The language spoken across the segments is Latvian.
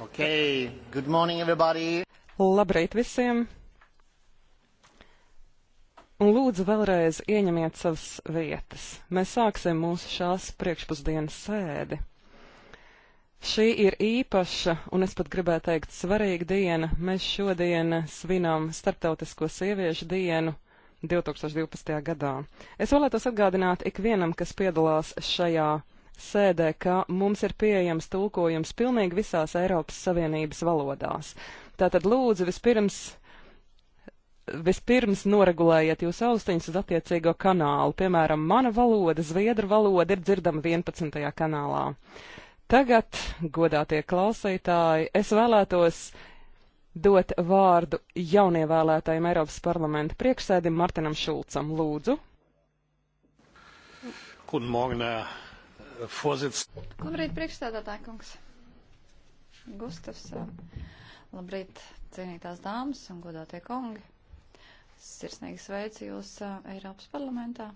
Okay. Good morning, everybody. Labrīt visiem! Un lūdzu vēlreiz ieņemiet savas vietas. Mēs sāksim mūsu šās priekšpusdienas sēdi. Šī ir īpaša un es pat gribētu teikt svarīga diena. Mēs šodien svinam Startautisko sieviešu dienu 2012. gadā. Es vēlētos atgādināt ikvienam, kas piedalās šajā sēdē, ka mums ir pieejams tulkojums pilnīgi visās Eiropas Savienības valodās. Tātad lūdzu vispirms vispirms noregulējiet jūs austiņas uz attiecīgo kanālu. Piemēram, mana valoda, zviedru valoda, ir dzirdama 11. kanālā. Tagad, godātie klausītāji, es vēlētos dot vārdu jaunievēlētajiem Eiropas parlamenta priekšsēdim Martinam Šulcam. Lūdzu. Guten Morgen, Labrīt, priekšstādātāja kungs. Gustavs. Labrīt, cienītās dāmas un godātie kungi. Sirsnīgi sveicu jūs Eiropas parlamentā.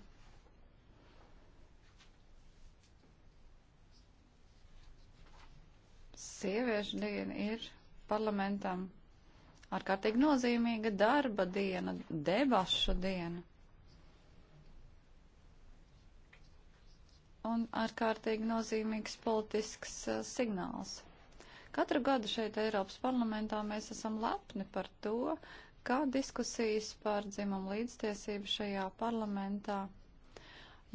Sieviešu diena ir parlamentam ārkārtīgi nozīmīga darba diena, debašu diena. un ārkārtīgi nozīmīgs politisks uh, signāls. Katru gadu šeit Eiropas parlamentā mēs esam lepni par to, kā diskusijas par dzimumu līdztiesību šajā parlamentā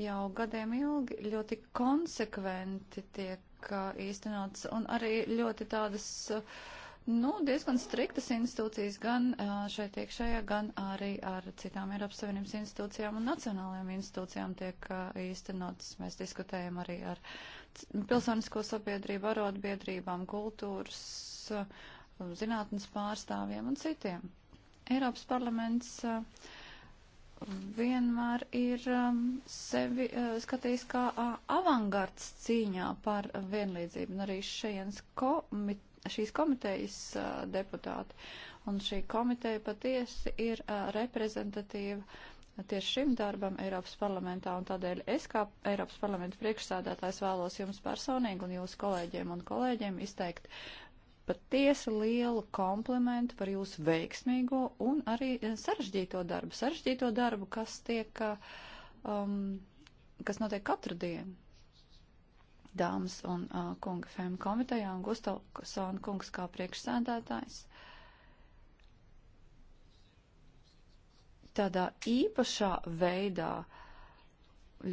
jau gadiem ilgi ļoti konsekventi tiek uh, eh, īstenots un arī ļoti tādas uh, nu, diezgan striktas institūcijas gan šeit iekšējā, gan arī ar citām Eiropas Savienības institūcijām un nacionālajām institūcijām tiek īstenotas. Mēs diskutējam arī ar pilsonisko sabiedrību, arotbiedrībām, kultūras, zinātnes pārstāvjiem un citiem. Eiropas parlaments vienmēr ir sevi skatījis kā avangards cīņā par vienlīdzību, un arī šajienas komiteja šīs komitejas deputāti. Un šī komiteja patiesi ir reprezentatīva tieši šim darbam Eiropas parlamentā, un tādēļ es kā Eiropas parlamenta priekšsādātājs vēlos jums personīgi un jūsu kolēģiem un kolēģiem izteikt patiesi lielu komplimentu par jūsu veiksmīgo un arī sarežģīto darbu. Sarežģīto darbu, kas tiek, um, kas notiek katru dienu dāmas un uh, kunga fēmu komitejā un Gustavsona kungs kā priekšsēdētājs. Tādā īpašā veidā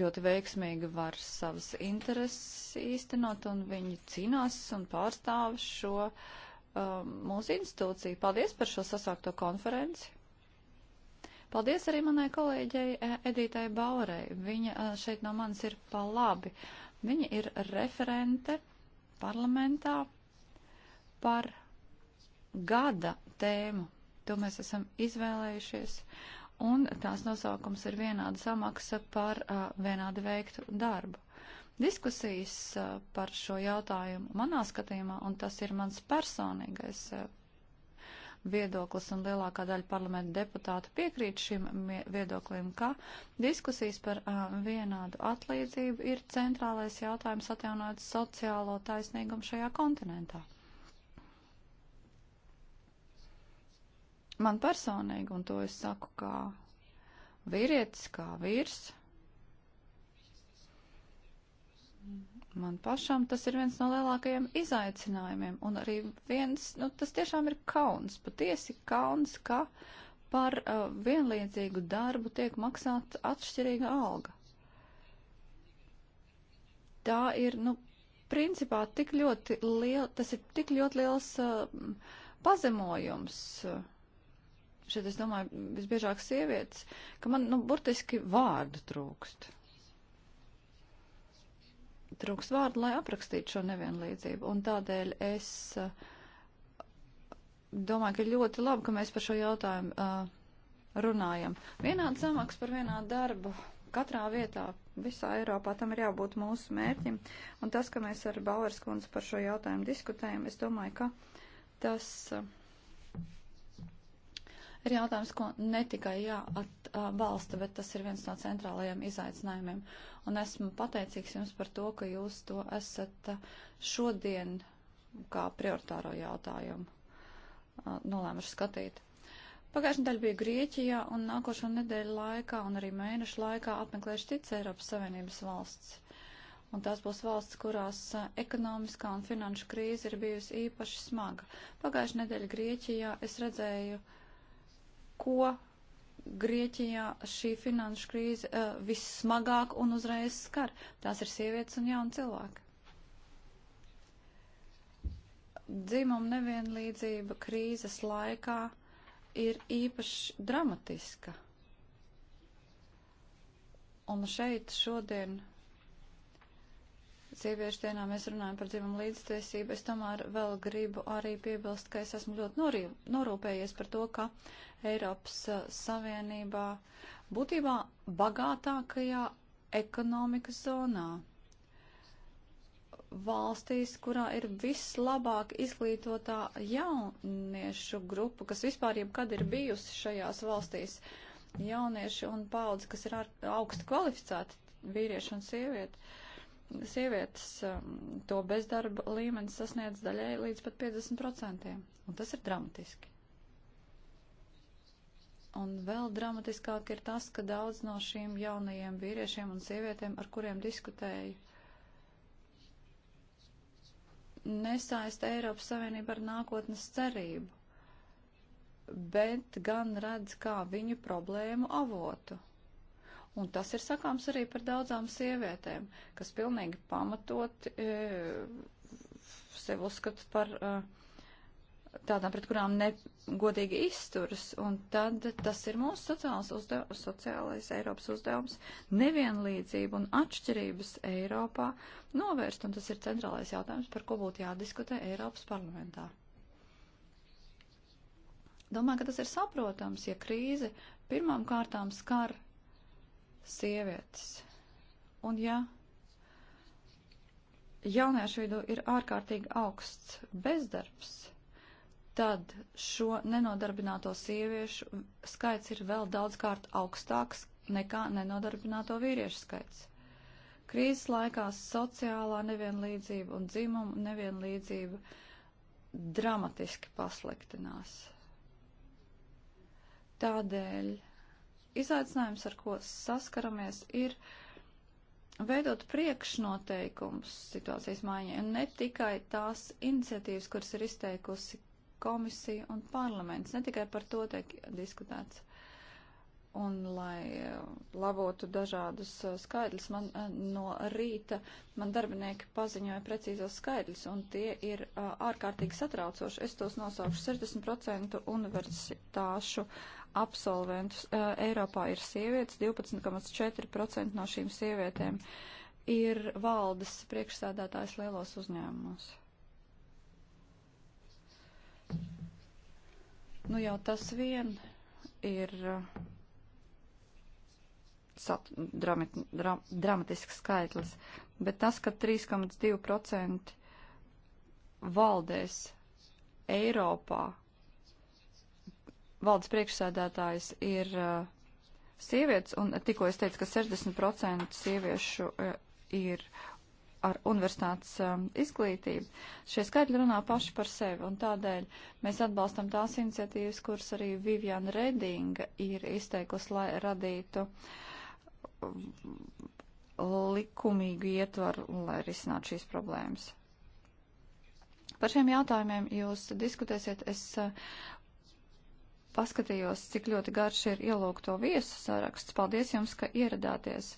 ļoti veiksmīgi var savas intereses īstenot un viņi cīnās un pārstāv šo um, mūsu institūciju. Paldies par šo sasākto konferenci. Paldies arī manai kolēģei Editai Baurei. Viņa šeit no manis ir pa labi. Uh, Viņa ir referente parlamentā par gada tēmu. To mēs esam izvēlējušies. Un tās nosaukums ir vienāda samaksa par uh, vienādu veiktu darbu. Diskusijas uh, par šo jautājumu manā skatījumā, un tas ir mans personīgais uh, viedoklis, un lielākā daļa parlamenta deputātu piekrīt šim viedoklim, ka diskusijas par vienādu atlīdzību ir centrālais jautājums atjaunot sociālo taisnīgumu šajā kontinentā. Man personīgi, un to es saku kā vīrietis, kā vīrs Man pašam tas ir viens no lielākajiem izaicinājumiem, un arī viens, nu, tas tiešām ir kauns, patiesi kauns, ka par uh, vienlīdzīgu darbu tiek maksāta atšķirīga alga. Tā ir, nu, principā tik ļoti liela, tas ir tik ļoti liels uh, pazemojums. Uh, šeit, es domāju, visbiežāk sievietes, ka man, nu, burtiski vārdu trūkst trūks vārdu, lai aprakstītu šo nevienlīdzību. Un tādēļ es eh, domāju, ka ļoti labi, ka mēs par šo jautājumu eh, runājam. Vienāds samaks par vienādu darbu katrā vietā, visā Eiropā, tam ir jābūt mūsu mērķim. Un tas, ka mēs ar Bauers kundzi par šo jautājumu diskutējam, es domāju, ka tas eh, ir jautājums, ko ne tikai jāat atbalsta, bet tas ir viens no centrālajiem izaicinājumiem. Un esmu pateicīgs jums par to, ka jūs to esat šodien kā prioritāro jautājumu nolēmuši skatīt. Pagājušajā nedēļā biju Grieķijā un nākošo nedēļu laikā un arī mēnešu laikā apmeklēšu cits Eiropas Savienības valsts. Un tās būs valsts, kurās ekonomiskā un finanšu krīze ir bijusi īpaši smaga. Pagājušajā nedēļā Grieķijā es redzēju, ko Grieķijā šī finanšu krīze uh, vissmagāk un uzreiz skar. Tās ir sievietes un jauni cilvēki. Dzimuma nevienlīdzība krīzes laikā ir īpaši dramatiska. Un šeit šodien sieviešu dienā mēs runājam par dzimumu līdztiesību, es tomēr vēl gribu arī piebilst, ka es esmu ļoti norī, norūpējies par to, ka Eiropas Savienībā būtībā bagātākajā ekonomikas zonā valstīs, kurā ir vislabāk izglītotā jauniešu grupa, kas vispār jebkad ir bijusi šajās valstīs. Jaunieši un paudze, kas ir augstu kvalificēti, vīrieši un sievieti. Uh, sievietes um, to bezdarba līmenis sasniedz daļai līdz pat 50%. Un tas ir dramatiski. Un vēl dramatiskāk ir tas, ka daudz no šīm jaunajiem vīriešiem un sievietēm, ar kuriem diskutēju, nesaista Eiropas Savienību ar nākotnes cerību, bet gan redz kā viņu problēmu avotu. Un tas ir sakāms arī par daudzām sievietēm, kas pilnīgi pamatot e, sev uzskata par e, tādām, pret kurām negodīgi izturas. Un tad tas ir mūsu sociālais, uzdev, sociālais Eiropas uzdevums - nevienlīdzību un atšķirības Eiropā novērst. Un tas ir centrālais jautājums, par ko būtu jādiskutē Eiropas parlamentā. Domāju, ka tas ir saprotams, ja krīze pirmām kārtām skar sievietes. Un ja jauniešu vidū ir ārkārtīgi augsts bezdarbs, tad šo nenodarbināto sieviešu skaits ir vēl daudz kārt augstāks nekā nenodarbināto vīriešu skaits. Krīzes laikā sociālā nevienlīdzība un dzimuma nevienlīdzība dramatiski pasliktinās. Tādēļ izaicinājums, ar ko saskaramies, ir veidot priekšnoteikums situācijas maiņai, un ne tikai tās iniciatīvas, kuras ir izteikusi komisija un parlaments, ne tikai par to tiek diskutēts. Un, lai eh, labotu dažādus eh, skaidrus, man eh, no rīta man darbinieki paziņoja precīzos skaidrus, un tie ir ārkārtīgi satraucoši. Es tos nosaukšu 60% universitāšu absolventus. Eiropā ir sievietes, 12,4% no šīm sievietēm ir valdes priekšsēdētājs lielos uzņēmumos. Nu jau tas vien ir. Uh, sat, dramat, dra, dramatisks skaitlis, bet tas, ka 3,2% valdēs Eiropā, valdes priekšsēdētājs ir uh, sievietes, un tikko es teicu, ka 60% sieviešu uh, ir ar universitātes um, izglītību. Šie skaitļi runā paši par sevi, un tādēļ mēs atbalstam tās iniciatīvas, kuras arī Viviana Redinga ir izteikusi, lai radītu uh, likumīgu ietvaru, lai risinātu šīs problēmas. Par šiem jautājumiem jūs diskutēsiet. Es eh, paskatījos, cik ļoti garš ir ielūgto viesu saraksts. Paldies jums, ka ieradāties.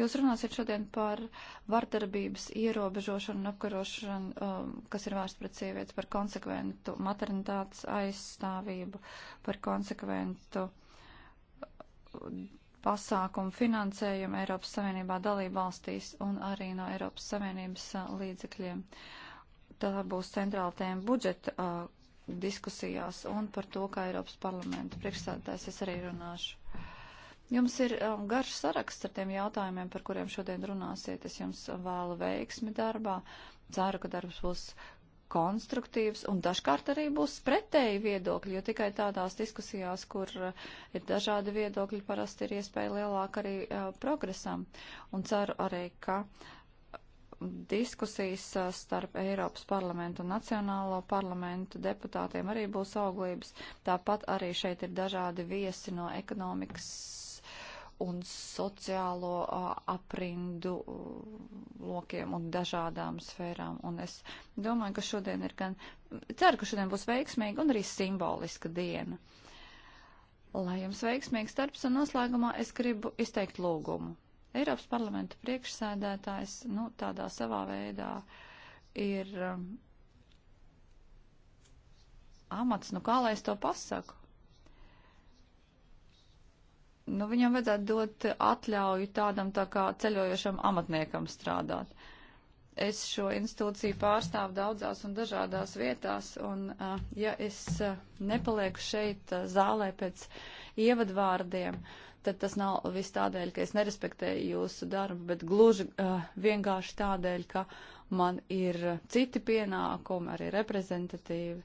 Jūs runāsiet šodien par vardarbības ierobežošanu un apkarošanu, um, kas ir vērsts pret sievietes, par konsekventu maternitātes aizstāvību, par konsekventu pasākumu finansējumu Eiropas Savienībā dalību valstīs un arī no Eiropas Savienības līdzekļiem. Tā būs centrāla tēma budžeta uh, diskusijās un par to, kā Eiropas parlamenta priekšsēdētājs es arī runāšu. Jums ir um, garš saraksts ar tiem jautājumiem, par kuriem šodien runāsiet. Es jums vēlu veiksmi darbā. Ceru, ka darbs būs konstruktīvs un dažkārt arī būs pretēji viedokļi, jo tikai tādās diskusijās, kur uh, ir dažādi viedokļi, parasti ir iespēja lielāk arī uh, progresam. Un ceru arī, ka uh, diskusijas starp Eiropas parlamentu un Nacionālo parlamentu deputātiem arī būs auglības. Tāpat arī šeit ir dažādi viesi no ekonomikas un sociālo aprindu lokiem un dažādām sfērām. Un es domāju, ka šodien ir gan, ceru, ka šodien būs veiksmīga un arī simboliska diena. Lai jums veiksmīgs darbs un noslēgumā es gribu izteikt lūgumu. Eiropas parlamenta priekšsēdētājs, nu, tādā savā veidā ir um, amats, nu, kā lai es to pasaku? nu, viņam vajadzētu dot atļauju tādam tā kā ceļojošam amatniekam strādāt. Es šo institūciju pārstāvu daudzās un dažādās vietās, un uh, ja es uh, nepalieku šeit uh, zālē pēc ievadvārdiem, tad tas nav viss tādēļ, ka es nerespektēju jūsu darbu, bet gluži uh, vienkārši tādēļ, ka man ir citi pienākumi, arī reprezentatīvi,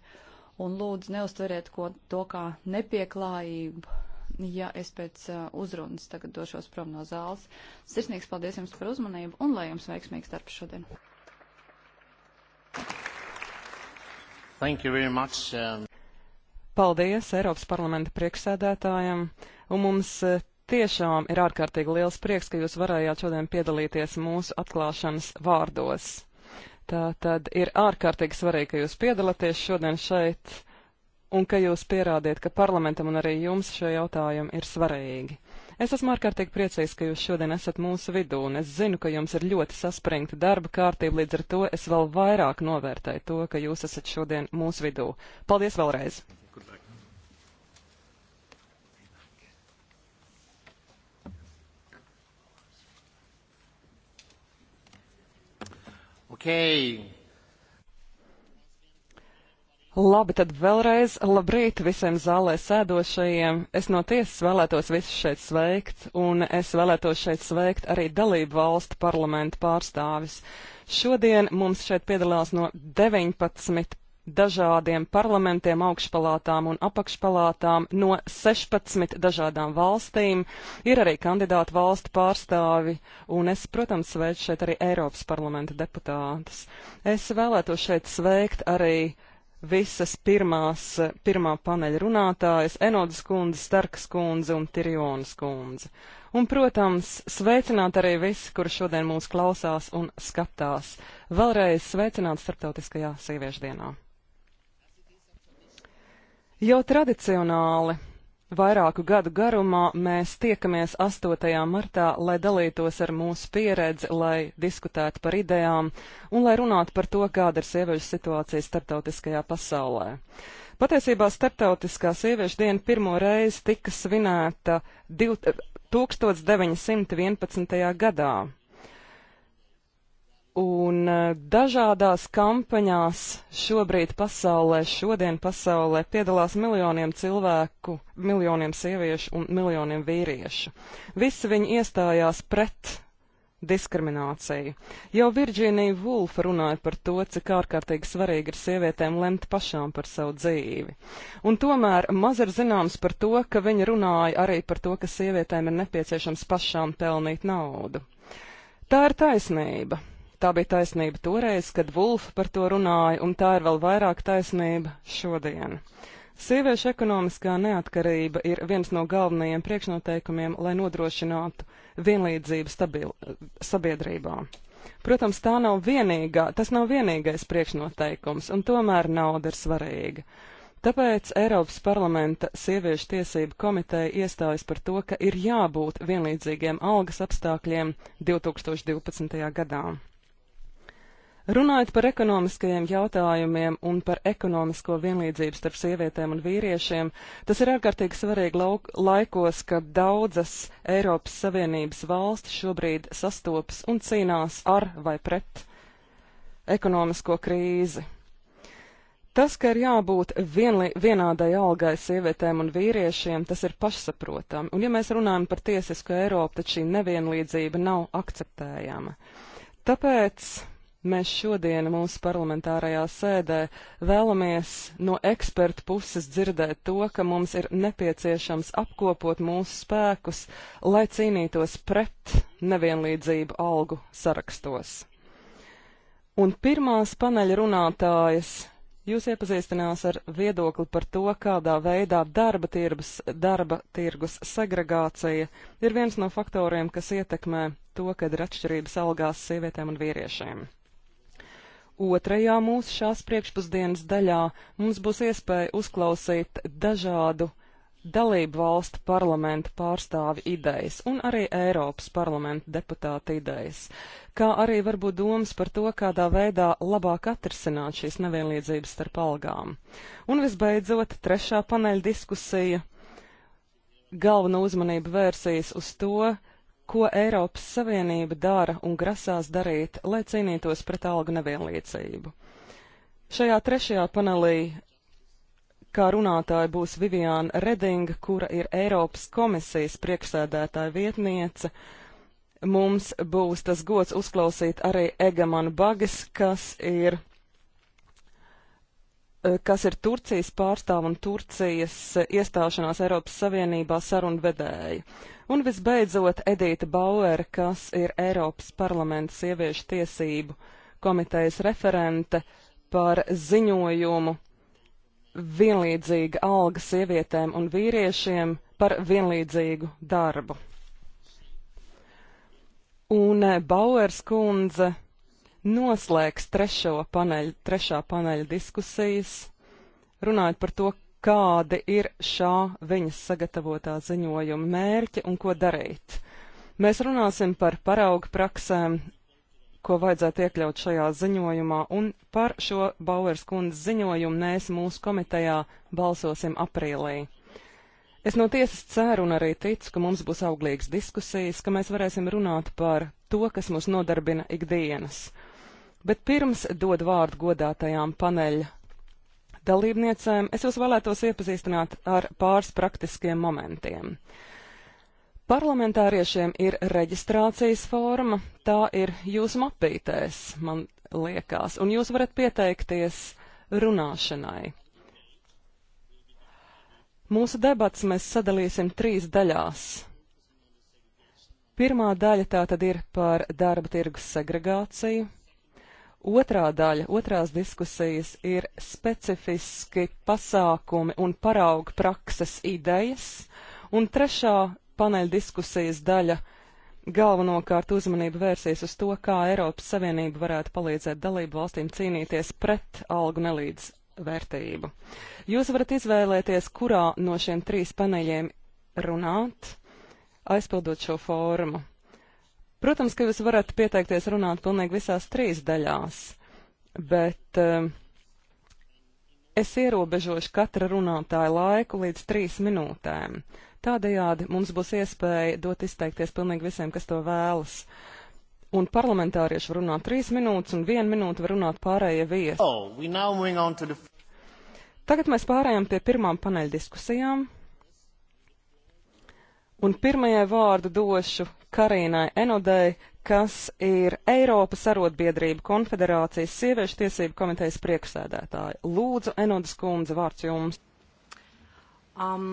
un lūdzu neustveriet ko, to kā nepieklājību ja es pēc uh, uzrunas tagad došos prom no zāles. Sirsnīgs paldies jums par uzmanību un lai jums veiksmīgs darbs šodien. Thank you very much. Um... Paldies Eiropas parlamenta priekšsēdētājiem, un mums uh, tiešām ir ārkārtīgi liels prieks, ka jūs varējāt šodien piedalīties mūsu atklāšanas vārdos. Tā tad ir ārkārtīgi svarīgi, ka jūs piedalāties šodien šeit un ka jūs pierādiet, ka parlamentam un arī jums šie jautājumi ir svarīgi. Es esmu ārkārtīgi priecīgs, ka jūs šodien esat mūsu vidū, un es zinu, ka jums ir ļoti saspringta darba kārtība, līdz ar to es vēl vairāk novērtēju to, ka jūs esat šodien mūsu vidū. Paldies vēlreiz! Okay. Labi, tad vēlreiz labrīt visiem zālē sēdošajiem. Es no tiesas vēlētos visus šeit sveikt, un es vēlētos šeit sveikt arī dalību valstu parlamentu pārstāvis. Šodien mums šeit piedalās no 19 dažādiem parlamentiem, augšpalātām un apakšpalātām no 16 dažādām valstīm. Ir arī kandidātu valstu pārstāvi, un es, protams, sveicu šeit arī Eiropas parlamenta deputātus. Es vēlētos šeit sveikt arī visas pirmās, pirmā paneļa runātājas - Enodas kundze, Starkas kundze un Tirjonas kundze. Un, protams, sveicināt arī visi, kuri šodien mūs klausās un skatās. Vēlreiz sveicināt Startautiskajā sieviešu dienā. Jau tradicionāli Vairāku gadu garumā mēs tiekamies 8. martā, lai dalītos ar mūsu pieredzi, lai diskutētu par idejām un lai runātu par to, kāda ir sieviešu situācija starptautiskajā pasaulē. Patiesībā starptautiskā sieviešu diena pirmo reizi tika svinēta 1911. Eh, gadā. Un eh, dažādās kampaņās šobrīd pasaulē, šodien pasaulē piedalās miljoniem cilvēku, miljoniem sieviešu un miljoniem vīriešu. Visi viņi iestājās pret diskrimināciju. Jau Virģīnija Vulfa runāja par to, cik ārkārtīgi svarīgi ir sievietēm lemt pašām par savu dzīvi. Un tomēr maz ir zināms par to, ka viņa runāja arī par to, ka sievietēm ir nepieciešams pašām pelnīt naudu. Tā ir taisnība. Tā bija taisnība toreiz, kad Vulfa par to runāja, un tā ir vēl vairāk taisnība šodien. Sieviešu ekonomiskā neatkarība ir viens no galvenajiem priekšnoteikumiem, lai nodrošinātu vienlīdzību stabil, sabiedrībā. Protams, tā nav vienīgā, tas nav vienīgais priekšnoteikums, un tomēr nauda ir svarīga. Tāpēc Eiropas parlamenta sieviešu tiesību komiteja iestājas par to, ka ir jābūt vienlīdzīgiem algas apstākļiem 2012. gadā. Runājot par ekonomiskajiem jautājumiem un par ekonomisko vienlīdzību starp sievietēm un vīriešiem, tas ir ārkārtīgi svarīgi lauk, laikos, kad daudzas Eiropas Savienības valstis šobrīd sastopas un cīnās ar vai pret ekonomisko krīzi. Tas, ka ir jābūt vienli, vienādai algai sievietēm un vīriešiem, tas ir pašsaprotami, un ja mēs runājam par tiesisku Eiropu, tad šī nevienlīdzība nav akceptējama. Tāpēc Mēs šodien mūsu parlamentārajā sēdē vēlamies no eksperta puses dzirdēt to, ka mums ir nepieciešams apkopot mūsu spēkus, lai cīnītos pret nevienlīdzību algu sarakstos. Un pirmās paneļa runātājas Jūs iepazīstinās ar viedokli par to, kādā veidā darba tirgus, darba tirgus segregācija ir viens no faktoriem, kas ietekmē to, kad ir atšķirības algās sievietēm un vīriešiem. Otrajā mūsu šās priekšpusdienas daļā mums būs iespēja uzklausīt dažādu dalību valstu parlamentu pārstāvi idejas un arī Eiropas parlamenta deputāta idejas, kā arī varbūt domas par to, kādā veidā labāk atrisināt šīs nevienlīdzības starp algām. Un visbeidzot, trešā paneļa diskusija galvena uzmanība vērsīs uz to, ko Eiropas Savienība dara un grasās darīt, lai cīnītos pret algu nevienlīdzību. Šajā trešajā panelī kā runātāja būs Viviāna Redinga, kura ir Eiropas komisijas priekšsēdētāja vietniece. Mums būs tas gods uzklausīt arī Egamanu Bagas, kas ir kas ir Turcijas pārstāv un Turcijas iestāšanās Eiropas Savienībā sarunu vedēji. Un visbeidzot Edīta Bauer, kas ir Eiropas parlamenta sieviešu tiesību komitejas referente par ziņojumu vienlīdzīga alga sievietēm un vīriešiem par vienlīdzīgu darbu. Un Bauers kundze noslēgs trešo paneļu, trešā paneļa diskusijas, runājot par to, kādi ir šā viņas sagatavotā ziņojuma mērķi un ko darīt. Mēs runāsim par parauga praksēm, ko vajadzētu iekļaut šajā ziņojumā, un par šo Bauers kundzes ziņojumu mēs mūsu komitejā balsosim aprīlī. Es no tiesas ceru un arī ticu, ka mums būs auglīgas diskusijas, ka mēs varēsim runāt par to, kas mūs nodarbina ikdienas. Bet pirms dod vārdu godātajām paneļa dalībniecēm, es jūs vēlētos iepazīstināt ar pāris praktiskiem momentiem. Parlamentāriešiem ir reģistrācijas forma, tā ir jūsu mapītēs, man liekas, un jūs varat pieteikties runāšanai. Mūsu debats mēs sadalīsim trīs daļās. Pirmā daļa tā tad ir par darba tirgus segregāciju, Otrā daļa, otrās diskusijas ir specifiski pasākumi un parauga prakses idejas, un trešā paneļa diskusijas daļa galvenokārt uzmanība vērsīs uz to, kā Eiropas Savienība varētu palīdzēt dalību valstīm cīnīties pret algu nelīdzvērtību. Jūs varat izvēlēties, kurā no šiem trīs paneļiem runāt, aizpildot šo fórumu. Protams, ka jūs varat pieteikties runāt pilnīgi visās trīs daļās, bet uh, es ierobežošu katra runātāja laiku līdz trīs minūtēm. Tādējādi mums būs iespēja dot izteikties pilnīgi visiem, kas to vēlas. Un parlamentārieši var runāt trīs minūtes, un vienu minūtu var runāt pārējie viesi. Oh, the... Tagad mēs pārējām pie pirmām paneļdiskusijām. Un pirmajai vārdu došu Karīnai Enudei, kas ir Eiropas arotbiedrība konfederācijas sieviešu tiesību komitejas priekšsēdētāja. Lūdzu, Enudas kundze, vārds jums. Um,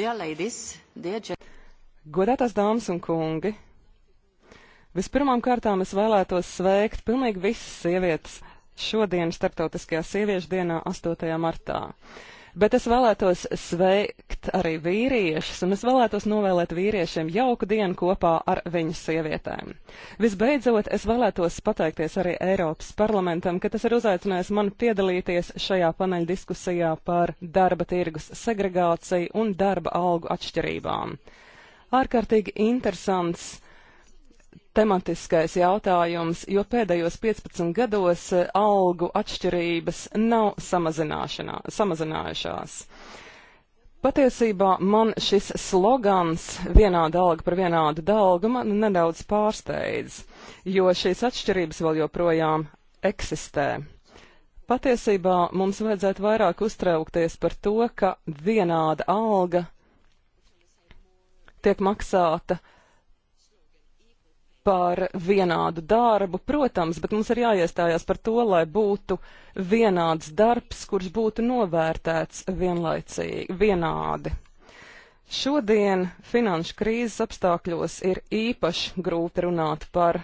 dear ladies, dear... Godātās dāmas un kungi, vispirmām kārtām es vēlētos sveikt pilnīgi visas sievietes šodien Startautiskajā sieviešu dienā 8. martā. Uh, Bet es vēlētos sveikt arī vīriešus, un es vēlētos novēlēt vīriešiem jauku dienu kopā ar viņu sievietēm. Visbeidzot, es vēlētos pateikties arī Eiropas parlamentam, ka tas ir uzaicinājis mani piedalīties šajā paneļa diskusijā par darba tirgus segregāciju un darba algu atšķirībām. Ārkārtīgi interesants tematiskais jautājums, jo pēdējos 15 gados eh, algu atšķirības nav samazinājušās. Patiesībā man šis slogans vienāda alga par vienādu dalgu man nedaudz pārsteidz, jo šīs atšķirības vēl joprojām eksistē. Patiesībā mums vajadzētu vairāk uztraukties par to, ka vienāda alga tiek maksāta uh, par vienādu darbu, protams, bet mums ir jāiestājās par to, lai būtu vienāds darbs, kurš būtu novērtēts vienlaicīgi, vienādi. Šodien finanšu krīzes apstākļos ir īpaši grūti runāt par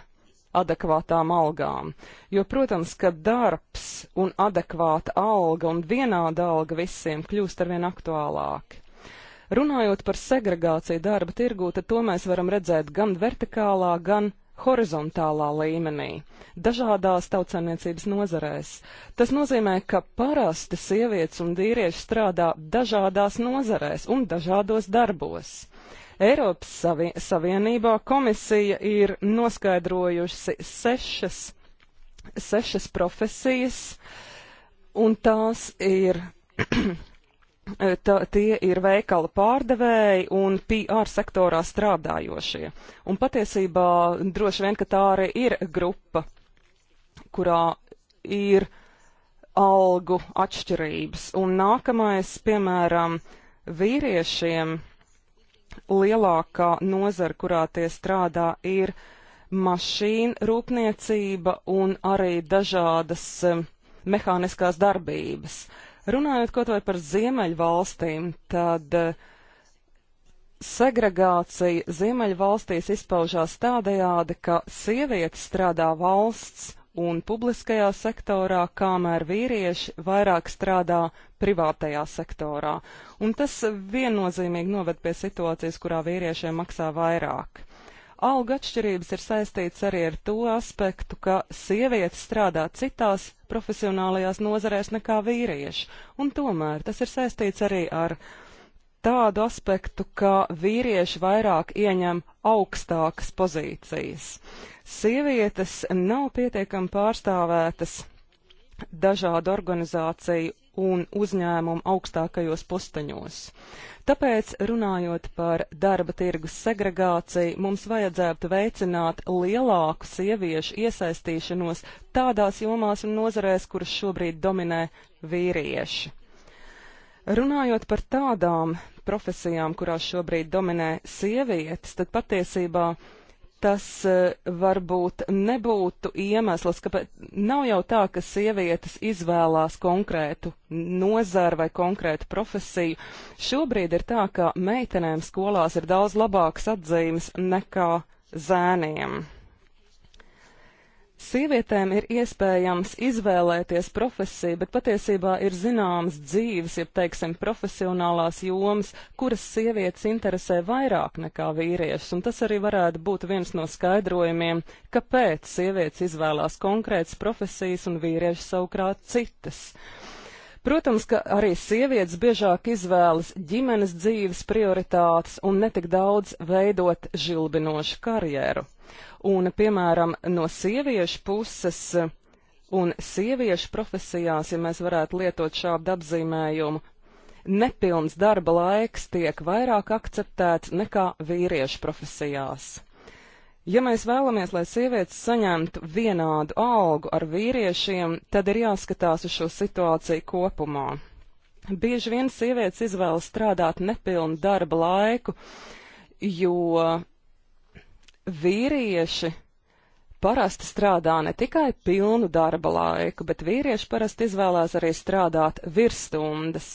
adekvātām algām, jo, protams, ka darbs un adekvāta alga un vienāda alga visiem kļūst arvien aktuālāki. Runājot par segregāciju darba tirgū, tad to mēs varam redzēt gan vertikālā, gan horizontālā līmenī, dažādās tautsēmniecības nozarēs. Tas nozīmē, ka parasti sievietes un vīrieši strādā dažādās nozarēs un dažādos darbos. Eiropas savi Savienībā komisija ir noskaidrojusi sešas, sešas profesijas, un tās ir E, tā, tie ir veikala pārdevēji un PR sektorā strādājošie. Un patiesībā droši vien, ka tā arī ir grupa, kurā ir algu atšķirības. Un nākamais, piemēram, vīriešiem lielākā nozara, kurā tie strādā, ir mašīna rūpniecība un arī dažādas e, mehāniskās darbības. Uh, Runājot kaut vai par Ziemeļvalstīm, tad eh, segregācija Ziemeļvalstīs izpaužās tādējādi, ka sievietes strādā valsts un publiskajā sektorā, kamēr vīrieši vairāk strādā privātajā sektorā. Un tas viennozīmīgi noved pie situācijas, kurā vīriešiem maksā vairāk. Alga atšķirības ir saistīts arī ar to aspektu, ka sievietes strādā citās profesionālajās nozarēs nekā vīrieši, un tomēr tas ir saistīts arī ar tādu aspektu, ka vīrieši vairāk ieņem augstākas pozīcijas. Sievietes nav pietiekami pārstāvētas dažādu organizāciju un uzņēmumu augstākajos posteņos. Uh, Tāpēc, runājot par darba tirgus segregāciju, mums vajadzētu veicināt lielāku sieviešu iesaistīšanos tādās jomās un nozarēs, kuras šobrīd dominē vīrieši. Runājot par tādām profesijām, kurās šobrīd dominē sievietes, tad patiesībā uh, tas eh, varbūt nebūtu iemesls, kāpēc nav jau tā, ka sievietes izvēlās konkrētu nozaru vai konkrētu profesiju. Šobrīd ir tā, ka meitenēm skolās ir daudz labākas atzīmes nekā zēniem. Sievietēm ir iespējams izvēlēties profesiju, bet patiesībā ir zināmas dzīves, ja teiksim, profesionālās jomas, kuras sievietes interesē vairāk nekā vīriešus, un tas arī varētu būt viens no skaidrojumiem, kāpēc sievietes izvēlās konkrētas profesijas un vīrieši savukrāt citas. Uh, Protams, ka arī sievietes biežāk izvēlas ģimenes dzīves prioritātes un netik daudz veidot žilbinošu karjeru. Un, piemēram, no sieviešu puses un sieviešu profesijās, ja mēs varētu lietot šādu apzīmējumu, nepilns darba laiks tiek vairāk akceptēts nekā vīriešu profesijās. Ja mēs vēlamies, lai sievietes saņemtu vienādu algu ar vīriešiem, tad ir jāskatās uz šo situāciju kopumā. Bieži vien sievietes izvēlas strādāt nepilnu darba laiku, jo vīrieši parasti strādā ne tikai pilnu darba laiku, bet vīrieši parasti izvēlās arī strādāt virsstundas.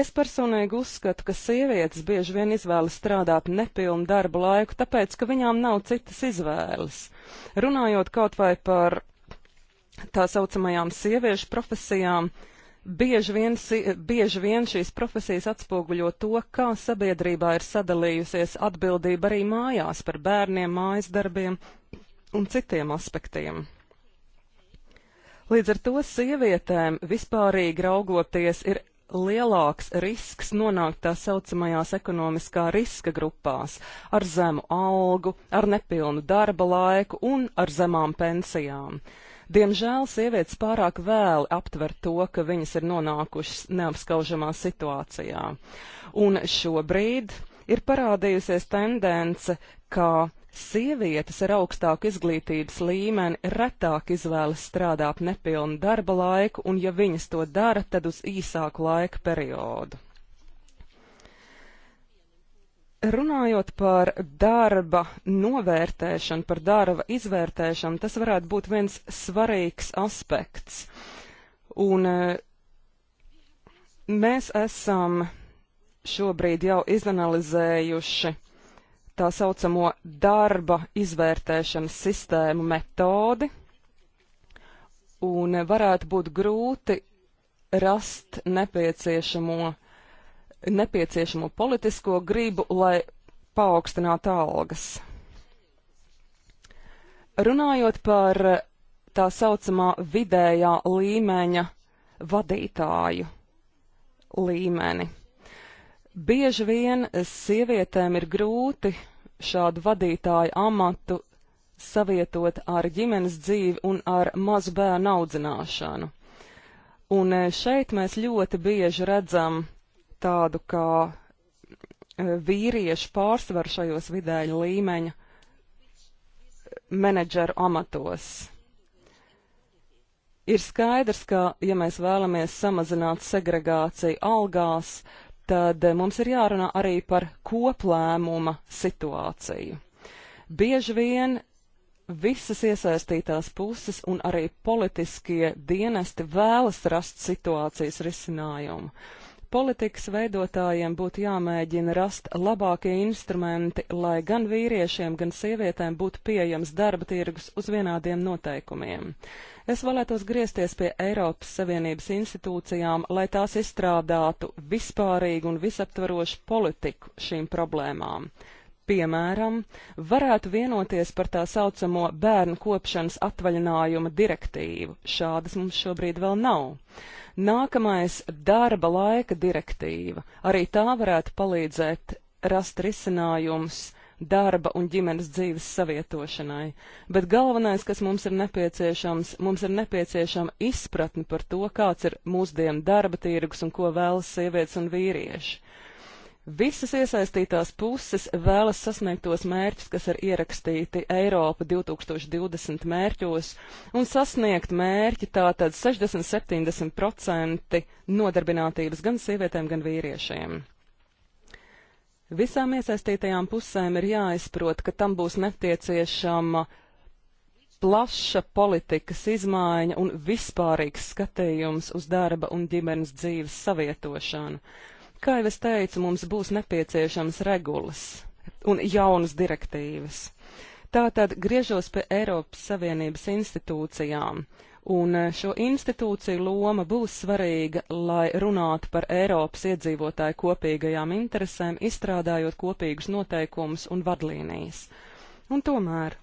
Es personīgi uzskatu, ka sievietes bieži vien izvēlas strādāt nepilnu darba laiku, tāpēc, ka viņām nav citas izvēles. Runājot kaut vai par tā saucamajām sieviešu profesijām, bieži vien, bieži vien šīs profesijas atspoguļo to, kā sabiedrībā ir sadalījusies atbildība arī mājās par bērniem, mājas darbiem un citiem aspektiem. Līdz ar to sievietēm vispārīgi raugoties ir lielāks risks nonākt tā saucamajās ekonomiskā riska grupās ar zemu algu, ar nepilnu darba laiku un ar zemām pensijām. Diemžēl sievietes pārāk vēli aptver to, ka viņas ir nonākušas neapskaužamā situācijā. Un šobrīd ir parādījusies tendence, ka Sievietes ar augstāku izglītības līmeni retāk izvēlas strādāt nepilnu darba laiku, un ja viņas to dara, tad uz īsāku laika periodu. Runājot par darba novērtēšanu, par darba izvērtēšanu, tas varētu būt viens svarīgs aspekts. Un e, mēs esam šobrīd jau izanalizējuši tā saucamo darba izvērtēšanas sistēmu metodi, un varētu būt grūti rast nepieciešamo, nepieciešamo politisko gribu, lai paaugstinātu algas. Runājot par tā saucamā vidējā līmeņa vadītāju līmeni. Bieži vien sievietēm ir grūti šādu vadītāju amatu savietot ar ģimenes dzīvi un ar mazbērnu audzināšanu. Un e, šeit mēs ļoti bieži redzam tādu kā e, vīriešu pārsvaru šajos vidēļa līmeņa e, menedžeru amatos. Ir skaidrs, ka, ja mēs vēlamies samazināt segregāciju algās, uh, tad eh, mums ir jārunā arī par koplēmuma situāciju. Bieži vien visas iesaistītās puses un arī politiskie dienesti vēlas rast situācijas risinājumu politikas veidotājiem būtu jāmēģina rast labākie instrumenti, lai gan vīriešiem, gan sievietēm būtu pieejams darba tirgus uz vienādiem noteikumiem. Es vēlētos griezties pie Eiropas Savienības institūcijām, lai tās izstrādātu vispārīgu un visaptvarošu politiku šīm problēmām piemēram, varētu vienoties par tā saucamo bērnu kopšanas atvaļinājuma direktīvu. Šādas mums šobrīd vēl nav. Nākamais - darba laika direktīva. Arī tā varētu palīdzēt rast risinājumus darba un ģimenes dzīves savietošanai. Bet galvenais, kas mums ir nepieciešams, mums ir nepieciešama izpratne par to, kāds ir mūsdienu darba tirgus un ko vēlas sievietes un vīrieši. Visas iesaistītās puses vēlas sasniegt tos mērķus, kas ir ierakstīti Eiropa 2020 mērķos, un sasniegt mērķi tātad 60-70% nodarbinātības gan sievietēm, gan vīriešiem. Visām iesaistītajām pusēm ir jāizprot, ka tam būs nepieciešama plaša politikas izmaiņa un vispārīgs skatījums uz darba un ģimenes dzīves savietošanu Kā jau es teicu, mums būs nepieciešams regulas un jaunas direktīvas. Tātad griežos pie Eiropas Savienības institūcijām un e, šo institūciju loma būs svarīga, lai runātu par Eiropas iedzīvotāju kopīgajām interesēm, izstrādājot kopīgus noteikumus un vadlīnijas. Un tomēr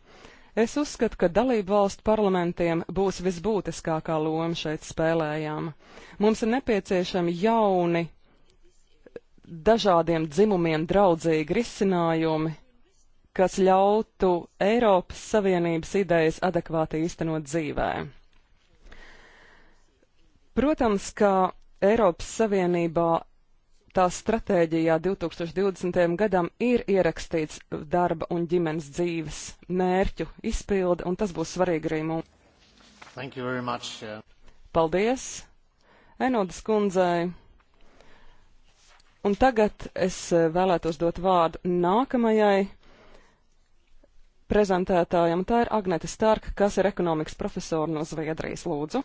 es uzskatu, ka dalību valstu parlamentiem būs visbūtiskākā loma šeit spēlējām. Mums ir nepieciešami jauni dažādiem dzimumiem draudzīgi risinājumi, kas ļautu Eiropas Savienības idejas adekvāti īstenot dzīvē. Protams, ka Eiropas Savienībā tās stratēģijā 2020. gadam ir ierakstīts darba un ģimenes dzīves mērķu izpilde, un tas būs svarīgi arī mums. Much, yeah. Paldies Enodas kundzei! Un tagad es eh, vēlētos dot vārdu nākamajai prezentētājam. Tā ir Agnete Starka, kas ir ekonomikas profesora no Zviedrijas. Lūdzu.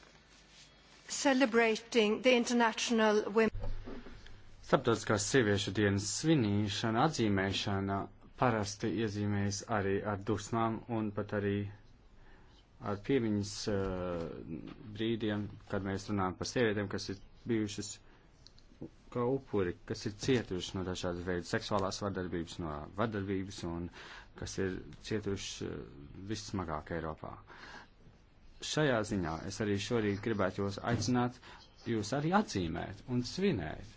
Starptautiskās sieviešu dienas svinīšana, atzīmēšana parasti iezīmējas arī ar dusmām un pat arī ar piemiņas uh, brīdiem, kad mēs runājam par sievietēm, kas ir bijušas ka upuri, kas ir cietuši no dažādas veidas seksuālās vardarbības, no vardarbības un kas ir cietuši eh, vissmagāk Eiropā. Šajā ziņā es arī šorīt gribētu jūs aicināt, jūs arī atzīmēt un svinēt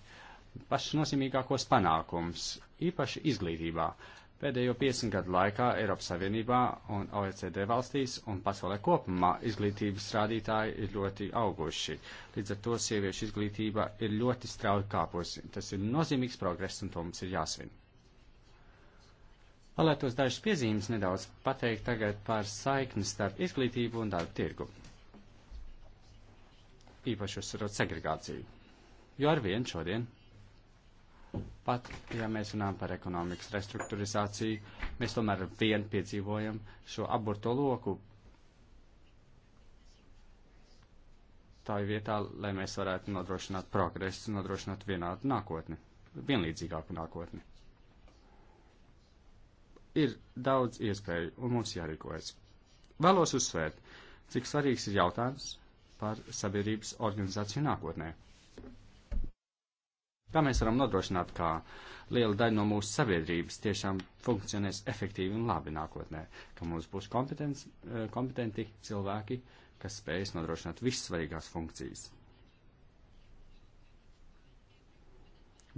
pašnozīmīgākos panākums, īpaši izglītībā. Uh, Pēdējo 50 gadu laikā Eiropas Savienībā un OECD valstīs un pasaulē kopumā izglītības rādītāji ir ļoti auguši. Līdz ar to sieviešu izglītība ir ļoti strauji kāpusi. Tas ir nozīmīgs progress un to mums ir jāsvin. Vēlētos dažas piezīmes nedaudz pateikt tagad par saikni starp izglītību un darbu tirgu. Īpaši uzsverot segregāciju. Jo ar vien šodien Pat, ja mēs runājam par ekonomikas restruktūrizāciju, mēs tomēr vien piedzīvojam šo aburto loku. Tā ir vietā, lai mēs varētu nodrošināt progresu, nodrošināt vienādu nākotni, vienlīdzīgāku nākotni. Ir daudz iespēju un mums jārīkojas. Vēlos uzsvērt, cik svarīgs ir jautājums par sabiedrības organizāciju nākotnē. Kā mēs varam nodrošināt, ka liela daļa no mūsu sabiedrības tiešām funkcionēs efektīvi un labi nākotnē, ka mums būs eh, kompetenti cilvēki, kas spējas nodrošināt vissvarīgās funkcijas.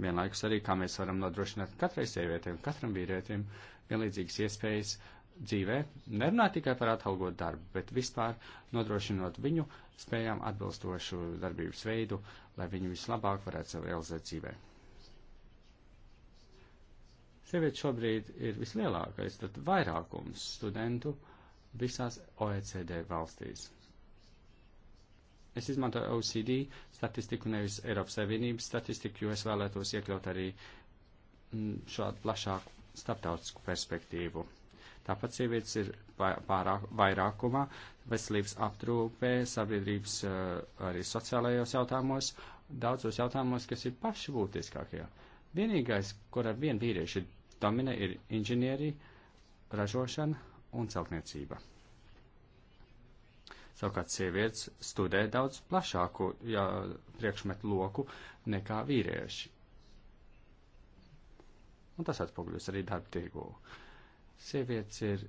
Vienlaikus arī, kā mēs varam nodrošināt katrai sievietēm, katram vīrietim vienlīdzīgas iespējas dzīvē, nerunā tikai par atalgot darbu, bet vispār nodrošinot viņu spējām atbilstošu darbības veidu, lai viņi vislabāk varētu sev realizēt dzīvē. Sievietes šobrīd ir vislielākais, tad vairākums studentu visās OECD valstīs. Es izmantoju OECD statistiku, nevis Eiropas Savienības statistiku, jo es vēlētos iekļaut arī mm, šādu plašāku starptautisku perspektīvu. Tāpat sievietes ir pārāk, vairākumā veselības aprūpē, sabiedrības eh, arī sociālajos jautājumos, daudzos jautājumos, kas ir paši būtiskākie. Vienīgais, kur ar vienu vīriešu domina, ir inženieri, ražošana un celtniecība. Savukārt sievietes studē daudz plašāku jā, priekšmetu loku nekā vīrieši. Un tas atspoguļos arī darba tirgū. Uh, Sievietes ir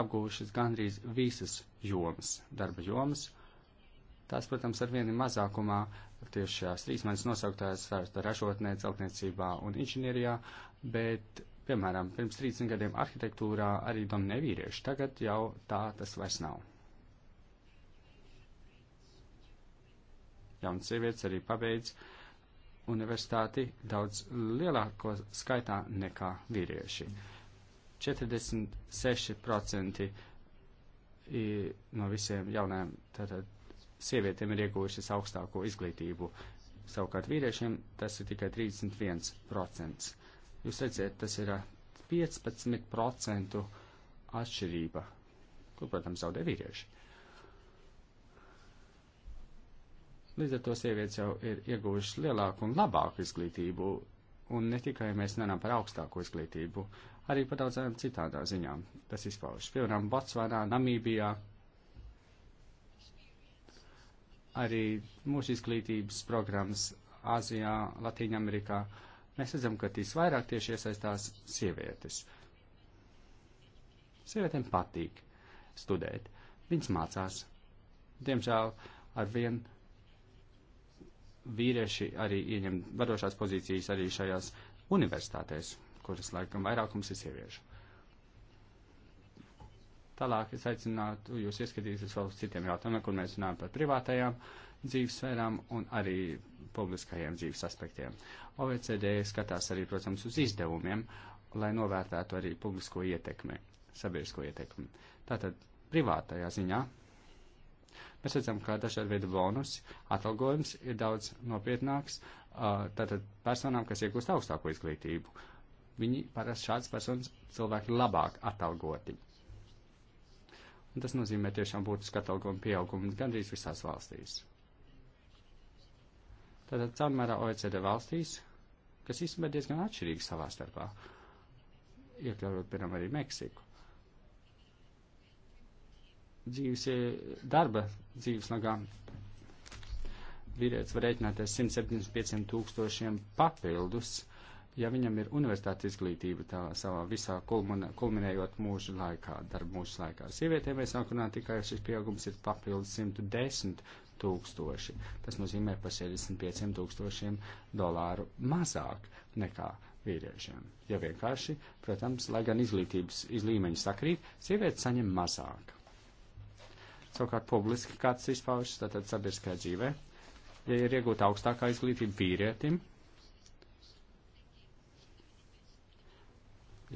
apgūšas gandrīz visas jomas, darba jomas. Tās, protams, ar vienu mazākumā tieši šajās trīs manis nosauktās sārsta ražotnē, celtniecībā un inženierijā, bet, piemēram, pirms 30 gadiem arhitektūrā arī dominē vīrieši. Tagad jau tā tas vairs nav. Jaunas sievietes arī pabeidz universitāti daudz lielāko skaitā nekā vīrieši. Mm. 46% no visiem jaunajām tātad sievietēm ir iegūjušas augstāko izglītību, savukārt vīriešiem tas ir tikai 31%. Jūs redzat, tas ir 15% atšķirība, kur, protams, zaudē vīrieši. Līdz ar to sievietes jau ir iegūšas lielāku un labāku izglītību, un ne tikai mēs nenām par augstāko izglītību, uh, arī par daudzām citādā ziņām tas izpaužas. Piemēram, Botsvānā, Namībijā arī mūsu izglītības programmas Āzijā, Latīņamerikā. Mēs redzam, ka tīs vairāk tieši iesaistās sievietes. Sievietēm patīk studēt. Viņas mācās. Diemžēl ar vien vīrieši arī ieņem vadošās pozīcijas arī šajās universitātēs kuras laikam vairākums ir sieviešu. Tālāk es aicinātu jūs ieskatīties vēl uz citiem jautājumiem, kur mēs runājam par privātajām dzīves sfērām un arī publiskajiem dzīves aspektiem. OECD skatās arī, protams, uz izdevumiem, lai novērtētu arī publisko ietekmi, sabiedrisko ietekmi. Tātad privātajā ziņā mēs redzam, ka dažādi veidi bonusi, atalgojums ir daudz nopietnāks tātad personām, kas iegūst augstāko izglītību viņi parasti šāds personas cilvēki labāk atalgoti. Un tas nozīmē tiešām būtisku atalgojumu pieaugumu gandrīz visās valstīs. Tātad caurmērā OECD valstīs, kas īstenībā diezgan atšķirīgi savā starpā, iekļaujot, piemēram, arī Meksiku. Dzīves darba dzīves nagā vīrietis var rēķināties 175 tūkstošiem papildus uh, ja viņam ir universitātes izglītība tā savā visā kulmuna, kulminējot mūža laikā, darba mūža laikā. Sievietēm mēs sākam runāt tikai, ja šis pieaugums ir papildus 110 tūkstoši. Tas nozīmē par 65 tūkstošiem dolāru mazāk nekā vīriešiem. Ja vienkārši, protams, lai gan izglītības līmeņi sakrīt, sievietes saņem mazāk. Savukārt publiski kāds izpaužas, tātad sabiedriskajā dzīvē, ja ir iegūta augstākā izglītība vīrietim,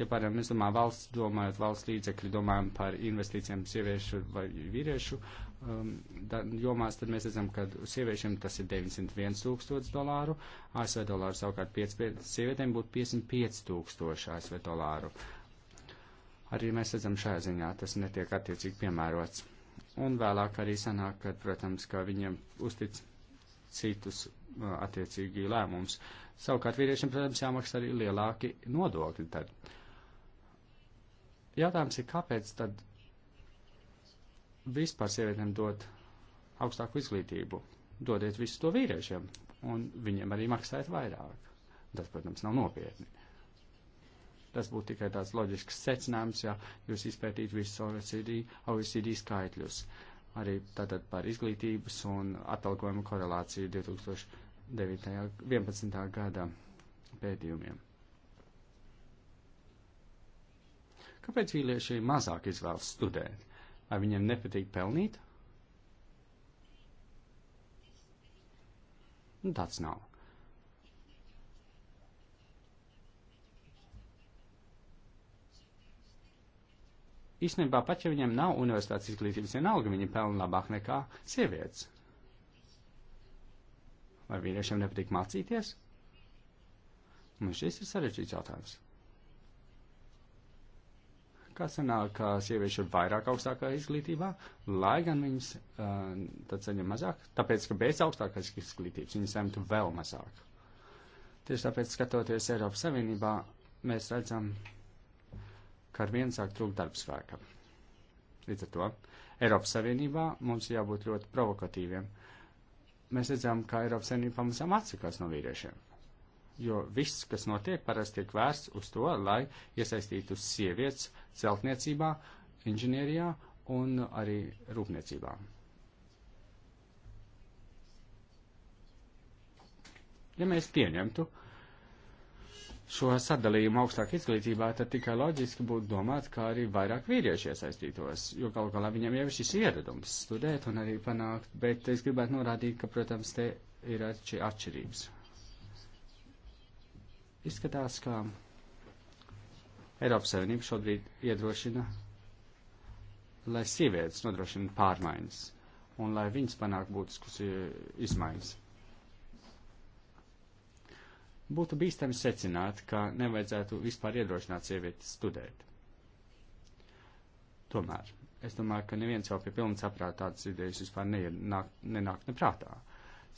ja pārējām mēs domājam valsts, domājot valsts līdzekļi, domājam par investīcijām sieviešu vai vīriešu um, da, jomās, tad mēs redzam, ka sieviešiem tas ir 901 tūkstots dolāru, ASV dolāru savukārt 5, 5, sievietēm būtu 55 tūkstoši ASV dolāru. Arī mēs redzam šajā ziņā, tas netiek attiecīgi piemērots. Un vēlāk arī sanāk, ka, protams, ka viņiem uztic citus uh, attiecīgi lēmumus. Savukārt vīriešiem, protams, jāmaksā arī lielāki nodokļi. Tad. Uh, jautājums ir, kāpēc tad vispār sievietēm dot augstāku izglītību? Dodiet visu to vīriešiem, un viņiem arī maksājiet vairāk. Tas, protams, nav nopietni. Tas būtu tikai tāds loģisks secinājums, ja jūs izpētītu visus OECD, OECD skaitļus. Arī tātad par izglītības un atalgojumu korelāciju 2009. 11. gada pētījumiem. Kāpēc vīrieši mazāk izvēlas studēt? Vai viņiem nepatīk pelnīt? Nu, tāds nav. Īstenībā pat, ja viņiem nav universitātes izglītības, vienalga viņi pelna labāk nekā sievietes. Vai vīriešiem nepatīk mācīties? Un šis ir sarežģīts jautājums kā sanāk, ka sievieši ir vairāk augstākā izglītībā, lai gan viņas uh, tad saņem mazāk, tāpēc, ka bez augstākās izglītības viņas saņemtu vēl mazāk. Tieši tāpēc, skatoties Eiropas Savienībā, mēs redzam, ka ar vienu sāk trūkt darbspēka. Līdz ar to Eiropas Savienībā mums jābūt ļoti provokatīviem. Mēs redzam, ka Eiropas Savienība pamazām atsakās no vīriešiem jo viss, kas notiek, parasti tiek vērsts uz to, lai iesaistītu sievietes celtniecībā, inženierijā un arī rūpniecībā. Ja mēs pieņemtu šo sadalījumu augstāk izglītībā, tad tikai loģiski būtu domāt, kā arī vairāk vīrieši iesaistītos, jo galu galā viņam jau ir šis ieradums studēt un arī panākt, bet es gribētu norādīt, ka, protams, te ir šī atšķirības. Izskatās, ka Eiropas Savienība šobrīd iedrošina, lai sievietes nodrošina pārmaiņas un lai viņas panāk būtiskus e, izmaiņas. Būtu bīstami secināt, ka nevajadzētu vispār iedrošināt sievietes studēt. Tomēr es domāju, ka neviens jau pie pilnas saprāta tādas idejas vispār neienāk, nenāk neprātā.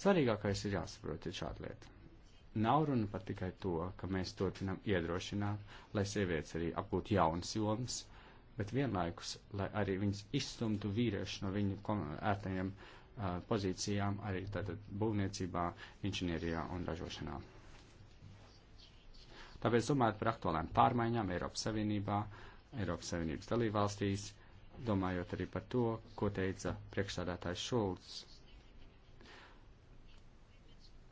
Svarīgākais ir jāsaprot ir šāda lieta. Nav runa par tikai to, ka mēs turpinam iedrošināt, lai sievietes arī apgūtu jaunas jomas, bet vienlaikus, lai arī viņas izstumtu vīriešu no viņu ērtajiem uh, pozīcijām, arī tātad būvniecībā, inženierijā un ražošanā. Tāpēc domājot par aktuālām pārmaiņām Eiropas Savienībā, Eiropas Savienības dalībvalstīs, domājot arī par to, ko teica priekšsādātājs Šulcs,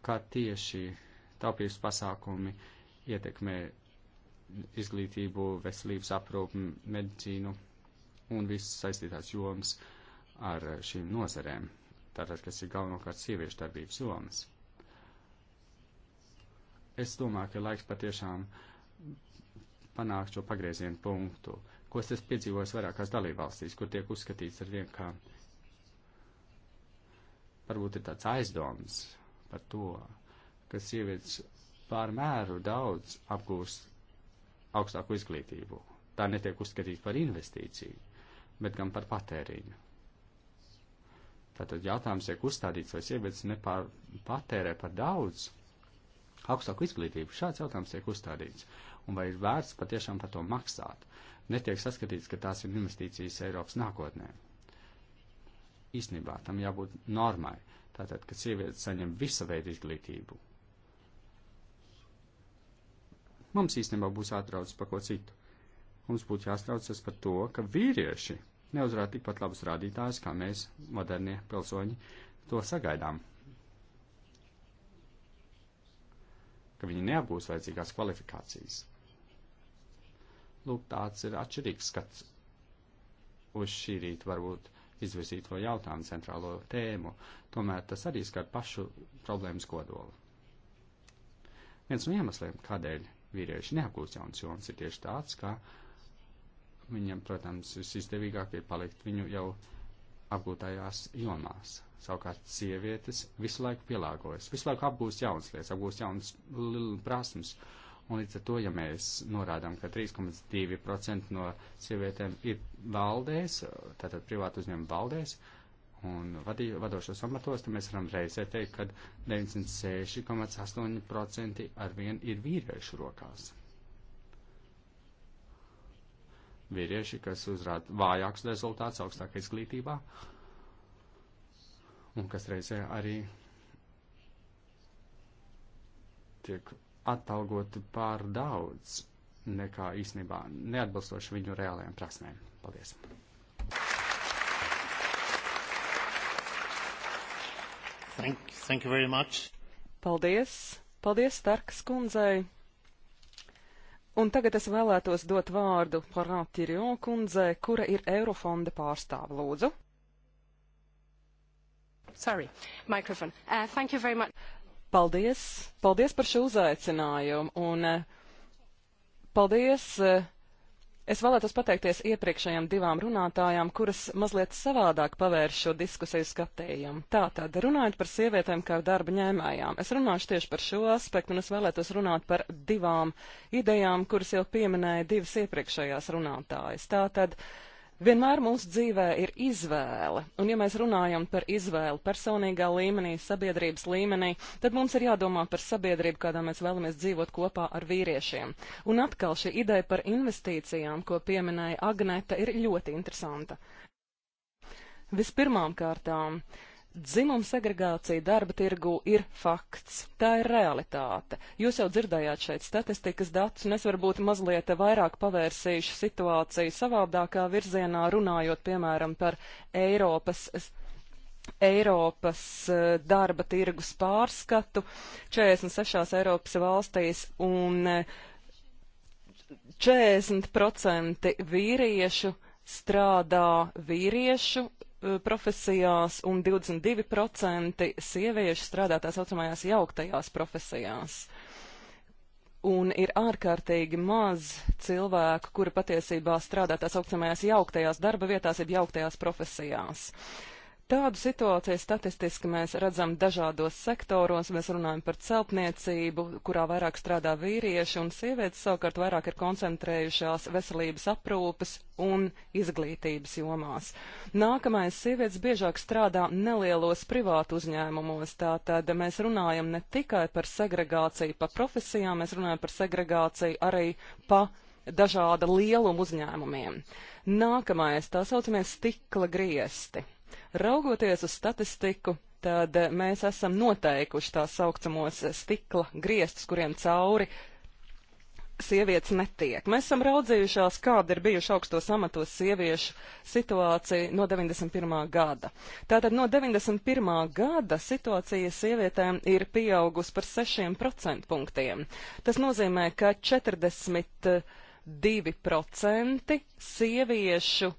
kā tieši taupības pasākumi ietekmē izglītību, veselības aprūpu, medicīnu un visas saistītās jomas ar šīm nozerēm, tātad, kas ir galvenokārt sieviešu darbības jomas. Es domāju, ka laiks patiešām panākt šo pagriezienu punktu, ko es piedzīvoju vairākās dalībvalstīs, kur tiek uzskatīts ar vien, ka varbūt ir tāds aizdoms par to, ka sievietes pārmēru daudz apgūst augstāku izglītību. Tā netiek uzskatīta par investīciju, bet gan par patēriņu. Tātad jautājums tiek uzstādīts, vai sievietes nepatērē par daudz augstāku izglītību. Šāds jautājums tiek uzstādīts. Un vai ir vērts patiešām par to maksāt? Netiek saskatīts, ka tās ir investīcijas Eiropas nākotnē. Īsnībā tam jābūt normai. Tātad, ka sievietes saņem visa veida izglītību, Mums īstenībā būs jāatrauc par ko citu. Mums būtu jāstraucas par to, ka vīrieši neuzrāda tikpat labus rādītājus, kā mēs, modernie pilsoņi, to sagaidām. Ka viņi neapgūst vajadzīgās kvalifikācijas. Lūk, tāds ir atšķirīgs skats uz šī rīta varbūt izvirzīto jautājumu centrālo tēmu, tomēr tas arī skar pašu problēmas kodolu. Viens no iemesliem, kādēļ vīrieši neapgūst jaunas jomas, ir tieši tāds, ka viņiem, protams, visizdevīgāk ir palikt viņu jau apgūtajās jomās. Savukārt sievietes visu laiku pielāgojas, visu laiku apgūst jaunas lietas, apgūst jaunas prasmes. Un līdz ar to, ja mēs norādām, ka 3,2% no sievietēm ir valdēs, tātad privātu uzņēmumu valdēs, uh, un vadī, vadošos amatos, tad mēs varam reizē teikt, ka 96,8% arvien ir vīriešu rokās. Vīrieši, kas uzrāda vājāks rezultāts augstākā izglītībā, un kas reizē arī tiek atalgoti pār daudz, nekā īstenībā neatbilstoši viņu reālajām prasmēm. Paldies! Thank, thank you very much. Paldies. Paldies Starkas kundzei. Un tagad es vēlētos dot vārdu Parātirion kundzei, kura ir Eurofonda pārstāva. Lūdzu. Sorry, microphone. Uh, thank you very much. Paldies. Paldies par šo uzaicinājumu. Un, uh, paldies. Uh, Es vēlētos pateikties iepriekšējām divām runātājām, kuras mazliet savādāk pavērš šo diskusiju skatījumu. Tātad, runājot par sievietēm kā darba ņēmējām, es runāšu tieši par šo aspektu, un es vēlētos runāt par divām idejām, kuras jau pieminēja divas iepriekšējās runātājas. Tātad, uh, Vienmēr mūsu dzīvē ir izvēle, un ja mēs runājam par izvēli personīgā līmenī, sabiedrības līmenī, tad mums ir jādomā par sabiedrību, kādā mēs vēlamies dzīvot kopā ar vīriešiem. Un atkal šī ideja par investīcijām, ko pieminēja Agneta, ir ļoti interesanta. Vispirmām kārtām, uh, Dzimuma segregācija darba tirgu ir fakts, tā ir realitāte. Jūs jau dzirdējāt šeit statistikas datus, un es varbūt mazliet vairāk pavērsīšu situāciju savādākā virzienā, runājot piemēram par Eiropas Eiropas eh, darba tirgus pārskatu 46 Eiropas valstīs un 40% eh, vīriešu strādā vīriešu Eh, profesijās un 22% sieviešu strādā tā saucamajās jauktajās profesijās. Un ir ārkārtīgi maz cilvēku, kuri patiesībā strādā tā saucamajās jauktajās darba vietās, jeb jauktajās profesijās. Uh, Tādu situāciju statistiski mēs redzam dažādos sektoros. Mēs runājam par celtniecību, kurā vairāk strādā vīrieši, un sievietes savukārt vairāk ir koncentrējušās veselības aprūpes un izglītības jomās. Nākamais sievietes biežāk strādā nelielos privātu uzņēmumos, tātad mēs runājam ne tikai par segregāciju pa profesijām, mēs runājam par segregāciju arī pa dažāda lieluma uzņēmumiem. Nākamais tā saucamie stikla griesti. Raugoties uz statistiku, tad eh, mēs esam noteikuši tā saucamos eh, stikla griestus, kuriem cauri sievietes netiek. Mēs esam raudzījušās, kāda ir bijuši augstos amatos sieviešu situācija no 91. gada. Tātad no 91. gada situācija sievietēm ir pieaugusi par 6 procentpunktiem. Tas nozīmē, ka 42% sieviešu uh,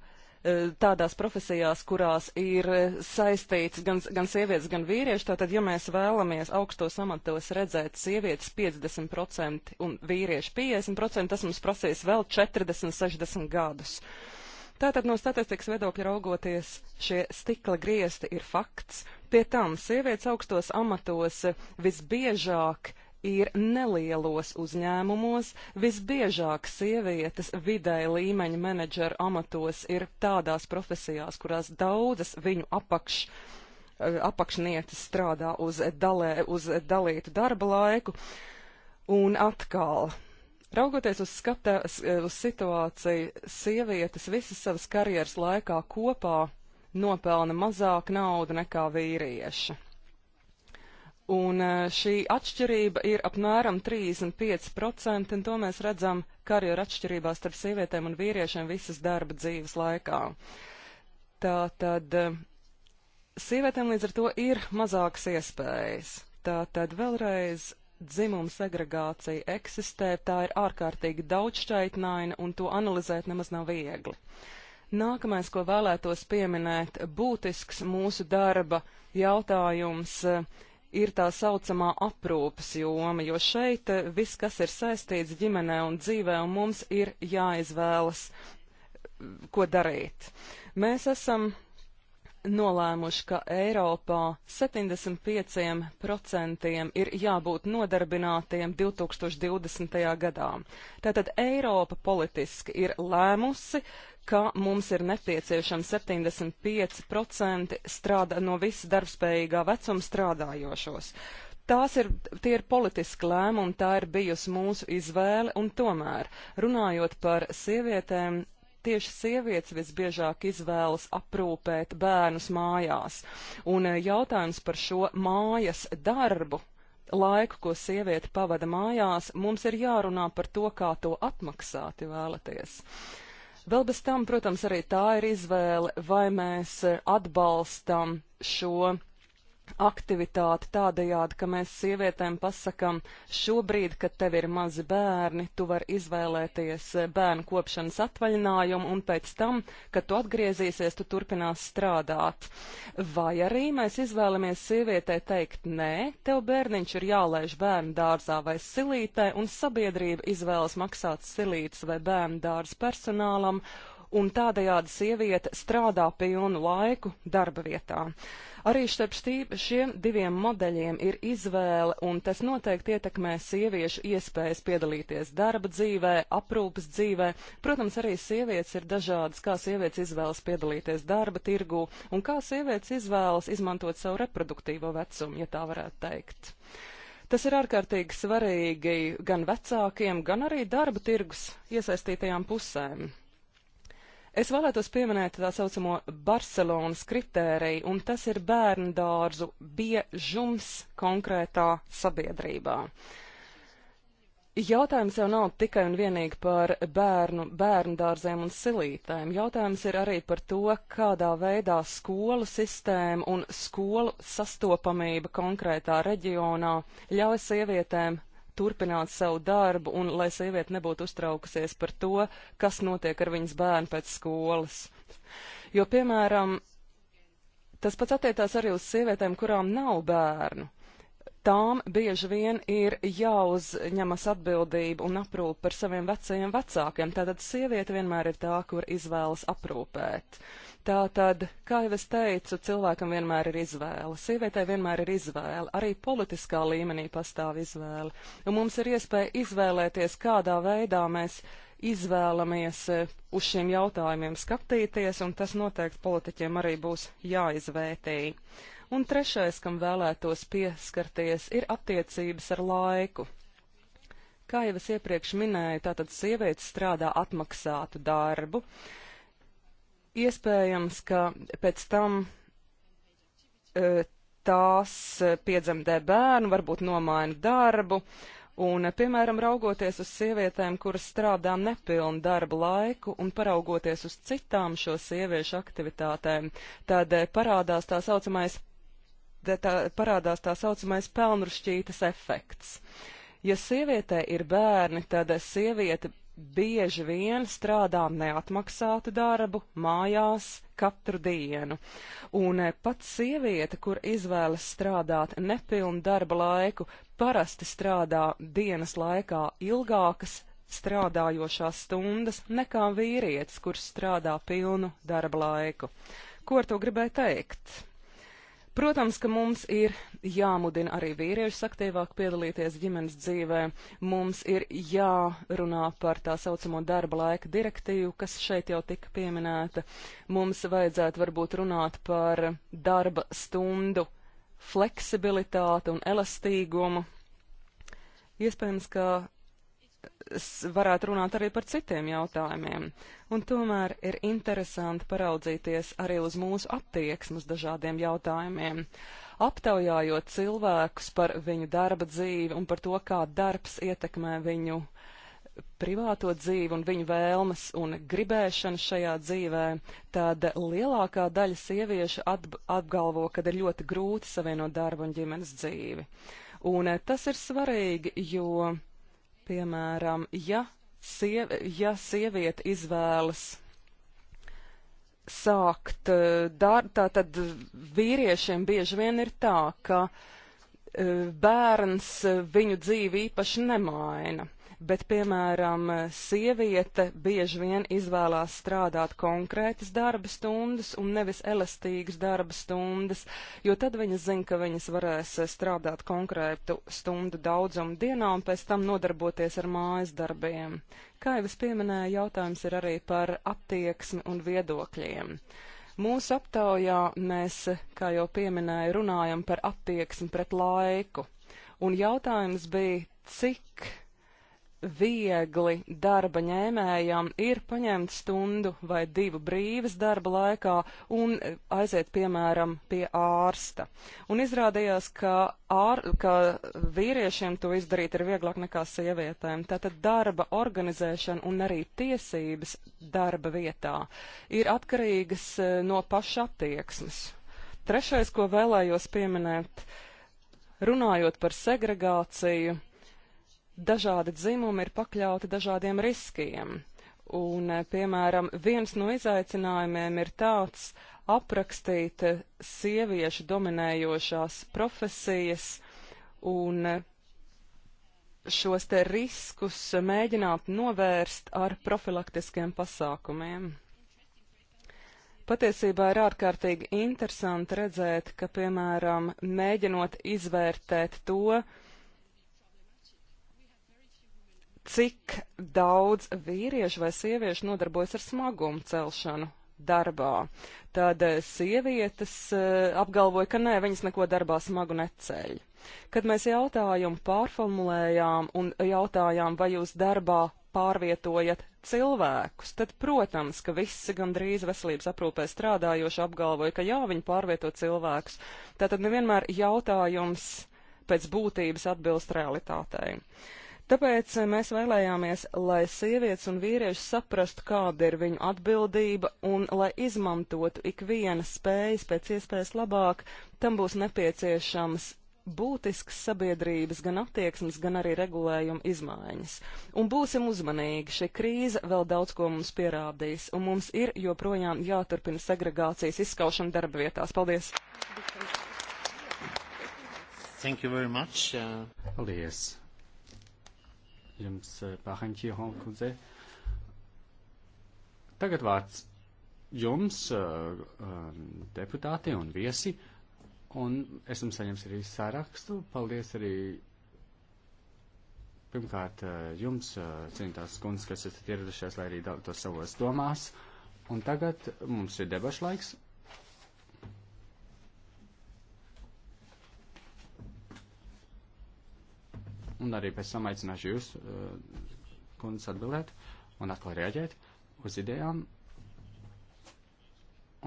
tādās profesijās, kurās ir saistīts gan, gan sievietes, gan vīrieši. Tātad, ja mēs vēlamies augstos amatos redzēt sievietes 50% un vīrieši 50%, tas mums prasīs vēl 40, 60 gadus. Tātad no statistikas viedokļa raugoties, šie stikla griezti ir fakts. Pie tam sievietes augstos amatos visbiežāk ir nelielos uzņēmumos. Visbiežāk sievietes vidēja līmeņa menedžera amatos ir tādās profesijās, kurās daudzas viņu apakš, eh, apakšnieces strādā uz, dalē, uz dalītu darba laiku. Un atkal. Raugoties uz, skatē, eh, uz situāciju, sievietes visas savas karjeras laikā kopā nopelna mazāk naudu nekā vīrieši. Un eh, šī atšķirība ir apmēram 35%, un to mēs redzam karjeru atšķirībās starp sievietēm un vīriešiem visas darba dzīves laikā. Tā tad eh, sievietēm līdz ar to ir mazākas iespējas. Tā tad vēlreiz dzimuma segregācija eksistē, tā ir ārkārtīgi daudzšķaitnaina, un to analizēt nemaz nav viegli. Nākamais, ko vēlētos pieminēt, būtisks mūsu darba jautājums eh, ir tā saucamā aprūpas joma, jo šeit eh, viss, kas ir saistīts ģimenē un dzīvē, un mums ir jāizvēlas, ko darīt. Mēs esam nolēmuši, ka Eiropā 75% ir jābūt nodarbinātiem 2020. gadā. Tātad Eiropa politiski ir lēmusi, ka mums ir nepieciešams 75% strādā, no visas darbspējīgā vecuma strādājošos. Tās ir, tie ir politiski lēmumi, tā ir bijusi mūsu izvēle, un tomēr, runājot par sievietēm, tieši sievietes visbiežāk izvēlas aprūpēt bērnus mājās. Un eh, jautājums par šo mājas darbu, laiku, ko sieviete pavada mājās, mums ir jārunā par to, kā to atmaksāt, ja vēlaties. Uh, Vēl bez tam, protams, arī tā ir izvēle, vai mēs atbalstam šo aktivitāti tādajādi, ka mēs sievietēm pasakam, šobrīd, kad tev ir mazi bērni, tu vari izvēlēties eh, bērnu kopšanas atvaļinājumu, un pēc tam, kad tu atgriezīsies, tu turpinās strādāt. Vai arī mēs izvēlamies sievietē teikt, nē, tev bērniņš ir jālaiž bērnu dārzā vai silītē, un sabiedrība izvēlas maksāt silītes vai bērnu dārza personālam, un tādējādi sieviete strādā pilnu laiku darba vietā. Arī starp šiem diviem modeļiem ir izvēle, un tas noteikti ietekmē sieviešu iespējas piedalīties darba dzīvē, aprūpas dzīvē. Protams, arī sievietes ir dažādas, kā sievietes izvēlas piedalīties darba tirgū, un kā sievietes izvēlas izmantot savu reproduktīvo vecumu, ja tā varētu teikt. Tas ir ārkārtīgi svarīgi gan vecākiem, gan arī darba tirgus iesaistītajām pusēm. Es vēlētos pieminēt tā saucamo Barcelonas kritēriju, un tas ir bērnu dārzu biežums konkrētā sabiedrībā. Jautājums jau nav tikai un vienīgi par bērnu, bērnu dārziem un silītēm. Jautājums ir arī par to, kādā veidā skolu sistēma un skolu sastopamība konkrētā reģionā ļauj sievietēm turpināt savu darbu un lai sieviete nebūtu uztraukusies par to, kas notiek ar viņas bērnu pēc skolas. Jo, piemēram, tas pats attiecās arī uz sievietēm, kurām nav bērnu tām bieži vien ir jāuzņemas atbildība un aprūpe par saviem vecajiem vecākiem. Tātad sieviete vienmēr ir tā, kur izvēlas aprūpēt. Tātad, kā jau es teicu, cilvēkam vienmēr ir izvēle, sievietei vienmēr ir izvēle, arī politiskā līmenī pastāv izvēle, un mums ir iespēja izvēlēties, kādā veidā mēs izvēlamies eh, uz šiem jautājumiem skatīties, un tas noteikti politiķiem arī būs jāizvērtī. Un trešais, kam vēlētos pieskarties, ir attiecības ar laiku. Kā jau es iepriekš minēju, tātad sievietes strādā atmaksātu darbu. Iespējams, ka pēc tam e, tās piedzemdē bērnu, varbūt nomaina darbu, Un, e, piemēram, raugoties uz sievietēm, kuras strādā nepilnu darba laiku un paraugoties uz citām šo sieviešu aktivitātēm, tad e, parādās tā saucamais tā, parādās tā saucamais pelnrušķītas efekts. Ja sievietē ir bērni, tad sieviete bieži vien strādā neatmaksātu darbu mājās katru dienu. Un eh, pat sieviete, kur izvēlas strādāt nepilnu darba laiku, parasti strādā dienas laikā ilgākas strādājošās stundas nekā vīrietis, kurš strādā pilnu darba laiku. Ko ar to gribēju teikt? Protams, ka mums ir jāmudina arī vīriešus aktīvāk piedalīties ģimenes dzīvē. Mums ir jārunā par tā saucamo darba laika direktīvu, kas šeit jau tika pieminēta. Mums vajadzētu varbūt runāt par darba stundu fleksibilitāti un elastīgumu. Iespējams, ka varētu runāt arī par citiem jautājumiem. Un tomēr ir interesanti paraudzīties arī uz mūsu attieksmes dažādiem jautājumiem. Aptaujājot cilvēkus par viņu darba dzīvi un par to, kā darbs ietekmē viņu privāto dzīvi un viņu vēlmes un gribēšanu šajā dzīvē, tad lielākā daļa sieviešu apgalvo, ka ir ļoti grūti savienot darbu un ģimenes dzīvi. Un eh, tas ir svarīgi, jo Piemēram, ja, siev, ja sieviete izvēlas sākt eh, darbu, tā tad vīriešiem bieži vien ir tā, ka eh, bērns eh, viņu dzīvi īpaši nemaina bet, piemēram, sieviete bieži vien izvēlās strādāt konkrētas darba stundas un nevis elastīgas darba stundas, jo tad viņas zina, ka viņas varēs strādāt konkrētu stundu daudzumu dienā un pēc tam nodarboties ar mājas darbiem. Kā jau es pieminēju, jautājums ir arī par attieksmi un viedokļiem. Mūsu aptaujā mēs, kā jau pieminēju, runājam par attieksmi pret laiku. Un jautājums bija, cik viegli darba ņēmējam ir paņemt stundu vai divu brīvas darba laikā un aiziet, piemēram, pie ārsta. Un izrādījās, ka, ār, ka vīriešiem to izdarīt ir vieglāk nekā sievietēm. Tātad darba organizēšana un arī tiesības darba vietā ir atkarīgas e, no paša attieksmes. Trešais, ko vēlējos pieminēt, runājot par segregāciju dažādi dzimumi ir pakļauti dažādiem riskiem. Un, eh, piemēram, viens no izaicinājumiem ir tāds aprakstīt eh, sieviešu dominējošās profesijas un eh, šos te riskus mēģināt novērst ar profilaktiskiem pasākumiem. Patiesībā ir ārkārtīgi interesanti redzēt, ka, piemēram, mēģinot izvērtēt to, uh, cik daudz vīriešu vai sieviešu nodarbojas ar smagumu celšanu darbā. Tad eh, sievietes eh, apgalvoja, ka nē, viņas neko darbā smagu neceļ. Kad mēs jautājumu pārformulējām un jautājām, vai jūs darbā pārvietojat cilvēkus, tad, protams, ka visi gandrīz veselības aprūpē strādājoši apgalvoja, ka jā, viņi pārvieto cilvēkus. Tātad nevienmēr jautājums pēc būtības atbilst realitātei. Uh, Tāpēc eh, mēs vēlējāmies, lai sievietes un vīrieši saprastu, kāda ir viņu atbildība un lai izmantotu ikviena spējas pēc iespējas labāk, tam būs nepieciešams būtisks sabiedrības gan attieksmes, gan arī regulējuma izmaiņas. Un būsim uzmanīgi, šī krīze vēl daudz ko mums pierādīs, un mums ir joprojām jāturpina segregācijas izskaušana darba vietās. Paldies! Thank you very much. Uh... Paldies! jums eh, Pahanķī Honkundze. Tagad vārds jums, eh, eh, deputāti un viesi, un esam saņems arī sārakstu. Paldies arī pirmkārt jums, cienītās kundzes, kas esat ieradušies, lai arī dalītos savos domās. Un tagad mums ir debašu laiks, un arī pēc tam aicināšu jūs, uh, eh, kundzes, atbildēt un atkal reaģēt uz idejām.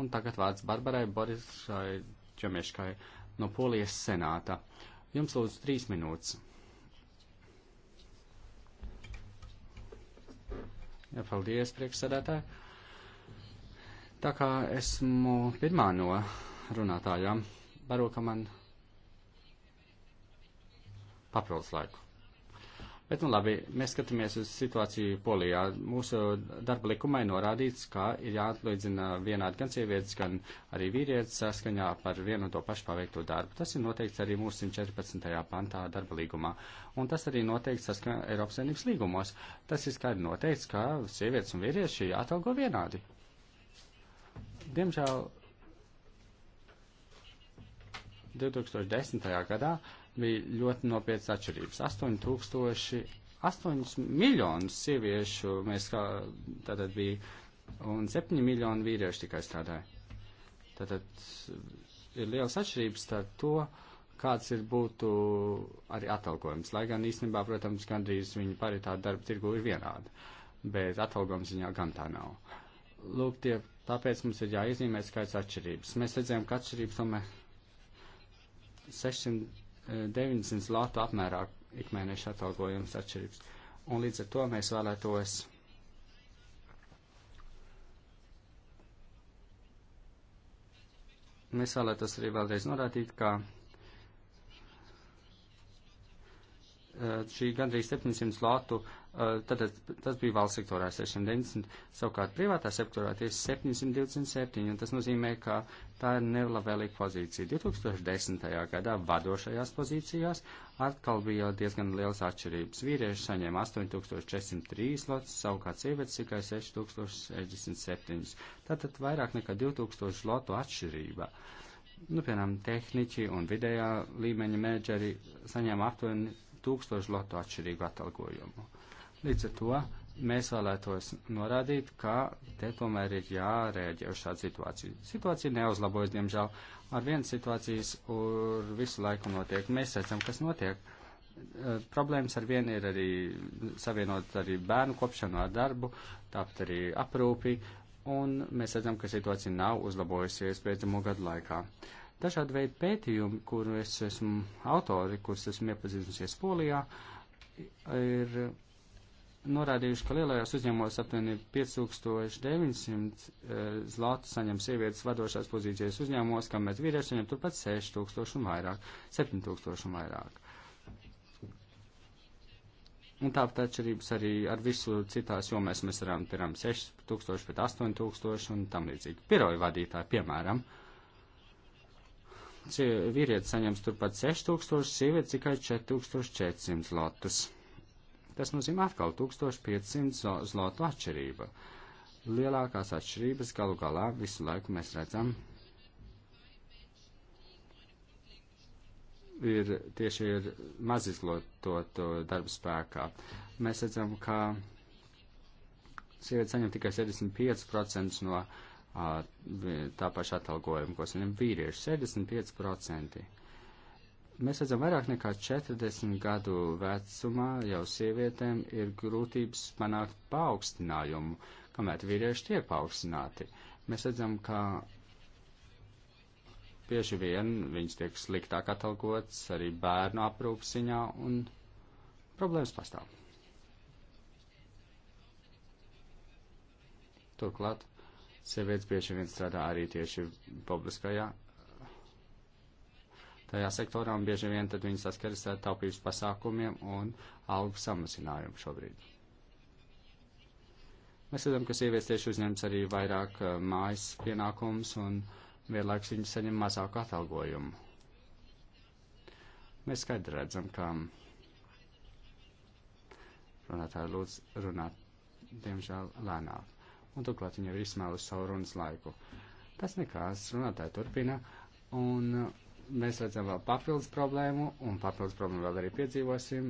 Un tagad vārds Barbarai Borisai Čemieškai no Polijas senāta. Jums lūdzu trīs minūtes. Ja, paldies, priekšsēdētāji. Tā kā esmu pirmā no runātājām, varu, ka man papildus laiku. Bet, nu labi, mēs skatāmies uz situāciju Polijā. Mūsu darba likumai norādīts, ka ir jāatlīdzina vienādi gan sievietes, gan arī vīrietis saskaņā par vienu un to pašu paveikto darbu. Tas ir noteikts arī mūsu 114. pantā darba līgumā. Un tas arī noteikts saskaņā Eiropas Savienības līgumos. Tas ir skaidri noteikts, ka sievietes un vīrieši atalgo vienādi. Diemžēl 2010. gadā bija ļoti nopietnas atšķirības. 8000, 8 miljonus sieviešu mēs kā tātad bija, un 7 miljoni vīriešu tikai strādāja. Tātad eh, ir liels atšķirības starp to, kāds ir būtu arī atalgojums. Lai gan īstenībā, protams, gandrīz viņa paritāte darba tirgu ir vienāda, bet atalgojums viņā gan tā nav. Lūk, tie, tāpēc mums ir jāizīmē skaits atšķirības. Mēs redzējām, ka atšķirības tomēr 600 90 latu apmērā ikmēneša atalgojums atšķirības. Un līdz ar to mēs vēlētos. Mēs vēlētos arī vēlreiz norādīt, ka eh, šī gandrīz 700 latu uh, Tātad eh, tas bija valsts sektorā 690, savukārt privātā sektorā tieši 727, un tas nozīmē, ka tā ir nelabvēlīga pozīcija. 2010. gadā vadošajās pozīcijās atkal bija diezgan liels atšķirības. Vīrieši saņēma 8403 lotus, savukārt sievietes tikai 6067. Tātad vairāk nekā 2000 lotu atšķirība. Nu, piemēram, tehniķi un vidējā līmeņa menedžeri saņēma aptuveni 1000 lotu atšķirīgu atalgojumu. Līdz ar to mēs vēlētos norādīt, ka te tomēr ir jārēģē uz šādu situāciju. Situācija neuzlabojas, diemžēl. Ar vienu situācijas ur visu laiku notiek. Mēs redzam, kas notiek. E, problēmas ar vienu ir arī savienot arī bērnu kopšanu ar darbu, tāpat arī aprūpi, un mēs redzam, ka situācija nav uzlabojusies pēdējo gadu laikā. Dažādi veidi pētījumi, kurus es esmu autori, kurus esmu iepazinusies Polijā, ir norādījuši, ka lielajos uzņēmumos aptuveni 5900 e, eh, zlatu saņem sievietes vadošās pozīcijas uzņēmumos, kamēr vīrieši saņem turpat 6000 un vairāk, 7000 un vairāk. Un tāpat atšķirības arī ar visu citās jomēs mēs varam, piemēram, 6000 pret 8000 un tam līdzīgi. Piroju vadītāji, piemēram, vīrietis saņems turpat 6000, sievietes tikai 4400 lotus. Tas nozīmē atkal 1500 zlotu atšķirība. Lielākās atšķirības galu galā visu laiku mēs redzam ir tieši ir mazizglotot darba spēkā. Mēs redzam, ka sieviete saņem tikai 75% no a, tā paša atalgojuma, ko saņem vīrieši - 75%. Mēs redzam, vairāk nekā 40 gadu vecumā jau sievietēm ir grūtības panākt paaugstinājumu, kamēr vīrieši tiek paaugstināti. Mēs redzam, ka bieži vien viņas tiek sliktāk atalgots arī bērnu aprūpsiņā un problēmas pastāv. Turklāt, sievietes bieži vien strādā arī tieši publiskajā tajā sektorā, un bieži vien tad viņi saskaras ar taupības pasākumiem un algu samazinājumu šobrīd. Mēs redzam, ka sievietes tieši uzņems arī vairāk eh, mājas pienākumus un vienlaikus viņas saņem mazāku atalgojumu. Mēs skaidri redzam, ka runātāji lūdz runāt, diemžēl, lēnāk. Un turklāt viņa ir izsmēlusi savu runas laiku. Tas nekās, runātāji turpina, un mēs redzam vēl papildus problēmu, un papildus problēmu vēl arī piedzīvosim.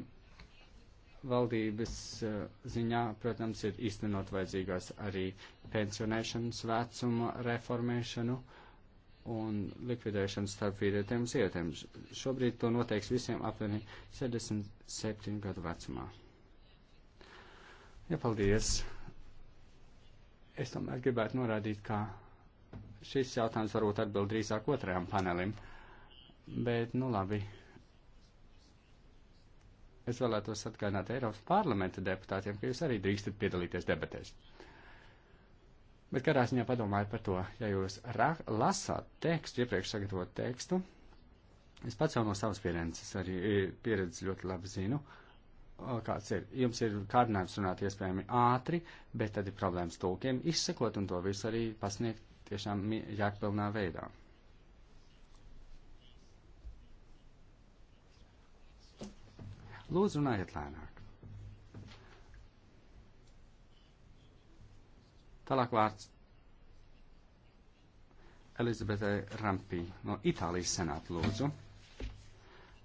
Valdības eh, ziņā, protams, ir īstenot vajadzīgās arī pensionēšanas vecuma reformēšanu un likvidēšanu starp vīrietiem un sievietēm. Šobrīd to noteiks visiem apmēram 67 gadu vecumā. Ja, paldies! Es tomēr gribētu norādīt, ka šis jautājums varbūt atbild drīzāk otrajam panelim. Bet, nu labi. Es vēlētos atgādināt Eiropas parlamenta deputātiem, ka jūs arī drīkstat piedalīties debatēs. Bet kādā ziņā padomājiet par to, ja jūs lasāt tekstu, iepriekš sagatavot tekstu, es pats jau no savas pieredzes arī e, pieredzes ļoti labi zinu, kāds ir. Jums ir kārdinājums runāt iespējami ātri, bet tad ir problēmas tulkiem izsekot un to visu arī pasniegt tiešām jākpilnā veidā. Lūdzu, runājiet lēnāk. Tālāk vārds Elizabetei Rampī no Itālijas senāta lūdzu.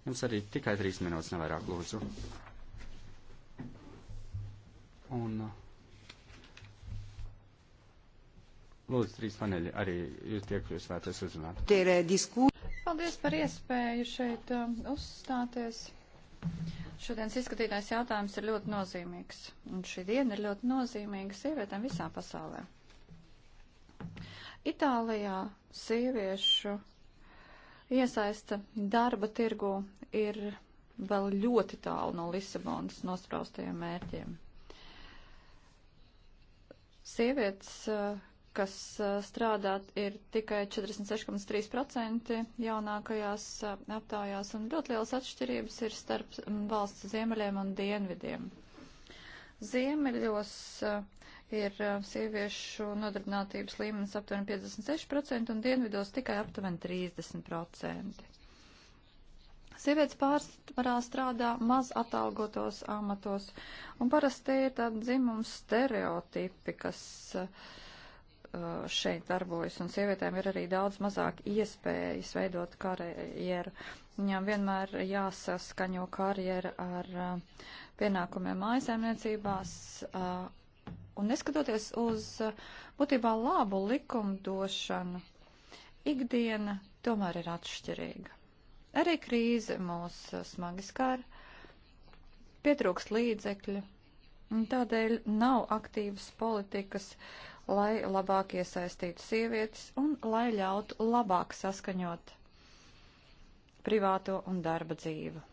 Jums arī tikai trīs minūtes nevairāk lūdzu. Un lūdzu, trīs paneļi arī jūs tiek jūs vēlaties uzrunāt. Paldies par iespēju šeit um, uzstāties. Šodienas izskatītais jautājums ir ļoti nozīmīgs. Un šī diena ir ļoti nozīmīga sievietēm visā pasaulē. Itālijā sieviešu iesaista darba tirgu ir vēl ļoti tālu no Lisabonas nospraustajiem mērķiem. Sievietes uh, kas strādāt ir tikai 46,3% jaunākajās aptājās, un ļoti lielas atšķirības ir starp valsts ziemeļiem un dienvidiem. Ziemeļos ir sieviešu nodarbinātības līmenis aptuveni 56% un dienvidos tikai aptuveni 30%. Sievietes pārsvarā strādā maz atalgotos amatos, un parasti ir tādi dzimums stereotipi, kas uh, Uh, šeit darbojas, un sievietēm ir arī daudz mazāk iespējas veidot karjeru. Viņām vienmēr jāsaskaņo karjera ar uh, pienākumiem mājasēmniecībās, uh, un neskatoties uz būtībā labu likumdošanu, ikdiena tomēr ir atšķirīga. Arī krīze mūs smagi skar, pietrūkst līdzekļu, un tādēļ nav aktīvas politikas, uh, lai labāk iesaistītu sievietes un lai ļautu labāk saskaņot privāto un darba dzīvi.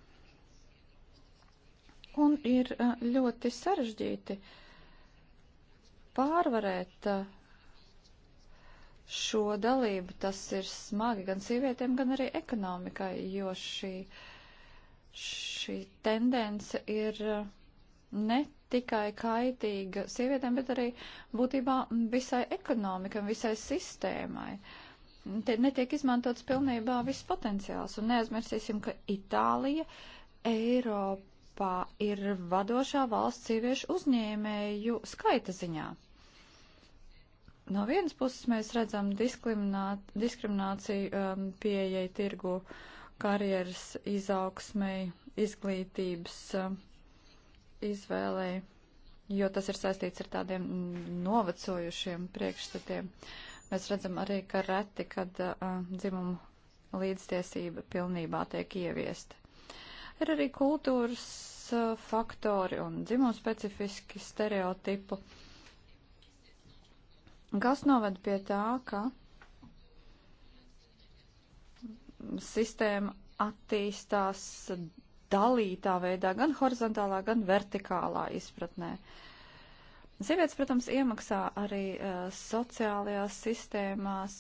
Un ir eh, ļoti sarežģīti pārvarēt eh, šo dalību. Tas ir smagi gan sievietēm, gan arī ekonomikai, jo šī, šī tendence ir eh, ne tikai kaitīga sievietēm, bet arī būtībā visai ekonomikai, visai sistēmai. Te netiek izmantots pilnībā viss potenciāls. Un neaizmirsīsim, ka Itālija Eiropā ir vadošā valsts sieviešu uzņēmēju skaita ziņā. No vienas puses mēs redzam diskrimināciju um, pieejai tirgu karjeras izaugsmai, izglītības. Um, izvēlēji, jo tas ir saistīts ar tādiem novecojušiem priekšstatiem. Mēs redzam arī, ka reti, kad uh, dzimumu līdztiesība pilnībā tiek ieviesta. Ir arī kultūras uh, faktori un dzimumu specifiski stereotipu, kas noved pie tā, ka sistēma attīstās dalītā veidā, gan horizontālā, gan vertikālā izpratnē. Sievietes, protams, iemaksā arī uh, sociālajās sistēmās,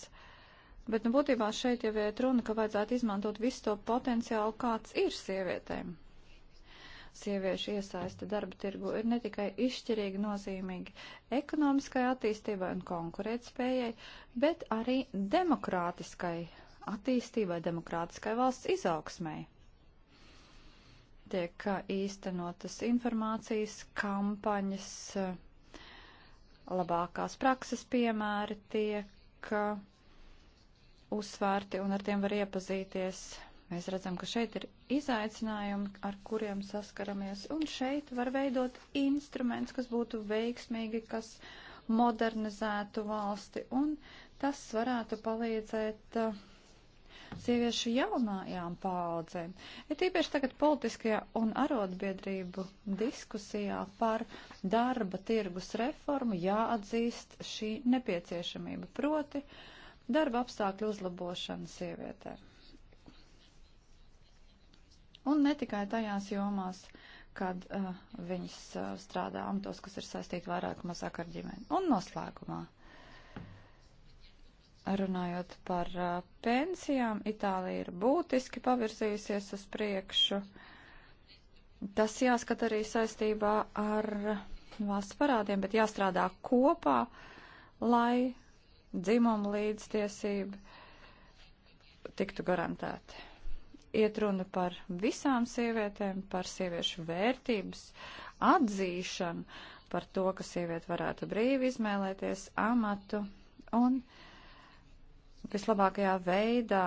bet nu, būtībā šeit jau ir runa, ka vajadzētu izmantot visu to potenciālu, kāds ir sievietēm sieviešu iesaiste darba tirgu ir ne tikai izšķirīgi nozīmīgi ekonomiskai attīstībai un konkurētspējai, bet arī demokrātiskai attīstībai, demokrātiskai valsts izaugsmai tiek īstenotas informācijas kampaņas, labākās prakses piemēri tiek uzsvērti un ar tiem var iepazīties. Mēs redzam, ka šeit ir izaicinājumi, ar kuriem saskaramies, un šeit var veidot instruments, kas būtu veiksmīgi, kas modernizētu valsti, un tas varētu palīdzēt uh, sieviešu jaunajām paaudzēm. Ir tīpaši tagad politiskajā un arotbiedrību diskusijā par darba tirgus reformu jāatzīst šī nepieciešamība, proti darba apstākļu uzlabošana sievietēm. Un ne tikai tajās jomās, kad uh, viņas uh, strādā amatos, kas ir saistīti vairāk mazāk ar ģimeni. Un noslēgumā. Runājot par uh, pensijām, Itālija ir būtiski pavirzījusies uz priekšu. Tas jāskat arī saistībā ar valsts parādiem, bet jāstrādā kopā, lai dzimuma līdztiesība tiktu garantēta. Iet runa par visām sievietēm, par sieviešu vērtības atzīšanu, par to, ka sieviete varētu brīvi izvēlēties amatu un uh, vislabākajā veidā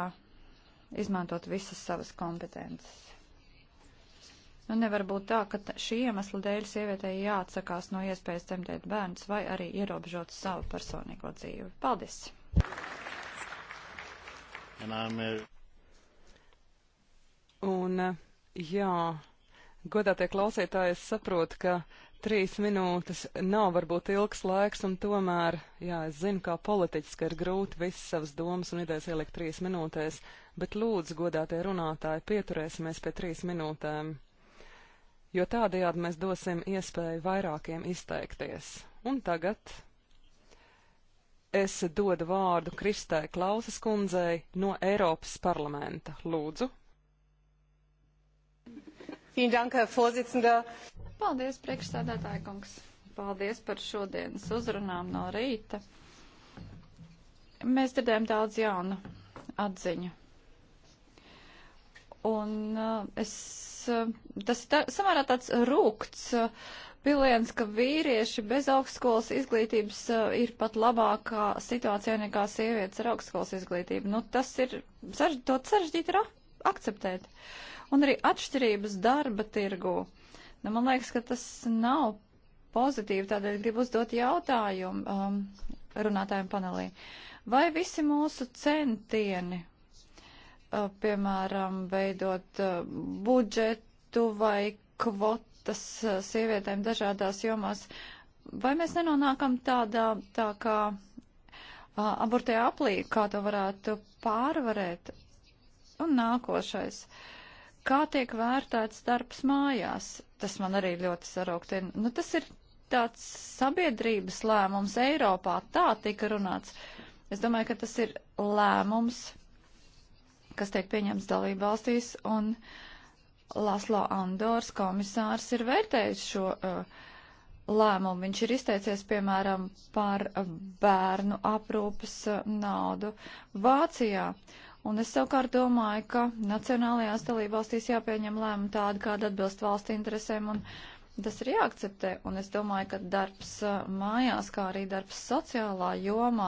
izmantot visas savas kompetences. Nu, nevar būt tā, ka šī iemesla dēļ sievietei jāatsakās no iespējas cemtēt bērns vai arī ierobežot savu personīgo dzīvi. Paldies! Un, um, eh, eh, jā, godātie klausītāji, es saprotu, ka Trīs minūtes nav varbūt ilgs laiks, un tomēr, jā, es zinu, kā politiķis, ka ir grūti visas savas domas un idejas ielikt trīs minūtēs, bet lūdzu, godātie runātāji, pieturēsimies pie trīs minūtēm, jo tādējādi mēs dosim iespēju vairākiem izteikties. Un tagad es dodu vārdu Kristē Klausas kundzei no Eiropas parlamenta. Lūdzu! Dank, Herr Vorsitzender. Paldies, priekšstādātāja kungs. Paldies par šodienas uzrunām no rīta. Mēs dzirdējam daudz jaunu atziņu. Un uh, es, uh, tas ir tā, samērā tāds rūkts uh, piliens, ka vīrieši bez augstskolas izglītības uh, ir pat labākā situācijā nekā sievietes ar augstskolas izglītību. Nu, tas ir, to sarežģīti ir akceptēt. Un arī atšķirības darba tirgu. Uh, Nu, man liekas, ka tas nav pozitīvi, tādēļ gribu uzdot jautājumu um, runātājiem panelī. Vai visi mūsu centieni, uh, piemēram, veidot uh, budžetu vai kvotas uh, sievietēm dažādās jomās, vai mēs nenonākam tādā tā kā uh, abortējā aplī, kā to varētu pārvarēt? Un nākošais. Kā tiek vērtēts darbs mājās? tas man arī ļoti sarūktina. Nu, tas ir tāds sabiedrības lēmums Eiropā, tā tika runāts. Es domāju, ka tas ir lēmums, kas tiek pieņemts dalību valstīs, un Laslo Andors komisārs ir vērtējis šo uh, lēmumu. Viņš ir izteicies, piemēram, par bērnu aprūpas uh, naudu Vācijā. Uh, Un es savukārt domāju, ka nacionālajās dalībvalstīs jāpieņem lēmumu tādu, kāda atbilst valsts interesēm, un tas ir jāakceptē. Un es domāju, ka darbs uh, mājās, kā arī darbs sociālā jomā,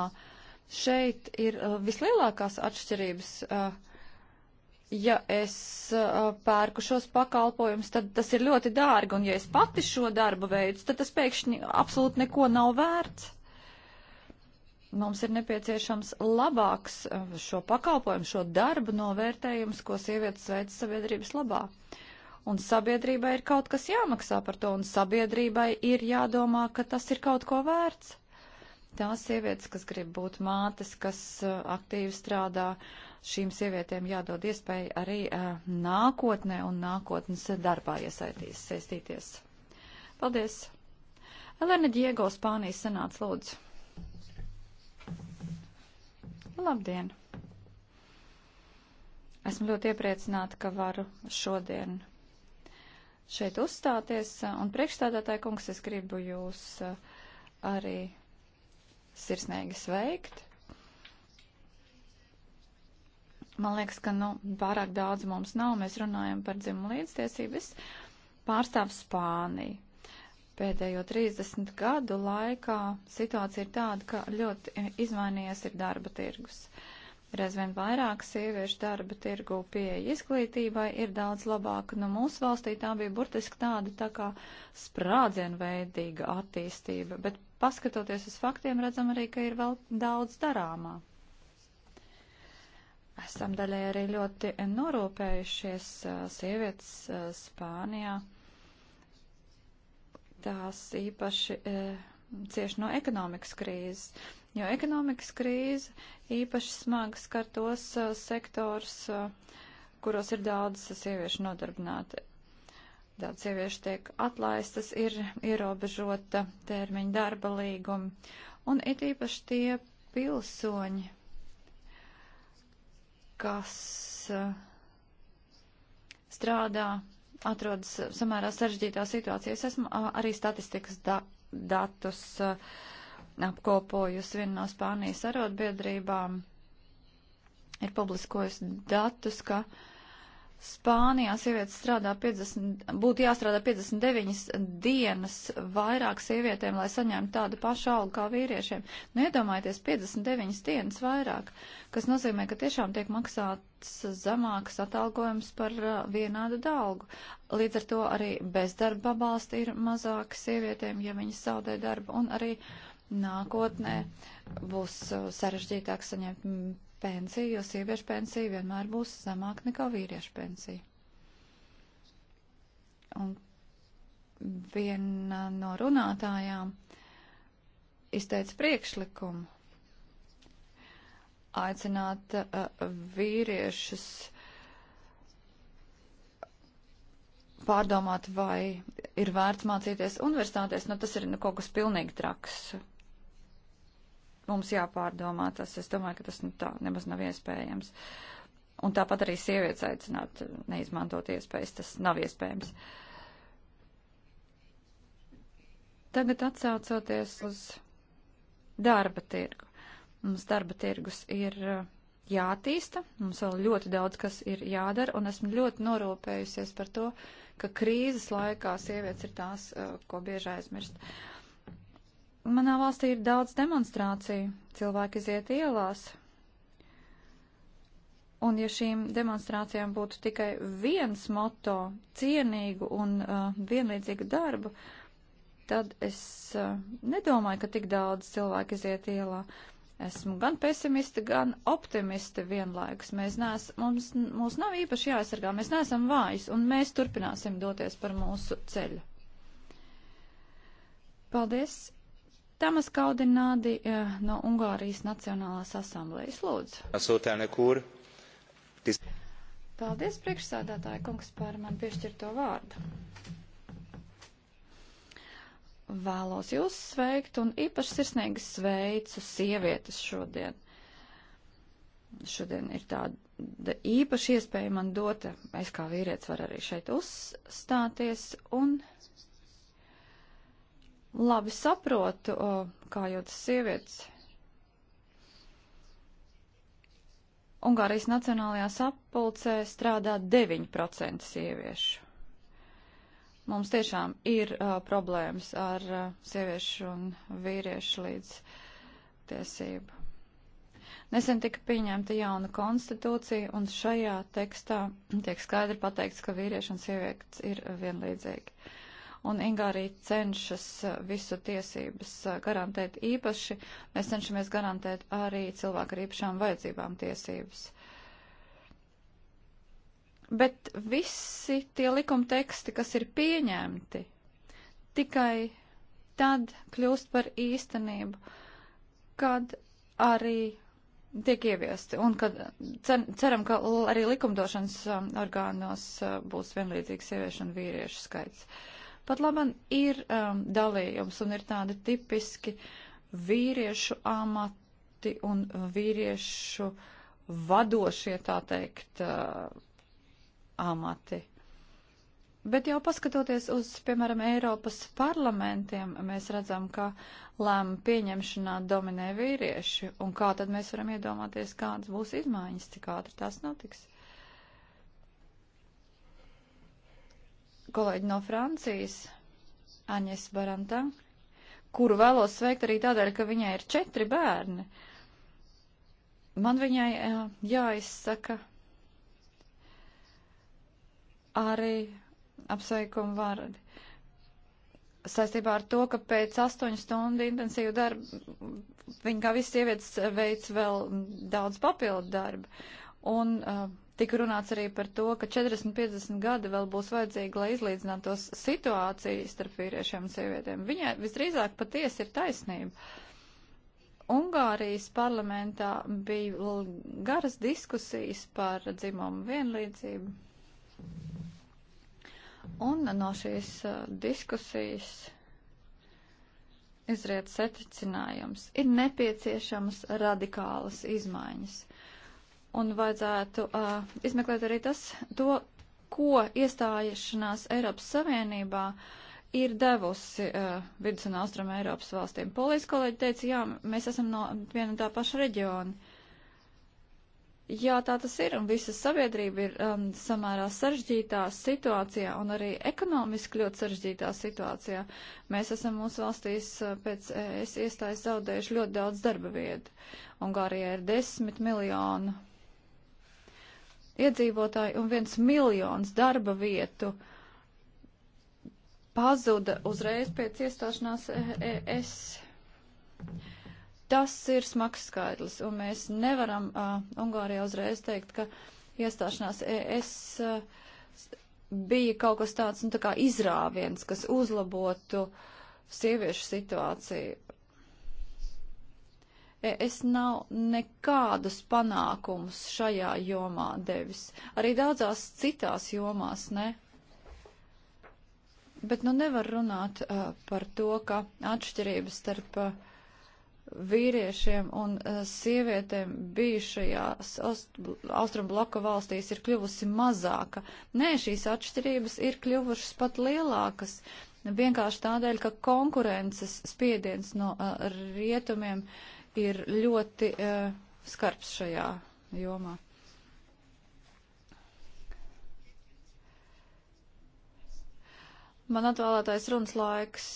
šeit ir uh, vislielākās atšķirības. Uh, ja es pērku šos pakalpojumus, tad tas ir ļoti dārgi, un ja es pati šo darbu veicu, tad tas pēkšņi absolūti neko nav vērts. Mums ir nepieciešams labāks eh, šo pakalpojumu, šo darbu novērtējums, ko sievietes veic sabiedrības labā. Un sabiedrībai ir kaut kas jāmaksā par to, un sabiedrībai ir jādomā, ka tas ir kaut ko vērts. Tās sievietes, kas grib būt mātes, kas eh, aktīvi strādā, šīm sievietēm jādod iespēja arī eh, nākotnē un nākotnes darbā iesaistīties. Paldies! Elena Diego, Spānijas senāts, lūdzu. Labdien! Esmu ļoti iepriecināta, ka varu šodien šeit uzstāties. Un priekšstādātāja kungs, es gribu jūs eh, arī sirsnīgi sveikt. Man liekas, ka nu, pārāk daudz mums nav. Mēs runājam par dzimumu līdztiesību. Es pārstāvu Spāniju. Pēdējo 30 gadu laikā situācija ir tāda, ka ļoti izmainījies ir darba tirgus. Ir aizvien vairāk sieviešu darba tirgu pieeja izglītībai, ir daudz labāka. Nu, mūsu valstī tā bija burtiski tāda tā kā sprādzienveidīga attīstība, bet paskatoties uz faktiem, redzam arī, ka ir vēl daudz darāmā. Esam daļai arī ļoti norūpējušies sievietes Spānijā. Uh, tās īpaši e, cieši no ekonomikas krīzes, jo ekonomikas krīze īpaši smagi skar tos e, sektors, e, kuros ir daudz sieviešu nodarbināti. Daudz sieviešu tiek atlaistas, ir ierobežota termiņa darba līguma, un it īpaši tie pilsoņi, kas e, strādā atrodas samērā sarežģītā situācijā. Es esmu arī statistikas da datus apkopojusi viena no Spānijas arotbiedrībām. Ir publiskojusi datus, ka uh, Spānijā sievietes strādā 50, būtu jāstrādā 59 dienas vairāk sievietēm, lai saņemtu tādu pašu algu kā vīriešiem. Nu, iedomājieties, 59 dienas vairāk, kas nozīmē, ka tiešām tiek maksāts zemāks atalgojums par uh, vienādu dalgu. Līdz ar to arī bezdarba pabalsti ir mazāki sievietēm, ja viņas zaudē darbu, un arī nākotnē būs uh, sarežģītāk saņemt mm, pensija, jo sieviešu pensija vienmēr būs zemāk nekā vīriešu pensija. Un viena no runātājām izteica priekšlikumu aicināt uh, vīriešus pārdomāt, vai ir vērts mācīties universitātēs, nu tas ir nu, kaut kas pilnīgi traks mums jāpārdomā tas. Es domāju, ka tas nu, tā nemaz nav iespējams. Un tāpat arī sievietes aicināt neizmantot iespējas, tas nav iespējams. Tagad atsaucoties uz darba tirgu. Mums darba tirgus ir uh, jātīsta, mums vēl ļoti daudz kas ir jādara, un esmu ļoti norūpējusies par to, ka krīzes laikā sievietes ir tās, uh, ko bieži aizmirst. Uh, Manā valstī ir daudz demonstrāciju, cilvēki iziet ielās. Un ja šīm demonstrācijām būtu tikai viens moto - cienīgu un uh, vienlīdzīgu darbu, tad es uh, nedomāju, ka tik daudz cilvēku iziet ielā. Esmu gan pesimisti, gan optimisti vienlaikus. Mēs nees, mums, mums nav īpaši jāaizsargā, mēs neesam vājas, un mēs turpināsim doties par mūsu ceļu. Paldies! Tamas Kaudinādi eh, no Ungārijas Nacionālās asamblējas lūdzu. Asūtēne kūr. Tis... Paldies, priekšsādātāja kungs, par man piešķirto vārdu. Vēlos jūs sveikt un īpaši sirsnīgi sveicu sievietes šodien. Šodien ir tāda īpaša iespēja man dota. Es kā vīrietis varu arī šeit uzstāties un labi saprotu, kā jūtas sievietes. Ungārijas Nacionālajā sapulcē strādā 9% sieviešu. Mums tiešām ir uh, problēmas ar uh, sieviešu un vīriešu līdztiesību. Nesen tika pieņemta jauna konstitūcija, un šajā tekstā tiek skaidri pateikts, ka vīrieši un sievietes ir vienlīdzīgi. Uh, un Inga arī cenšas eh, visu tiesības eh, garantēt īpaši. Mēs cenšamies garantēt arī cilvēku ar īpašām vajadzībām tiesības. Bet visi tie likuma teksti, kas ir pieņemti, tikai tad kļūst par īstenību, kad arī tiek ieviesti. Un kad cer, ceram, ka arī likumdošanas eh, orgānos būs vienlīdzīgs sieviešu un vīriešu skaits. Uh, Pat labam ir um, dalījums un ir tādi tipiski vīriešu amati un vīriešu vadošie, tā teikt, uh, amati. Bet jau paskatoties uz, piemēram, Eiropas parlamentiem, mēs redzam, ka lēma pieņemšanā dominē vīrieši, un kā tad mēs varam iedomāties, kādas būs izmaiņas, cik ātri tas notiks. kolēģi no Francijas, Aņes Barantā, kuru vēlos sveikt arī tādēļ, ka viņai ir četri bērni. Man viņai jāizsaka arī apsveikuma vārdi. Saistībā ar to, ka pēc astoņu stundu intensīvu darbu viņa kā visas sievietes veids vēl daudz papildu darbu. Un uh, Tika runāts arī par to, ka 40-50 gadi vēl būs vajadzīgi, lai izlīdzinātos situāciju starp vīriešiem un sievietēm. Viņai visdrīzāk patiesi ir taisnība. Ungārijas parlamentā bija garas diskusijas par dzimumu vienlīdzību. Un no šīs uh, diskusijas izriet secinājums. Ir nepieciešamas radikālas izmaiņas un vajadzētu uh, izmeklēt arī tas, to, ko iestājušanās Eiropas Savienībā ir devusi uh, Vidus un Austrum Eiropas valstīm. Polijas kolēģi teica, jā, mēs esam no viena tā paša reģiona. Jā, tā tas ir, un visa sabiedrība ir um, samērā sarežģītā situācijā un arī ekonomiski ļoti sarežģītā situācijā. Mēs esam mūsu valstīs uh, pēc es iestājas zaudējuši ļoti daudz darba vietu. Ungārijā ir desmit miljonu iedzīvotāji un viens miljons darba vietu pazuda uzreiz pēc iestāšanās e, e, ES. Tas ir smags skaidrs, un mēs nevaram uh, Ungārijā uzreiz teikt, ka iestāšanās e, ES uh, bija kaut kas tāds, nu tā kā izrāviens, kas uzlabotu sieviešu situāciju. E, es nav nekādus panākumus šajā jomā devis. Arī daudzās citās jomās, ne? Bet nu nevar runāt uh, par to, ka atšķirības starp uh, vīriešiem un uh, sievietēm bijušajās austrumbloka valstīs ir kļuvusi mazāka. Nē, šīs atšķirības ir kļuvušas pat lielākas. Vienkārši tādēļ, ka konkurences spiediens no uh, rietumiem uh, ir ļoti uh, skarbs šajā jomā. Man atvēlētais runas laiks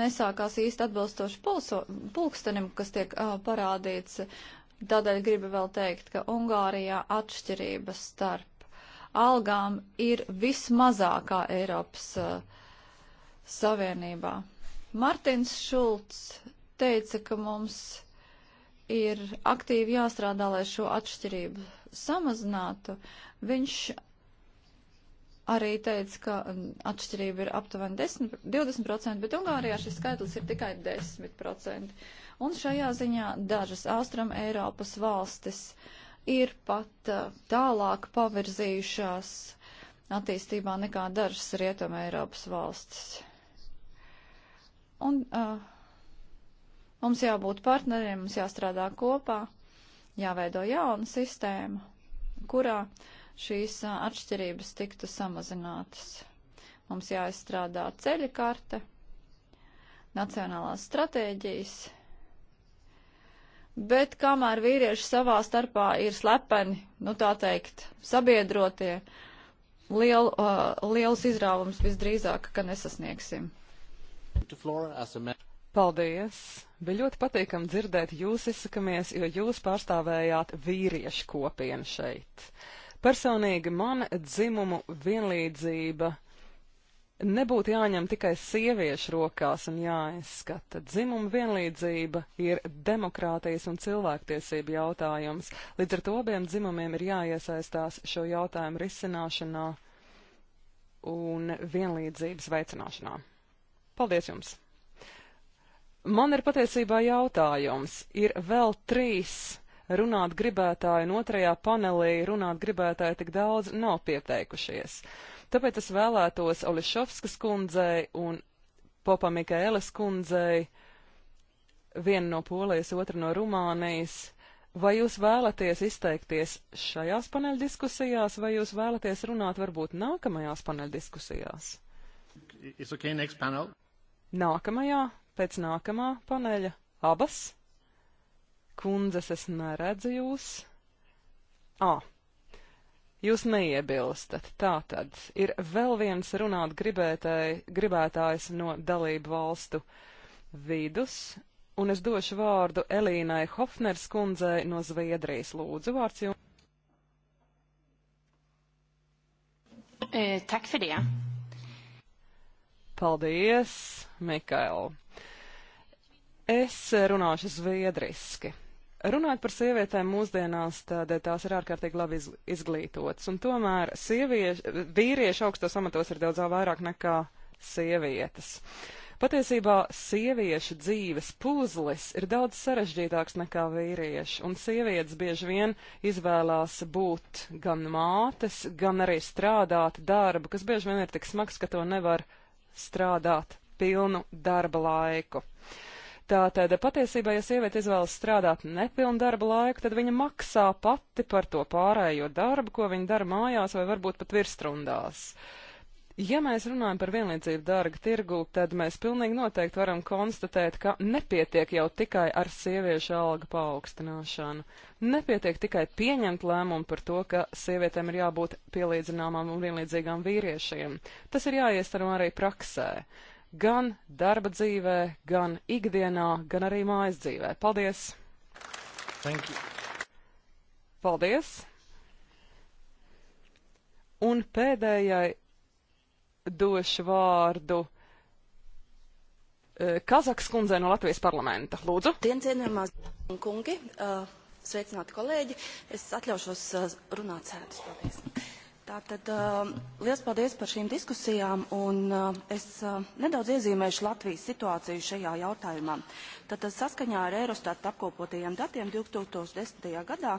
nesākās īsti atbilstoši pulso, pulkstenim, kas tiek uh, parādīts. Tādēļ gribu vēl teikt, ka Ungārijā atšķirība starp algām ir vismazākā Eiropas uh, Savienībā. Martins Šulcs teica, ka mums ir aktīvi jāstrādā, lai šo atšķirību samazinātu. Viņš arī teica, ka mm, atšķirība ir aptuveni 10, 20%, bet Ungārijā šis skaitlis ir tikai 10%. Un šajā ziņā dažas Austram Eiropas valstis ir pat eh, tālāk pavirzījušās attīstībā nekā dažas Rietuma Eiropas valstis. Un uh, Mums jābūt partneriem, mums jāstrādā kopā, jāveido jauna sistēma, kurā šīs atšķirības tiktu samazinātas. Mums jāizstrādā ceļa karte, nacionālās stratēģijas, bet kamēr vīrieši savā starpā ir slepeni, nu tā teikt, sabiedrotie, lielu, uh, liels izrāvums visdrīzāk, ka nesasniegsim. Paldies! Bija ļoti patīkami dzirdēt jūs izsakamies, jo jūs pārstāvējāt vīriešu kopienu šeit. Personīgi man dzimumu vienlīdzība nebūtu jāņem tikai sieviešu rokās un jāizskata. Dzimuma vienlīdzība ir demokrātijas un cilvēktiesība jautājums. Līdz ar to abiem dzimumiem ir jāiesaistās šo jautājumu risināšanā un vienlīdzības veicināšanā. Paldies jums! Man ir patiesībā jautājums. Ir vēl trīs runāt gribētāji, un otrajā panelī runāt gribētāji tik daudz nav pieteikušies. Tāpēc es vēlētos Olišovskas kundzei un Popa Mikēles kundzei, viena no Polijas, otra no Rumānijas. Vai jūs vēlaties izteikties šajās paneļdiskusijās, vai jūs vēlaties runāt varbūt nākamajās paneļdiskusijās? It's okay, next panel. Nākamajā pēc nākamā paneļa. Abas? Kundzes es neredzu jūs. Ā. Jūs neiebilstat. Tātad ir vēl viens runāt gribētāj, gribētājs no dalību valstu vidus, un es došu vārdu Elīnai Hofners kundzei no Zviedrijas. Lūdzu, vārds jums. E, tak for det. Paldies, Mikael. Es runāšu zviedriski. Runājot par sievietēm mūsdienās, tad tās ir ārkārtīgi labi izglītotas, un tomēr sievieši, vīrieši augstos amatos ir daudz vairāk nekā sievietes. Patiesībā sieviešu dzīves puzlis ir daudz sarežģītāks nekā vīriešu, un sievietes bieži vien izvēlās būt gan mātes, gan arī strādāt darbu, kas bieži vien ir tik smags, ka to nevar strādāt pilnu darba laiku. Uh, Tātad, patiesībā, ja sieviete izvēlas strādāt nepilnu darba laiku, tad viņa maksā pati par to pārējo darbu, ko viņa dara mājās vai varbūt pat virsstundās. Ja mēs runājam par vienlīdzību darga tirgu, tad mēs pilnīgi noteikti varam konstatēt, ka nepietiek jau tikai ar sieviešu alga paaugstināšanu. Nepietiek tikai pieņemt lēmumu par to, ka sievietēm ir jābūt pielīdzināmām un vienlīdzīgām vīriešiem. Tas ir jāiestaram arī praksē gan darba dzīvē, gan ikdienā, gan arī mājas dzīvē. Paldies! Thank you. Paldies! Un pēdējai došu vārdu eh, Kazakas kundzei no Latvijas parlamenta. Lūdzu. Dienas cienījumās kungi, eh, sveicināti kolēģi. Es atļaušos eh, runāt sēdus. Paldies. Tātad uh, liels paldies par šīm diskusijām, un uh, es uh, nedaudz iezīmēšu Latvijas situāciju šajā jautājumā. Tātad saskaņā ar Eurostat apkopotajiem datiem 2010. gadā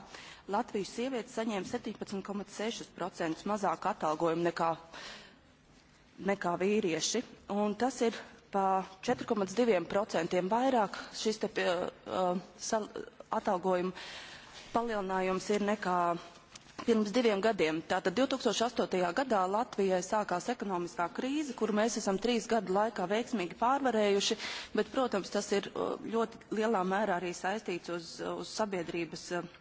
Latvijas sievietes saņēma 17,6% mazāk atalgojumu nekā, nekā vīrieši, un tas ir pa 4,2% vairāk šis te, uh, sal, atalgojuma palielinājums ir nekā pirms diviem gadiem. Tātad 2008. gadā Latvijai sākās ekonomiskā krīze, kuru mēs esam trīs gadu laikā veiksmīgi pārvarējuši, bet, protams, tas ir uh, ļoti lielā mērā arī saistīts uz, uh, uz sabiedrības uh,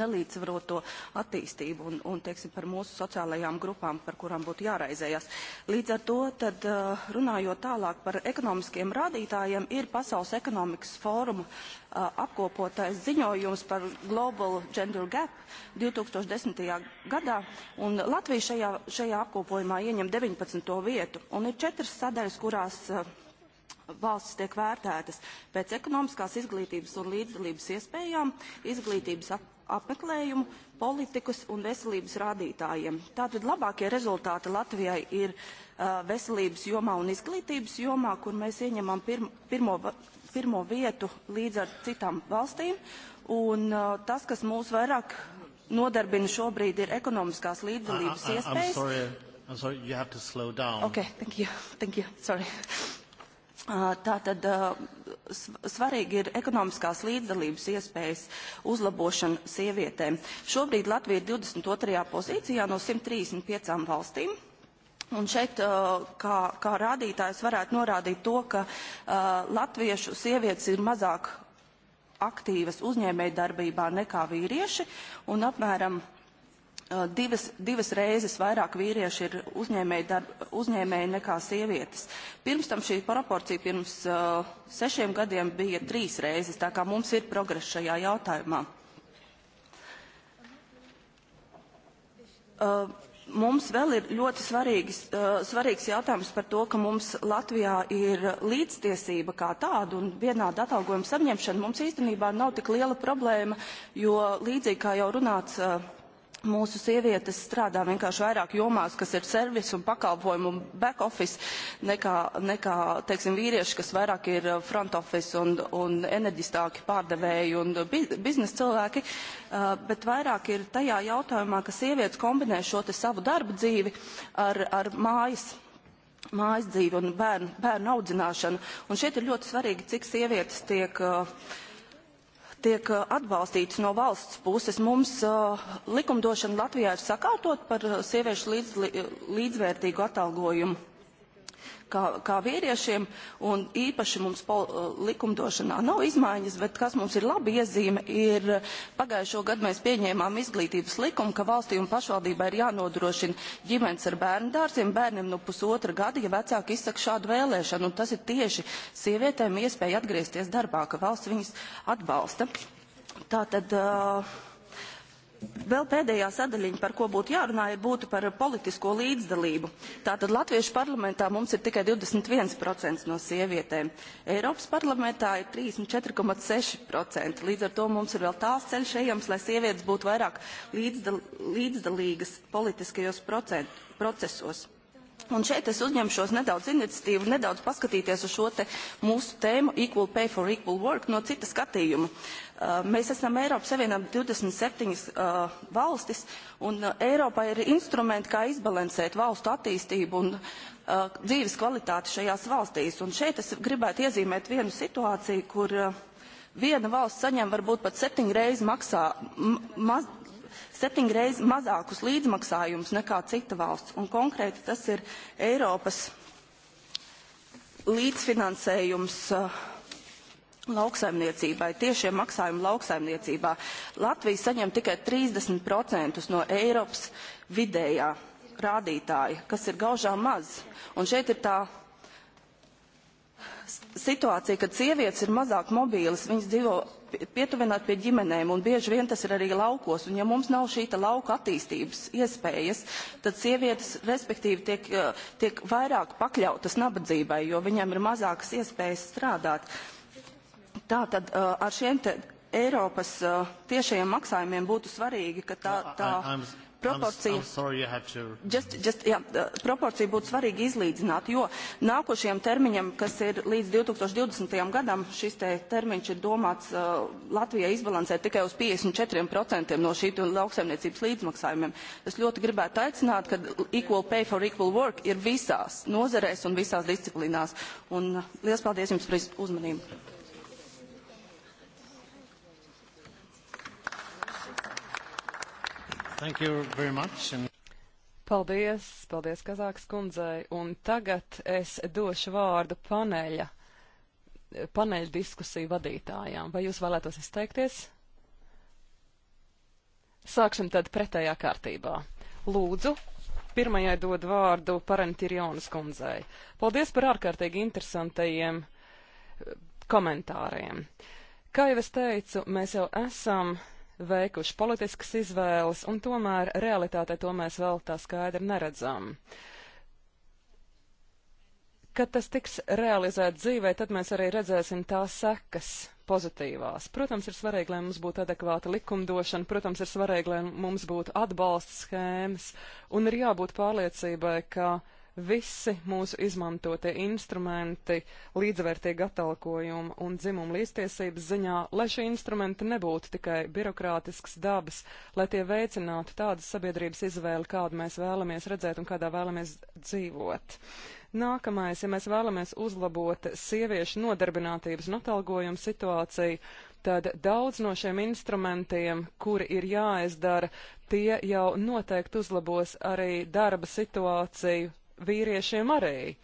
nelīdzsvaroto attīstību un, un teiksim, par mūsu sociālajām grupām, par kurām būtu jāraizējas. Līdz ar to, tad, eh, runājot tālāk par ekonomiskiem rādītājiem, ir Pasaules ekonomikas fóruma eh, apkopotais ziņojums par Global Gender Gap 2010. gadā, un Latvija šajā, šajā apkopojumā ieņem 19. vietu, un ir četras sadaļas, kurās eh, valstis tiek vērtētas pēc ekonomiskās izglītības un līdzdalības iespējām, izglītības apmeklējumu, politikas un veselības rādītājiem. Tātad labākie rezultāti Latvijai ir uh, veselības jomā un izglītības jomā, kur mēs ieņemam pirmo, pirmo, pirmo vietu līdz ar citām valstīm. Un uh, tas, kas mūs vairāk nodarbina šobrīd, ir ekonomiskās līdzdalības iespējas. I'm sorry. I'm sorry, you have to slow down. Okay, thank you. Thank you. Sorry. Tātad svarīgi ir ekonomiskās līdzdalības iespējas uzlabošana sievietēm. Šobrīd Latvija ir 22. pozīcijā no 135 valstīm. Un šeit kā, kā rādītājs varētu norādīt to, ka uh, latviešu sievietes ir mazāk aktīvas uzņēmējdarbībā nekā vīrieši, un apmēram divas, divas reizes vairāk vīrieši ir uzņēmēji, darba, uzņēmēji nekā sievietes. Pirms tam šī proporcija pirms uh, sešiem gadiem bija trīs reizes, tā kā mums ir progress šajā jautājumā. Uh, Mums vēl ir ļoti svarīgs, uh, svarīgs jautājums par to, ka mums Latvijā ir līdztiesība kā tāda un vienāda atalgojuma saņemšana. Mums īstenībā nav tik liela problēma, jo līdzīgi kā jau runāts uh, mūsu sievietes strādā vienkārši vairāk jomās, kas ir servis un pakalpojumu un back office, nekā, nekā teiksim, vīrieši, kas vairāk ir uh, front office un, un enerģistāki pārdevēji un uh, biznesa cilvēki, uh, bet vairāk ir tajā jautājumā, ka sievietes kombinē šo savu darbu dzīvi ar, ar mājas mājas dzīvi un bērnu, bērnu audzināšanu. Un šeit ir ļoti svarīgi, cik sievietes tiek uh, tiek eh, atbalstīts no valsts puses. Mums uh, likumdošana Latvijā ir sakārtot par eh, sieviešu līdz, līdzvērtīgu atalgojumu kā, kā vīriešiem, un īpaši mums pol, eh, likumdošanā nav izmaiņas, bet kas mums ir labi iezīme, ir eh, pagājušo gadu mēs pieņēmām izglītības likumu, ka valstī un pašvaldībai ir jānodrošina ģimenes ar bērnu dārziem bērniem no pusotra gada, ja vecāki izsaka šādu vēlēšanu, un tas ir tieši sievietēm iespēja atgriezties darbā, ka valsts viņus atbalsta. Tātad uh, Vēl pēdējā sadaļiņa, par ko būtu jārunā, ir būtu par politisko līdzdalību. Tātad Latviešu parlamentā mums ir tikai 21% no sievietēm. Eiropas parlamentā ir 34,6%. Līdz ar to mums ir vēl tāls ceļš ejams, lai sievietes būtu vairāk līdzdal līdzdalīgas politiskajos procesos. Un šeit es uzņemšos nedaudz iniciatīvu, nedaudz paskatīties uz šo te mūsu tēmu Equal Pay for Equal Work no cita skatījuma. Uh, Mēs esam Eiropas Savienība 27 uh, valstis, un Eiropā ir instrumenti, kā izbalansēt valstu attīstību un uh, dzīves kvalitāti šajās valstīs. Un šeit es gribētu iezīmēt vienu situāciju, kur uh, viena valsts saņem varbūt pat septiņu reizi maksā, maz, septiņu reizi mazākus līdzmaksājumus nekā cita valsts. Un konkrēti tas ir Eiropas līdzfinansējums uh, lauksaimniecībai, tiešie maksājumi lauksaimniecībā. Latvija saņem tikai 30% no Eiropas vidējā rādītāja, kas ir gaužām maz. Un šeit ir tā situācija, kad sievietes ir mazāk mobīlas, viņas dzīvo pietuvināt pie ģimenēm, un bieži vien tas ir arī laukos. Un ja mums nav šī lauka attīstības iespējas, tad sievietes, respektīvi, tiek, eh, tiek vairāk pakļautas nabadzībai, jo viņām ir mazākas iespējas strādāt. Uh, Tātad ar šiem te Eiropas tiešajiem maksājumiem būtu svarīgi, ka tā, tā proporcija, just, just, jā, proporcija būtu svarīgi izlīdzināt, jo nākošajam termiņam, kas ir līdz 2020. gadam, šis te termiņš ir domāts uh, Latvijai izbalansēt tikai uz 54% no šī lauksaimniecības līdzmaksājumiem. Es ļoti gribētu aicināt, ka equal pay for equal work ir visās nozerēs un visās disciplīnās. Un liels paldies jums par uzmanību. Thank you very much. And... Paldies, paldies Kazākas kundzei. Un tagad es došu vārdu paneļa, paneļa diskusiju vadītājām. Vai jūs vēlētos izteikties? Sāksim tad pretējā kārtībā. Lūdzu, pirmajai dod vārdu Parentirjonas kundzei. Paldies par ārkārtīgi interesantajiem eh, komentāriem. Kā jau es teicu, mēs jau esam veikuši politiskas izvēles, un tomēr realitātē to mēs vēl tā skaidri neredzam. Kad tas tiks realizēts dzīvē, tad mēs arī redzēsim tās sekas pozitīvās. Protams, ir svarīgi, lai mums būtu adekvāta likumdošana, protams, ir svarīgi, lai mums būtu atbalsta schēmas, un ir jābūt pārliecībai, ka uh, visi mūsu izmantotie instrumenti līdzvērtīgi atalkojuma un dzimuma līdztiesības ziņā, lai šie instrumenti nebūtu tikai birokrātisks dabas, lai tie veicinātu tādas sabiedrības izvēli, kādu mēs vēlamies redzēt un kādā vēlamies dzīvot. Nākamais, ja mēs vēlamies uzlabot sieviešu nodarbinātības un atalgojuma situāciju, tad daudz no šiem instrumentiem, kuri ir jāizdara, tie jau noteikti uzlabos arī darba situāciju vīriešiem arī.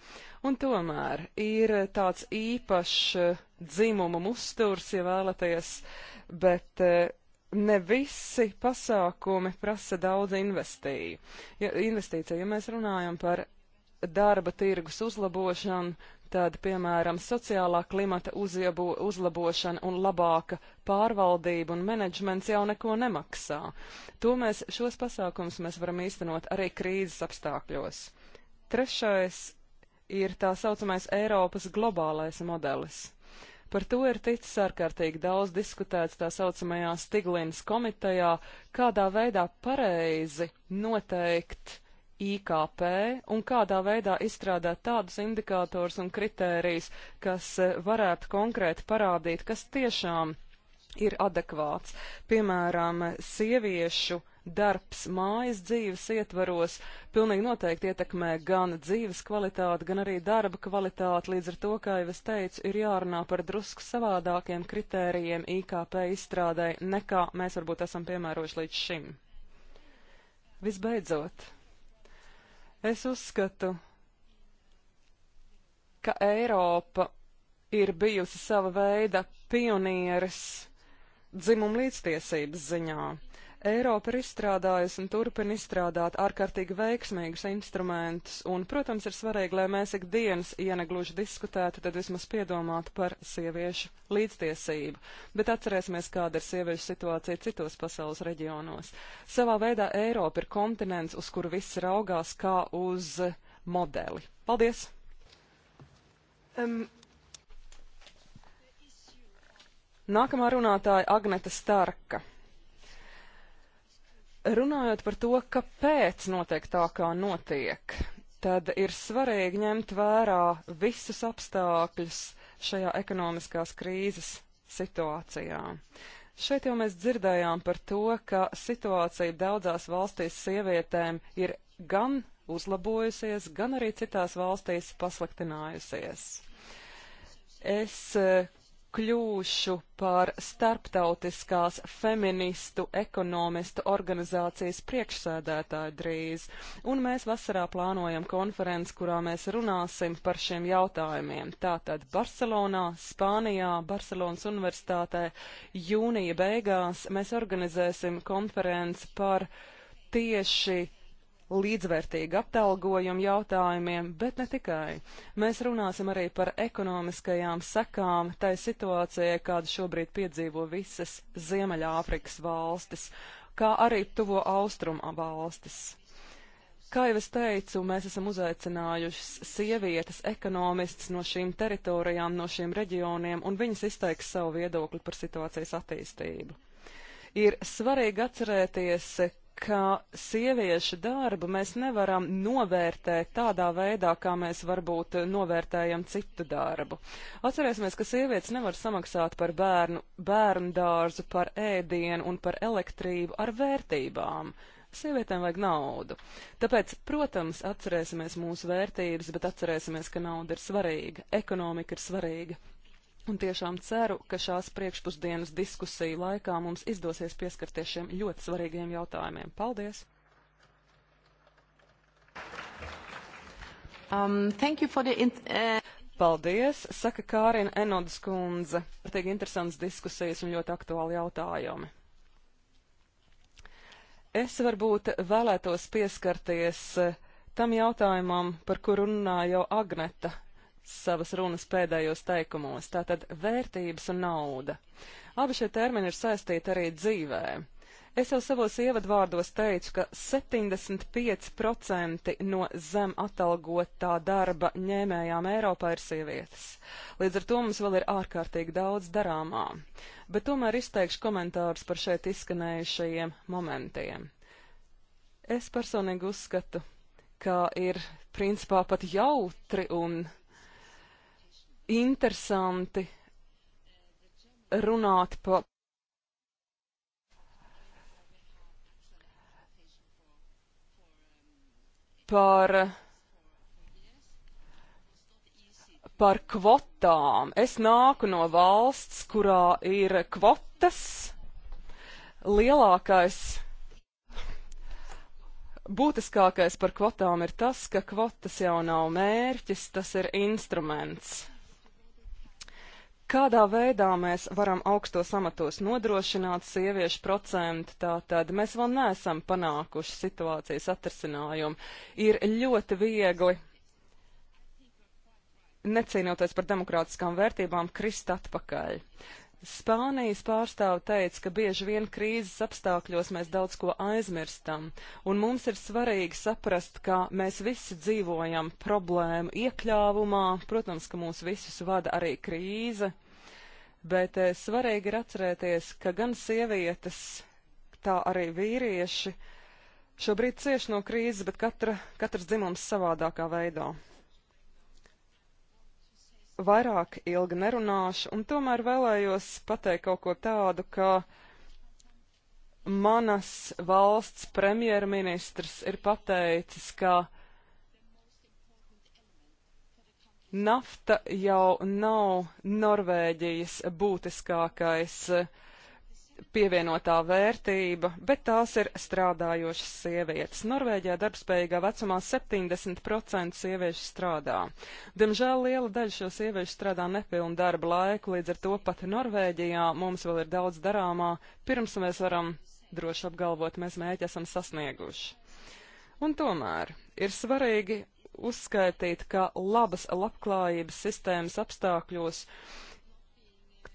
Un tomēr ir tāds īpašs eh, dzimuma musturs, ja vēlaties, bet eh, ne visi pasākumi prasa daudz investīju. Ja, investīciju, ja mēs runājam par darba tirgus uzlabošanu, tad, piemēram, sociālā klimata uzjabo, uzlabošana un labāka pārvaldība un menedžments jau neko nemaksā. To mēs, šos pasākums mēs varam īstenot arī krīzes apstākļos. Trešais ir tā saucamais Eiropas globālais modelis. Par to ir ticis ārkārtīgi daudz diskutēts tā saucamajā Stiglīnas komitejā, kādā veidā pareizi noteikt IKP un kādā veidā izstrādāt tādus indikātors un kritērijus, kas varētu konkrēti parādīt, kas tiešām ir adekvāts. Piemēram, sieviešu darbs mājas dzīves ietvaros pilnīgi noteikti ietekmē gan dzīves kvalitāti, gan arī darba kvalitāti. Līdz ar to, kā jau es teicu, ir jārunā par drusku savādākiem kritērijiem IKP izstrādē, nekā mēs varbūt esam piemērojuši līdz šim. Visbeidzot, es uzskatu, ka Eiropa ir bijusi sava veida pionieris dzimumu līdztiesības ziņā. Eiropa ir izstrādājusi un turpina izstrādāt ārkārtīgi veiksmīgus instrumentus, un, protams, ir svarīgi, lai mēs ikdienas, ja negluži diskutētu, tad vismaz piedomātu par sieviešu līdztiesību. Bet atcerēsimies, kāda ir sieviešu situācija citos pasaules reģionos. Savā veidā Eiropa ir kontinents, uz kuru viss raugās kā uz modeli. Paldies! Um. Nākamā runātāja Agneta Starka. Runājot par to, kāpēc notiek tā, kā notiek, tad ir svarīgi ņemt vērā visus apstākļus šajā ekonomiskās krīzes situācijā. Šeit jau mēs dzirdējām par to, ka situācija daudzās valstīs sievietēm ir gan uzlabojusies, gan arī citās valstīs pasliktinājusies. Es kļūšu par starptautiskās feministu ekonomistu organizācijas priekšsēdētāju drīz, un mēs vasarā plānojam konferenci, kurā mēs runāsim par šiem jautājumiem. Tātad Barcelonā, Spānijā, Barcelonas universitātē jūnija beigās mēs organizēsim konferenci par tieši līdzvērtīgu aptalgojumu jautājumiem, bet ne tikai. Mēs runāsim arī par ekonomiskajām sekām tai situācijai, kāda šobrīd piedzīvo visas Ziemeļāfrikas valstis, kā arī tuvo austrumu valstis. Kā jau es teicu, mēs esam uzaicinājuši sievietes ekonomistas no šīm teritorijām, no šiem reģioniem, un viņas izteiks savu viedokli par situācijas attīstību. Ir svarīgi atcerēties, ka sieviešu darbu mēs nevaram novērtēt tādā veidā, kā mēs varbūt novērtējam citu darbu. Atcerēsimies, ka sievietes nevar samaksāt par bērnu, bērnu dārzu, par ēdienu un par elektrību ar vērtībām. Sievietēm vajag naudu. Tāpēc, protams, atcerēsimies mūsu vērtības, bet atcerēsimies, ka nauda ir svarīga, ekonomika ir svarīga, Un tiešām ceru, ka šās priekšpusdienas diskusiju laikā mums izdosies pieskarties šiem ļoti svarīgiem jautājumiem. Paldies! Um, thank you for the uh... Paldies, saka Kārina Enodas kundze. Tiek interesants diskusijas un ļoti aktuāli jautājumi. Es varbūt vēlētos pieskarties eh, tam jautājumam, par kuru runā jau Agneta savas runas pēdējos teikumos. Tātad vērtības un nauda. Abi šie termini ir saistīti arī dzīvē. Es jau savos ievadvārdos teicu, ka 75% no zem atalgotā darba ņēmējām Eiropā ir sievietes. Līdz ar to mums vēl ir ārkārtīgi daudz darāmā. Bet tomēr izteikšu komentārus par šeit izskanējušajiem momentiem. Es personīgi uzskatu, ka ir principā pat jautri un interesanti runāt par. Par, par kvotām. Es nāku no valsts, kurā ir kvotas lielākais būtiskākais par kvotām ir tas, ka kvotas jau nav mērķis, tas ir instruments. Kādā veidā mēs varam augstos amatos nodrošināt sieviešu procentu, tātad mēs vēl neesam panākuši situācijas atrisinājumu. Ir ļoti viegli, necīnoties par demokrātiskām vērtībām, krist atpakaļ. Spānijas pārstāve teica, ka bieži vien krīzes apstākļos mēs daudz ko aizmirstam, un mums ir svarīgi saprast, ka mēs visi dzīvojam problēmu iekļāvumā, protams, ka mūs visus vada arī krīze, bet eh, svarīgi ir atcerēties, ka gan sievietes, tā arī vīrieši šobrīd cieš no krīzes, bet katra, katrs dzimums savādākā veidā. Vairāk ilgi nerunāšu, un tomēr vēlējos pateikt kaut ko tādu, ka manas valsts premjerministrs ir pateicis, ka Nafta jau nav Norvēģijas būtiskākais eh, pievienotā vērtība, bet tās ir strādājošas sievietes. Norvēģijā darbspējīgā vecumā 70% sieviešu strādā. Diemžēl liela daļa šo sieviešu strādā nepilnu darba laiku, līdz ar to pat Norvēģijā mums vēl ir daudz darāmā, pirms mēs varam droši apgalvot, mēs mēģi esam sasnieguši. Un tomēr ir svarīgi uzskaitīt, ka labas labklājības sistēmas apstākļos,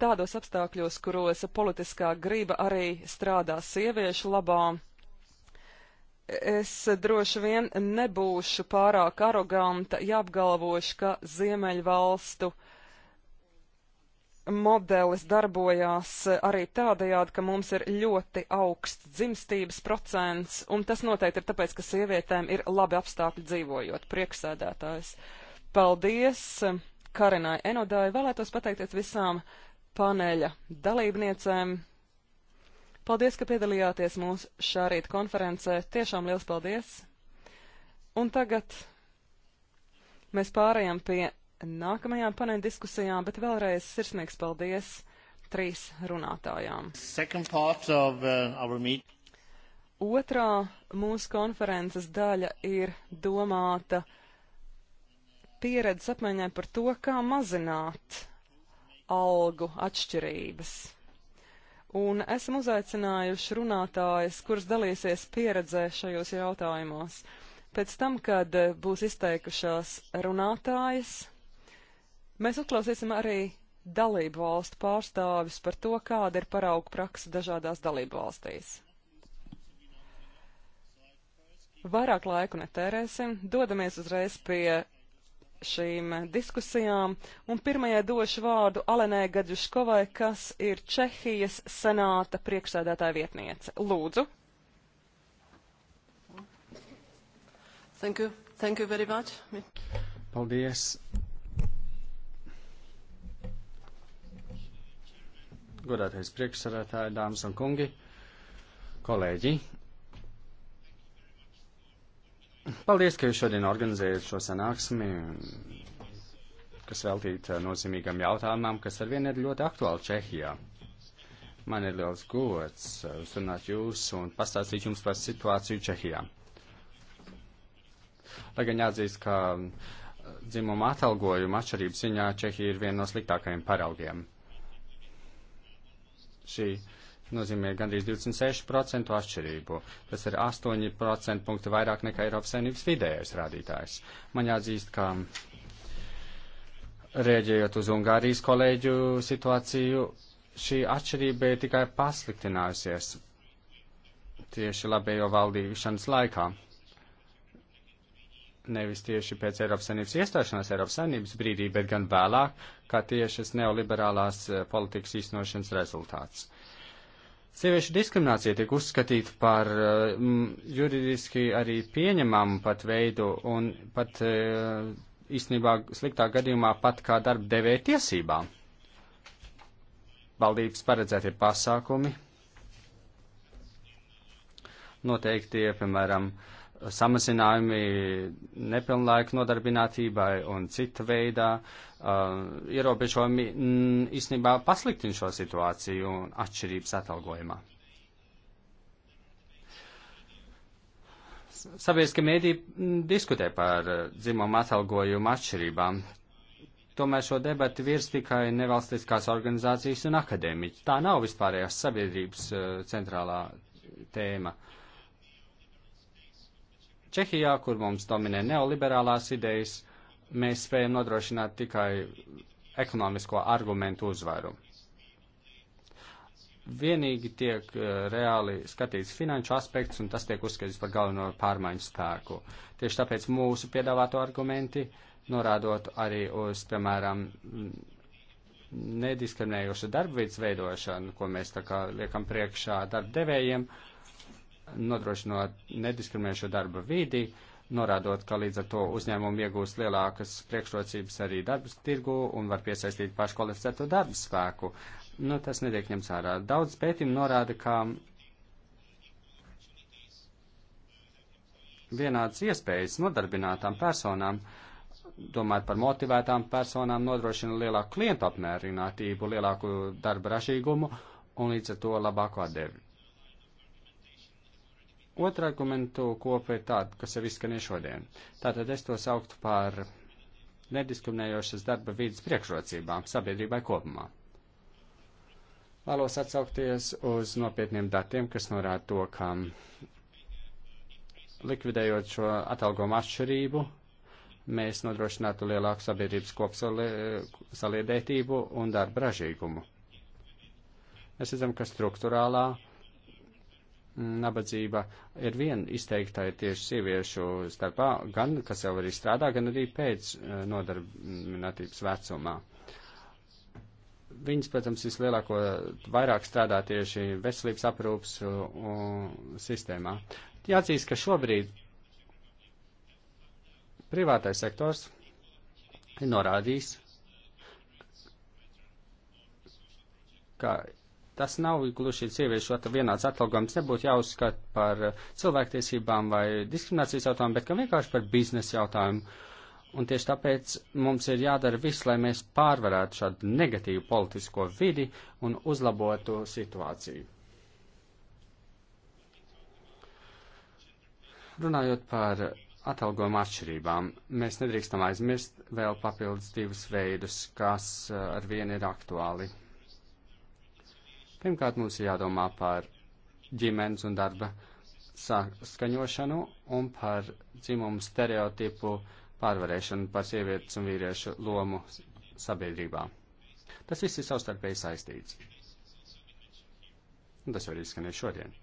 tādos apstākļos, kuros politiskā grība arī strādā sieviešu labā, es droši vien nebūšu pārāk aroganta, ja apgalvošu, ka Ziemeļvalstu valstu modelis darbojās eh, arī tādējādi, ka mums ir ļoti augsts dzimstības procents, un tas noteikti ir tāpēc, ka sievietēm ir labi apstākļi dzīvojot. Prieksēdētājs. Paldies eh, Karinai Enodai. Vēlētos pateikties visām paneļa dalībniecēm. Paldies, ka piedalījāties mūsu šā rīta konferencē. Tiešām liels paldies! Un tagad mēs pārējām pie nākamajām panēm diskusijām, bet vēlreiz sirsnīgs paldies trīs runātājām. Of, uh, Otrā mūsu konferences daļa ir domāta pieredzes apmaiņai par to, kā mazināt algu atšķirības. Un esam uzaicinājuši runātājas, kuras dalīsies pieredzē šajos jautājumos. Pēc tam, kad uh, būs izteikušās runātājas, Mēs uzklausīsim arī dalību valstu pārstāvis par to, kāda ir parauga praksa dažādās dalību valstīs. Vairāk laiku netērēsim, dodamies uzreiz pie šīm diskusijām, un pirmajai došu vārdu Alenē Gadžuškovai, kas ir Čehijas senāta priekšsēdētāja vietniece. Lūdzu. Thank you. Thank you very much. Paldies. godātais priekšsarētāji, dāmas un kungi, kolēģi. Paldies, ka jūs šodien organizējat šo sanāksmi, kas veltīta nozīmīgam jautājumam, kas arvien ir ļoti aktuāli Čehijā. Man ir liels gods uzrunāt jūs un pastāstīt jums par situāciju Čehijā. Lai gan jāatzīst, ka uh, dzimuma atalgojuma atšķirības ziņā Čehija ir viena no sliktākajiem paraugiem šī nozīmē gandrīz 26% atšķirību. Tas ir 8% punkti vairāk nekā Eiropas saimnības vidējais rādītājs. Man jāatzīst, ka rēģējot uz Ungārijas kolēģu situāciju, šī atšķirība ir tikai pasliktinājusies tieši labējo valdīšanas laikā nevis tieši pēc Eiropas Savienības iestāšanās Eiropas Savienības brīdī, bet gan vēlāk, kā tiešas neoliberālās eh, politikas īstenošanas rezultāts. Sieviešu diskriminācija tiek uzskatīta par mm, juridiski arī pieņemamu pat veidu un pat e, īstenībā sliktā gadījumā pat kā darba devēja tiesībām. Valdības paredzētie pasākumi noteikti, piemēram, uh, samazinājumi nepilnlaika nodarbinātībai un cita veidā uh, ierobežojumi mm, īstenībā pasliktina šo situāciju un atšķirības atalgojumā. Sabiedriskie mēdī mm, diskutē par uh, dzimumu atalgojumu atšķirībām. Tomēr šo debatu virs tikai nevalstiskās organizācijas un akadēmiķi. Tā nav vispārējās sabiedrības uh, centrālā tēma. Uh, Čehijā, kur mums dominē neoliberālās idejas, mēs spējam nodrošināt tikai ekonomisko argumentu uzvaru. Vienīgi tiek eh, reāli skatīts finanšu aspekts, un tas tiek uzskatīts par galveno pārmaiņu spēku. Tieši tāpēc mūsu piedāvāto argumenti, norādot arī uz, piemēram, nediskriminējošu darba veidošanu, ko mēs tā kā liekam priekšā darba devējiem, uh, nodrošinot nediskriminējošo darba vidi, norādot, ka līdz ar to uzņēmumu iegūst lielākas priekšrocības arī darbas tirgu un var piesaistīt paškvalificēto darbu spēku. Nu, tas netiek ņemts ārā. Daudz pētījumu norāda, ka vienādas iespējas nodarbinātām personām, domājot par motivētām personām, nodrošina lielāku klientu apmērinātību, lielāku darba ražīgumu un līdz ar to labāku atdevi. Otra argumentu kopa ir tāda, kas ir izskanīja šodien. Tātad es to sauktu par nediskriminējošas darba vīdes priekšrocībām sabiedrībai kopumā. Vēlos atsaukties uz nopietniem datiem, kas norāda to, ka likvidējot šo atalgojuma atšķirību, mēs nodrošinātu lielāku sabiedrības kopsaliedētību un darba ražīgumu. Mēs redzam, ka struktūrālā nabadzība ir viena izteiktāja tieši sieviešu starpā, gan kas jau arī strādā, gan arī pēc eh, nodarbinātības vecumā. Viņas, protams, vislielāko vairāk strādā tieši veselības aprūpas eh, sistēmā. Jāatzīst, ka šobrīd privātais sektors ir norādījis, ka tas nav gluži sieviešu at vienāds atalgojums, nebūtu jāuzskata par eh, cilvēktiesībām vai diskriminācijas jautājumu, bet gan vienkārši par biznesa jautājumu. Un tieši tāpēc mums ir jādara viss, lai mēs pārvarētu šādu negatīvu politisko vidi un uzlabotu situāciju. Runājot par atalgojuma atšķirībām, mēs nedrīkstam aizmirst vēl papildus divus veidus, kas eh, ar vienu ir aktuāli Pirmkārt, mums ir jādomā par ģimenes un darba saskaņošanu un par dzimumu stereotipu pārvarēšanu, par sievietes un vīriešu lomu sabiedrībā. Tas viss ir savstarpēji saistīts. Un tas jau ir izskanējis šodien.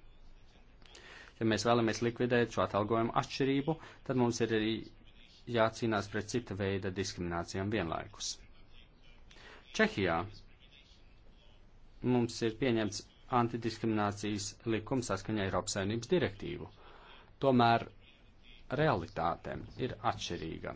Ja mēs vēlamies likvidēt šo atalgojumu atšķirību, tad mums ir arī jācīnās pret cita veida diskriminācijām vienlaikus. Čehijā mums ir pieņemts antidiskriminācijas likums saskaņā Eiropas saimnības direktīvu. Tomēr realitāte ir atšķirīga.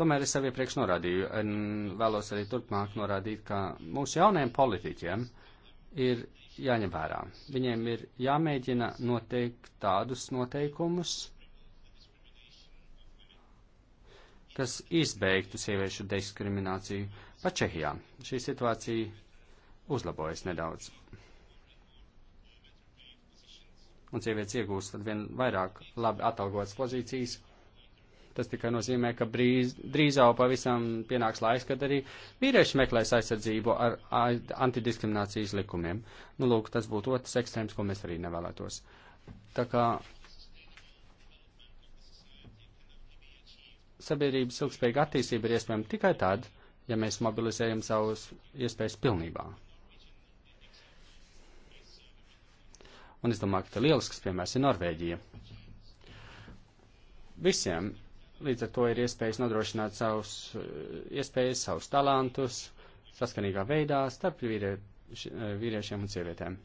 Tomēr es sev iepriekš norādīju, un vēlos arī turpmāk norādīt, ka mūsu jaunajiem politiķiem ir jāņem vērā. Viņiem ir jāmēģina noteikt tādus noteikumus, kas izbeigtu sieviešu diskrimināciju pa Čehijā. Šī situācija uzlabojas nedaudz. Un sievietes iegūst vien vairāk labi atalgotas pozīcijas. Tas tikai nozīmē, ka brīz, drīzāk pavisam pienāks laiks, kad arī vīrieši meklēs aizsardzību ar antidiskriminācijas likumiem. Nu, lūk, tas būtu otrs ekstrēms, ko mēs arī nevēlētos. Tā kā sabiedrības ilgspējīga attīstība ir iespējama tikai tad, ja mēs mobilizējam savus iespējas pilnībā. Un es domāju, ka te lielisks piemērs ir Norvēģija. Visiem līdz ar to ir iespējas nodrošināt savus eh, iespējas, savus talantus, saskanīgā veidā starp vīrie, eh, vīriešiem un sievietēm.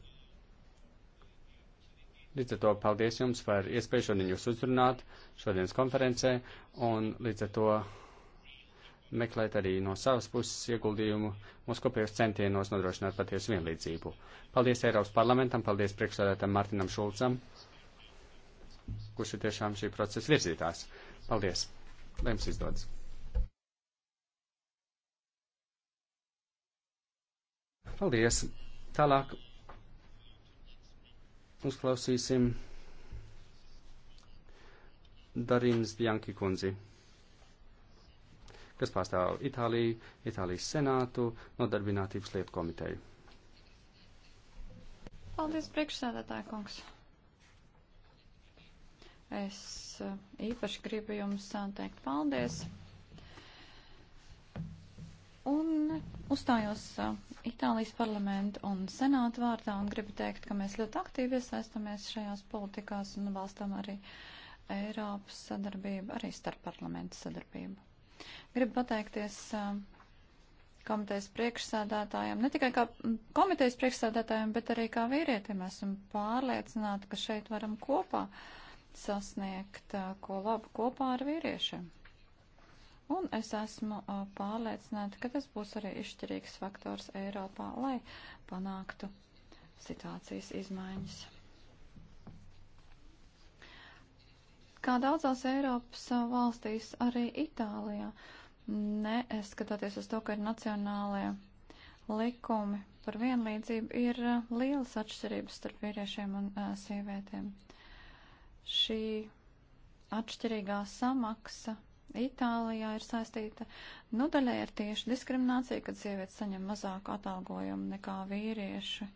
Līdz ar to paldies jums par iespēju šodien jūs uzrunāt šodienas konferencē un līdz ar to meklēt arī no savas puses ieguldījumu mūsu kopējos centienos nodrošināt patiesu vienlīdzību. Paldies Eiropas parlamentam, paldies priekšsēdētam Martinam Šulcam, kurš ir tiešām šī procesa virzītājs. Paldies! Lai jums izdodas! Paldies! Tālāk uzklausīsim Darīnas Bjanki kundzi, kas pārstāv Itāliju, Itālijas senātu, nodarbinātības lietu komiteju. Paldies, priekšsēdētāja kungs. Es uh, īpaši gribu jums uh, teikt paldies. Mm. Un uzstājos Itālijas parlamentu un senātu vārdā un gribu teikt, ka mēs ļoti aktīvi iesaistamies šajās politikās un balstām arī Eiropas sadarbību, arī starp parlamentu sadarbību. Gribu pateikties komitejas priekšsēdētājiem, ne tikai kā komitejas priekšsēdētājiem, bet arī kā vīrietim. Esmu pārliecināta, ka šeit varam kopā sasniegt ko labu kopā ar vīriešiem. Un es esmu pārliecināta, ka tas būs arī izšķirīgs faktors Eiropā, lai panāktu situācijas izmaiņas. Kā daudzās Eiropas valstīs, arī Itālijā, neskatoties uz to, ka ir nacionālajie likumi par vienlīdzību, ir lielas atšķirības starp vīriešiem un uh, sievietēm. Šī atšķirīgā samaksa Itālijā ir saistīta nu daļai ar tieši diskrimināciju, kad sievietes saņem mazāku atalgojumu nekā vīrieši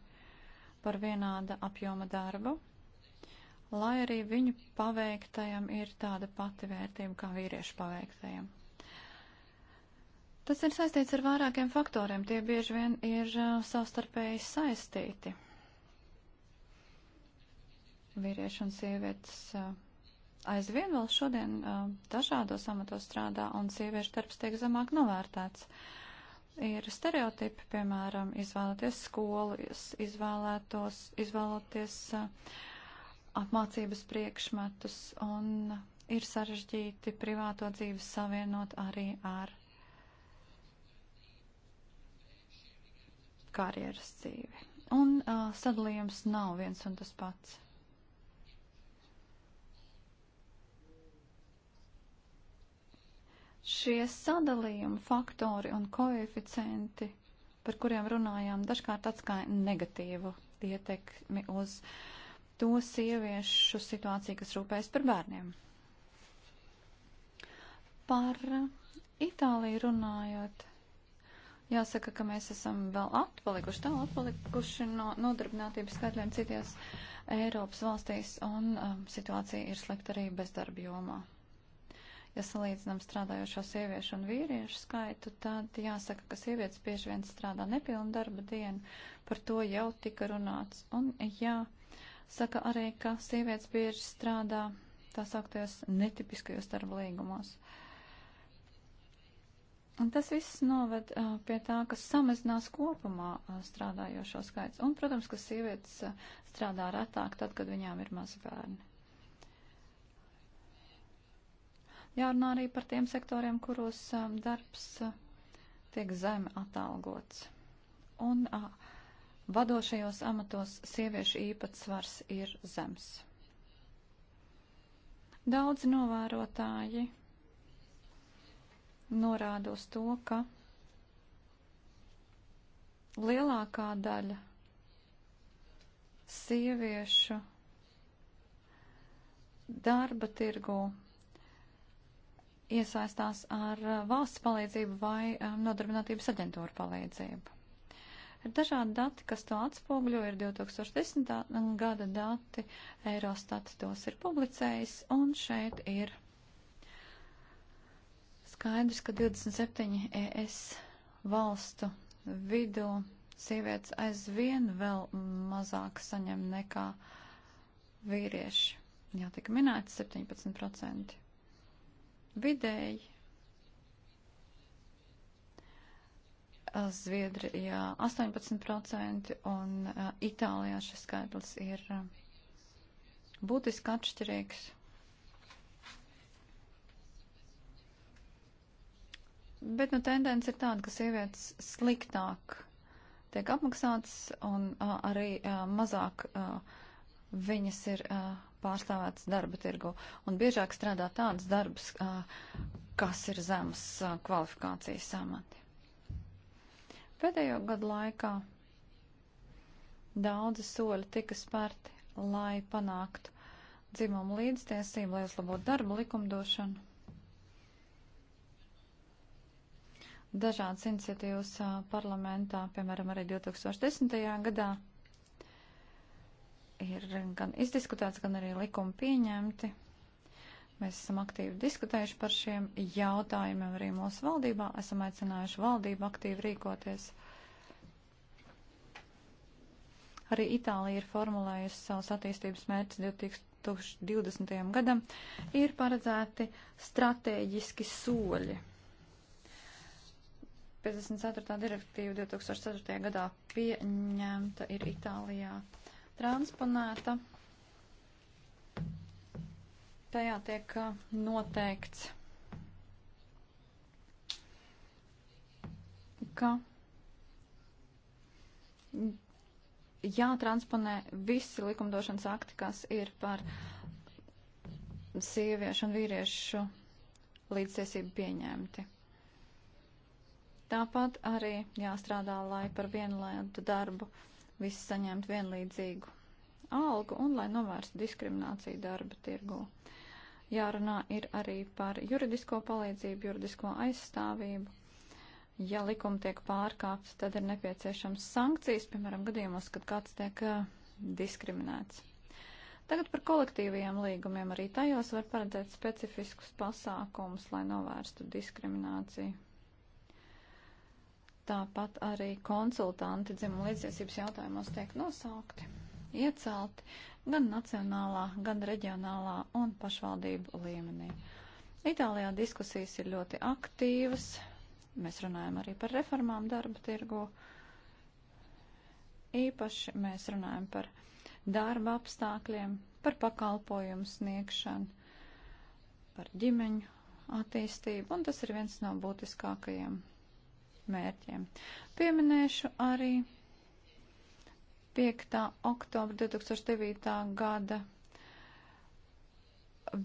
par vienāda apjoma darbu, lai arī viņu paveiktajam ir tāda pati vērtība kā vīriešu paveiktajam. Tas ir saistīts ar vairākiem faktoriem, tie bieži vien ir uh, savstarpēji saistīti. Vīrieši un sievietes uh, aizvien vēl šodien uh, dažādos amatos strādā un sieviešu darbs tiek zemāk novērtēts. Ir stereotipi, piemēram, izvēlēties skolu, izvēlētos, izvēloties uh, apmācības priekšmetus un ir sarežģīti privāto dzīvi savienot arī ar karjeras dzīvi. Un uh, sadalījums nav viens un tas pats. Šie sadalījuma faktori un koeficienti, par kuriem runājām, dažkārt atstāja negatīvu ietekmi uz to sieviešu situāciju, kas rūpējas par bērniem. Par Itāliju runājot, jāsaka, ka mēs esam vēl atpalikuši, tā atpalikuši no nodarbinātības skaitļiem cities Eiropas valstīs, un um, situācija ir slikta arī bezdarba jomā. Ja salīdzinām strādājošo sieviešu un vīriešu skaitu, tad jāsaka, ka sievietes bieži vien strādā nepilnu darba dienu. Par to jau tika runāts. Un jāsaka arī, ka sievietes bieži strādā tā sauktajos netipiskajos darba līgumos. Un tas viss noved uh, pie tā, ka samazinās kopumā uh, strādājošo skaits. Un, protams, ka sievietes uh, strādā retāk tad, kad viņām ir mazi bērni. Jārunā arī par tiem sektoriem, kuros um, darbs uh, tiek zemi atalgots. Un a, uh, vadošajos amatos sieviešu īpatsvars ir zems. Daudzi novērotāji norāda uz to, ka lielākā daļa sieviešu darba tirgu iesaistās ar uh, valsts palīdzību vai um, nodarbinātības aģentūra palīdzību. Ir dažādi dati, kas to atspoguļo, ir 2010. gada dati, Eurostat tos ir publicējis, un šeit ir skaidrs, ka 27 ES valstu vidū sievietes aizvien vēl mazāk saņem nekā vīrieši. Jā, tika minēts 17%. Vidēji Zviedrijā 18% un Itālijā šis skaitlis ir būtiski atšķirīgs. Bet nu, tendence ir tāda, ka sievietes sliktāk tiek apmaksātas un a, arī a, mazāk a, viņas ir a, pārstāvētas darba tirgu un biežāk strādā tādas darbas, kas ir zemas kvalifikācijas amati. Pēdējo gadu laikā daudzi soļi tika spērti, lai panāktu dzimumu līdztiesību, lai uzlabotu darba likumdošanu. Dažādas iniciatīvas parlamentā, piemēram, arī 2010. gadā ir gan izdiskutēts, gan arī likumi pieņemti. Mēs esam aktīvi diskutējuši par šiem jautājumiem arī mūsu valdībā. Esam aicinājuši valdību aktīvi rīkoties. Arī Itālija ir formulējusi savus attīstības mērķus 2020. gadam. Ir paredzēti stratēģiski soļi. 54. direktīva 2004. gadā pieņemta ir Itālijā transponēta. Tajā tiek uh, noteikts, ka jātransponē visi likumdošanas akti, kas ir par sieviešu un vīriešu līdztiesību pieņemti. Tāpat arī jāstrādā, lai par vienlaidu darbu uh, visi saņemtu vienlīdzīgu algu un lai novērstu diskrimināciju darba tirgu. Jārunā ir arī par juridisko palīdzību, juridisko aizstāvību. Ja likumi tiek pārkāpts, tad ir nepieciešams sankcijas, piemēram, gadījumos, kad kāds tiek diskriminēts. Tagad par kolektīvajiem līgumiem arī tajos var paredzēt specifiskus pasākumus, lai novērstu diskrimināciju. Tāpat arī konsultanti dzimuma līdzjūtības jautājumos tiek nosaukti, iecelti gan nacionālā, gan reģionālā un pašvaldību līmenī. Itālijā diskusijas ir ļoti aktīvas. Mēs runājam arī par reformām darba tirgu. Īpaši mēs runājam par darba apstākļiem, par pakalpojumu sniegšanu, par ģimeņu attīstību, un tas ir viens no būtiskākajiem mērķiem. Pieminēšu arī 5. oktobra 2009. gada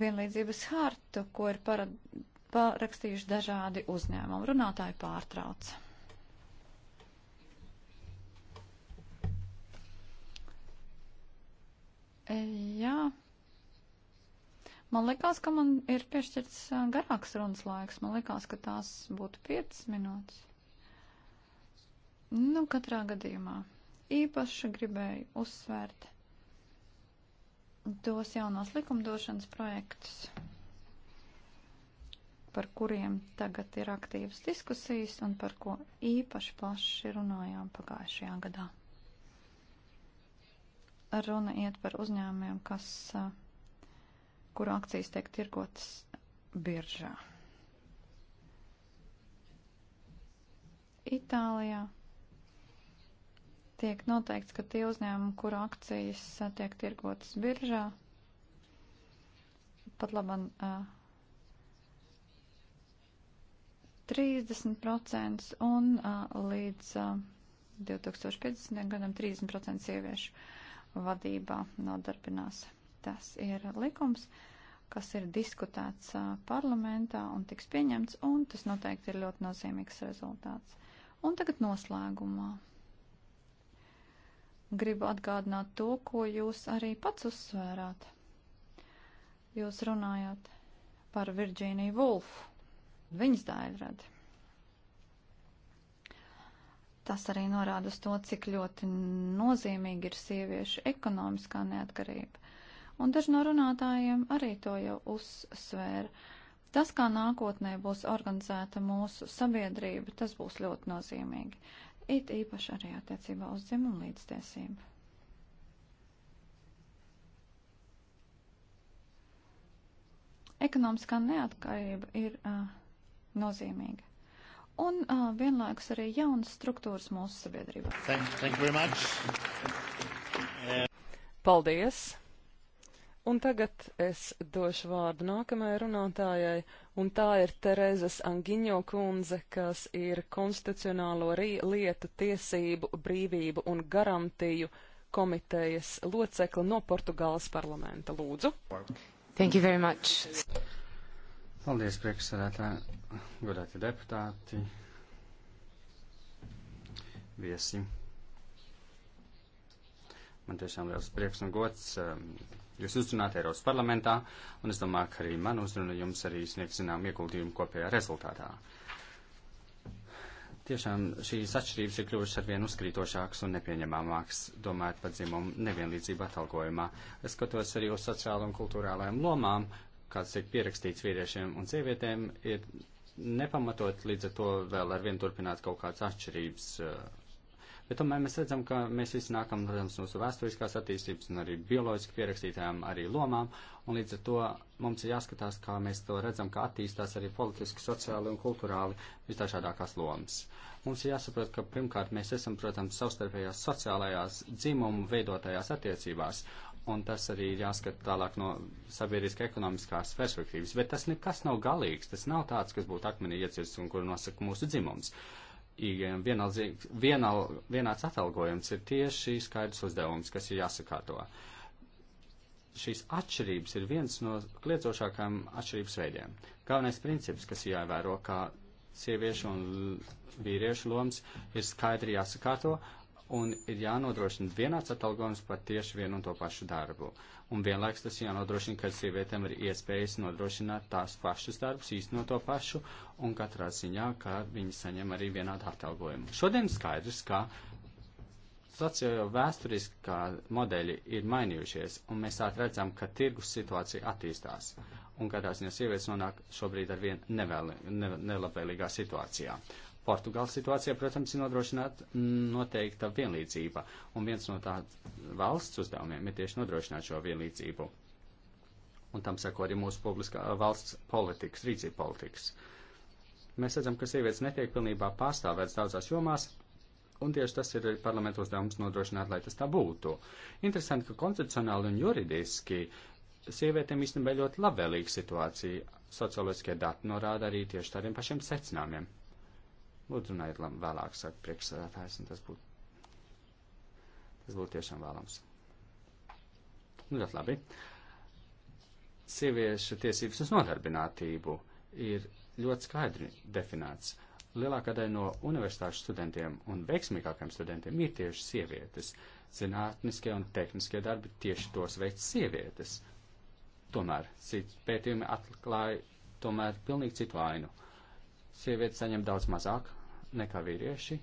vienlīdzības hartu, ko ir parakstījuši dažādi uzņēmumi. Runātāji pārtrauc. E, jā. Man likās, ka man ir piešķirts garāks runas laiks. Man likās, ka tās būtu 5 minūtes. Nu, katrā gadījumā īpaši gribēju uzsvērt tos jaunās likumdošanas projektus, par kuriem tagad ir aktīvas diskusijas un par ko īpaši plaši runājām pagājušajā gadā. Runa iet par uzņēmumiem, kas, kuru akcijas tiek tirgotas biržā. Itālijā tiek noteikts, ka tie uzņēmumi, kur akcijas eh, tiek tirgotas biržā, pat labam uh, eh, 30% un uh, līdz uh, 2050. gadam 30% sieviešu vadībā nodarbinās. Tas ir likums, kas ir diskutēts uh, parlamentā un tiks pieņemts, un tas noteikti ir ļoti nozīmīgs rezultāts. Un tagad noslēgumā gribu atgādināt to, ko jūs arī pats uzsvērāt. Jūs runājāt par Virģīniju Vulfu. Viņas dēļradi. Tas arī norāda uz to, cik ļoti nozīmīgi ir sieviešu ekonomiskā neatkarība. Un daži no runātājiem arī to jau uzsvēra. Tas, kā nākotnē būs organizēta mūsu sabiedrība, tas būs ļoti nozīmīgi it īpaši arī attiecībā uz dzimumu līdztiesību. Ekonomiskā neatkarība ir uh, nozīmīga. Un uh, vienlaikus arī jaunas struktūras mūsu sabiedrībā. Thank, thank you very much. Yeah. Paldies! Un tagad es došu vārdu nākamajai runātājai un tā ir Terezas Angiņo kundze, kas ir konstitucionālo lietu tiesību, brīvību un garantiju komitejas locekla no Portugāles parlamenta. Lūdzu. Thank you very much. Paldies, priekšsēdētāji, godāti deputāti, viesi. Man tiešām liels prieks un gods um, Jūs uzrunāt Eiropas parlamentā, un es domāju, ka arī man uzruna jums arī sniegs zinām ieguldījumu kopējā rezultātā. Tiešām šīs atšķirības ir kļuvušas arvien uzkrītošākas un nepieņemamākas, domājot par dzimumu nevienlīdzību atalgojumā. Es skatos arī uz sociālo un kultūrālajām lomām, kāds tiek pierakstīts vīriešiem un sievietēm, ir nepamatot līdz ar to vēl arvien turpināt kaut kādas atšķirības uh, Bet tomēr mēs redzam, ka mēs visi nākam, protams, mūsu vēsturiskās attīstības un arī bioloģiski pierakstītājām arī lomām, un līdz ar to mums ir jāskatās, kā mēs to redzam, kā attīstās arī politiski, sociāli un kulturāli visdažādākās lomas. Mums ir jāsaprot, ka pirmkārt mēs esam, protams, savstarpējās sociālajās dzimumu veidotajās attiecībās, un tas arī ir jāskata tālāk no sabiedriska ekonomiskās perspektīvas, bet tas nekas nav galīgs, tas nav tāds, kas būtu akmenī iecirsts un kur nosaka mūsu dzimums. Uh, ilgiem vienal, vienāds atalgojums ir tieši skaidrs uzdevums, kas ir jāsakārto. Šīs atšķirības ir viens no kliedzošākajiem atšķirības veidiem. Galvenais princips, kas jāievēro, kā sieviešu un vīriešu lomas, ir skaidri jāsakārto un ir jānodrošina vienāds atalgojums par tieši vienu un to pašu darbu. Un vienlaiks tas jānodrošina, ka sievietēm ir iespējas nodrošināt tās pašas darbus, īstenot to pašu, un katrā ziņā, ka viņi saņem arī vienādu atalgojumu. Šodien skaidrs, ka sociālo vēsturiskā modeļi ir mainījušies, un mēs tā redzam, ka tirgus situācija attīstās, un katrā ziņā sievietes nonāk šobrīd ar vien nevēli, ne, nelabvēlīgā situācijā. Portugāles situācijā, protams, ir nodrošināt noteikta vienlīdzība, un viens no tā valsts uzdevumiem ir tieši nodrošināt šo vienlīdzību. Un tam sako arī mūsu publiskā valsts politikas, rīcība politikas. Mēs redzam, ka sievietes netiek pilnībā pārstāvētas daudzās jomās, un tieši tas ir parlamentu uzdevums nodrošināt, lai tas tā būtu. Interesanti, ka koncepcionāli un juridiski sievietēm īstenībā ļoti labvēlīga situācija. Socioloģiskie dati norāda arī tieši tādiem pašiem secinājumiem. Lūdzu, runājiet vēlāk, saka priekšsēdētājs, un tas būtu, tas būtu tiešām vēlams. Nu, ļoti labi. Sieviešu tiesības uz nodarbinātību ir ļoti skaidri definēts. Lielākā daļa no universitāšu studentiem un veiksmīgākiem studentiem ir tieši sievietes. Zinātniskie un tehniskie darbi tieši tos veids sievietes. Tomēr pētījumi atklāja tomēr pilnīgi citu vainu. Sievietes saņem daudz mazāk nekā vīrieši.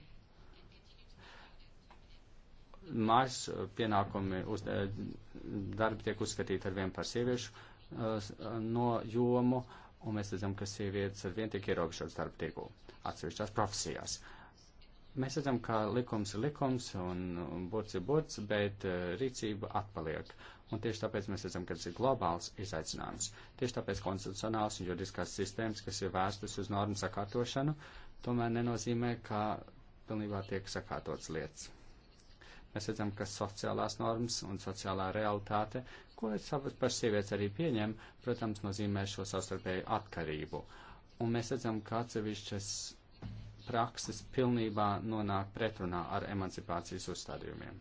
Mājas pienākumi uz eh, darbu tiek uzskatīti ar vien par sieviešu eh, no jomu, un mēs redzam, ka sievietes ar vien tiek ierobežotas darba tirgu atsevišķās profesijās. Mēs redzam, ka likums ir likums un burts ir burts, bet eh, rīcība atpaliek. Un tieši tāpēc mēs redzam, ka tas ir globāls izaicinājums. Tieši tāpēc konstitucionāls un juridiskās sistēmas, kas ir vērstas uz normu sakārtošanu, uh, tomēr nenozīmē, ka pilnībā tiek sakārtots lietas. Mēs redzam, ka sociālās normas un sociālā realitāte, ko savas par sievietes arī pieņem, protams, nozīmē šo savstarpēju atkarību. Un mēs redzam, ka atsevišķas prakses pilnībā nonāk pretrunā ar emancipācijas uzstādījumiem.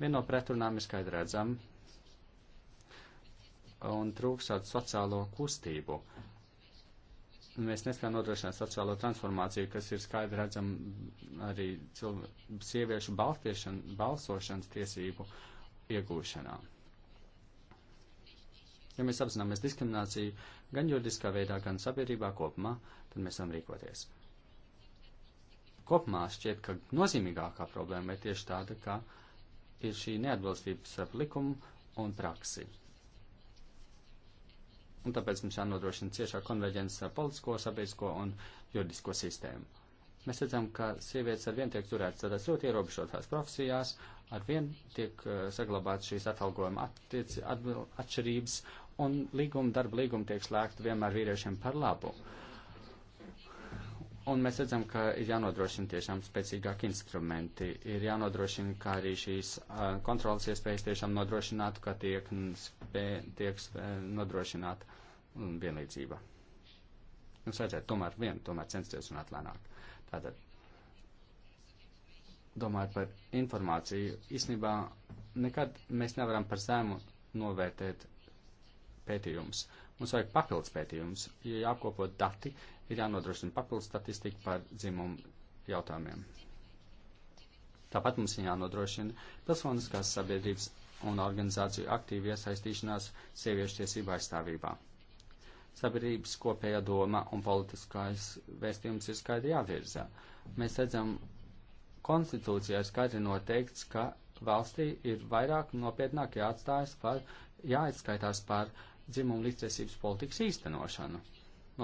Viena no pretrunām ir skaidri redzama un trūks tādu sociālo kustību, uh, mēs nespējam nodrošināt sociālo transformāciju, kas ir skaidri redzam arī cilvē, sieviešu balsošanas tiesību iegūšanā. Ja mēs apzināmies diskrimināciju gan juridiskā veidā, gan sabiedrībā kopumā, tad mēs varam rīkoties. Kopumā šķiet, ka nozīmīgākā problēma ir tieši tāda, ka ir šī neatbilstības ar likumu un praksi un tāpēc mums jānodrošina ciešā konverģence ar politisko, sabiedrisko un juridisko sistēmu. Mēs redzam, ka sievietes arvien tiek turētas tādās ļoti ierobežotās profesijās, arvien tiek uh, eh, saglabāts šīs atalgojuma attiec, at, atšķirības, un līguma, darba līguma tiek slēgta vienmēr vīriešiem par labu. Un mēs redzam, ka ir jānodrošina tiešām spēcīgāki instrumenti, ir jānodrošina, kā arī šīs uh, kontrolas iespējas tiešām nodrošinātu, ka tiek, spē, tiek spē, eh, nodrošināta un vienlīdzība. Jums nu, vajadzētu tomēr vien, tomēr censties un atlēnāk. Tātad, domājot par informāciju, īstenībā nekad mēs nevaram par zēmu novērtēt pētījumus. Mums vajag papildus pētījumus, ja jāapkopo dati, ir jānodrošina papildus statistika par dzimumu jautājumiem. Tāpat mums ir jānodrošina pilsoniskās sabiedrības un organizāciju aktīvi iesaistīšanās sieviešu tiesību aizstāvībā sabiedrības kopējā doma un politiskais vēstījums ir skaidri jāvirza. Mēs redzam, konstitūcijā ir skaidri noteikts, ka valstī ir vairāk nopietnāk jāatstājas par, jāatskaitās par dzimumu līdztiesības politikas īstenošanu,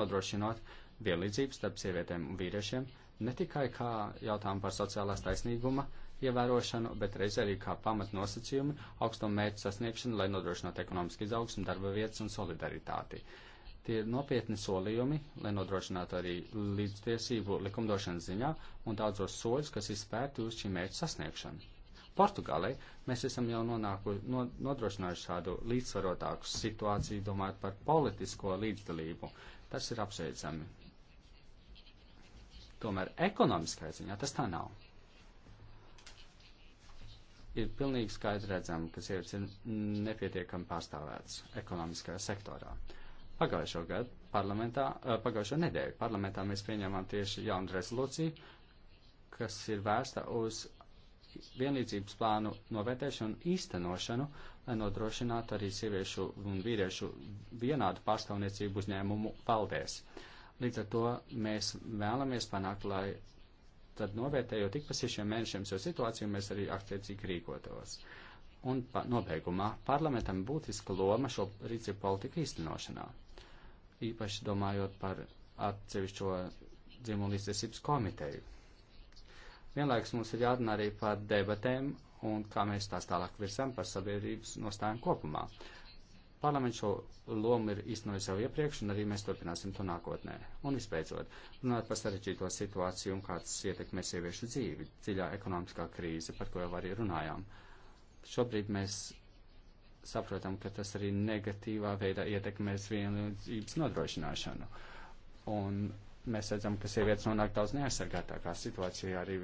nodrošinot vienlīdzību starp sievietēm un vīriešiem, ne tikai kā jautājumu par sociālās taisnīguma ievērošanu, bet reiz arī kā pamatnosacījumi augstumu mērķu sasniegšanu, lai nodrošinātu ekonomisku izaugsmu, darba vietas un solidaritāti. Uh, Tie ir nopietni solījumi, lai nodrošinātu arī līdztiesību likumdošanas ziņā un daudzos soļus, kas izspērti uz šī mērķa sasniegšanu. Portugālei mēs esam jau nonāku, no, nodrošinājuši šādu līdzsvarotāku situāciju, domājot par politisko līdzdalību. Tas ir apsveicami. Tomēr ekonomiskā ziņā tas tā nav. Ir pilnīgi skaidrs redzam, ka sievietes ir nepietiekami pārstāvētas ekonomiskajā sektorā. Uh, Pagājušo gadu parlamentā, eh, pagājušo nedēļu parlamentā mēs pieņēmām tieši jaunu rezolūciju, kas ir vērsta uz vienlīdzības plānu novērtēšanu un īstenošanu, lai nodrošinātu arī sieviešu un vīriešu vienādu pārstāvniecību uzņēmumu valdēs. Līdz ar to mēs vēlamies panākt, lai tad novērtējot ik pa sešiem mēnešiem šo situāciju, mēs arī aktiecīgi rīkotos. Un pa, nobeigumā parlamentam būtiska loma šo rīcību politiku īstenošanā īpaši domājot par atsevišķo dzimumu līdztiesības komiteju. Vienlaikus mums ir jādara arī par debatēm un kā mēs tās tālāk virsam par sabiedrības nostājumu kopumā. Parlaments šo lomu ir iznojis jau iepriekš, un arī mēs turpināsim to nākotnē. Un visbeidzot, runāt par sarežģīto situāciju un kāds ietekmē sieviešu dzīvi, dziļā ekonomiskā krīze, par ko jau arī runājām. Šobrīd mēs saprotam, ka tas arī negatīvā veidā ietekmēs vienlīdzības nodrošināšanu. Un mēs redzam, ka sievietes nonāk daudz neaizsargātākā situācijā arī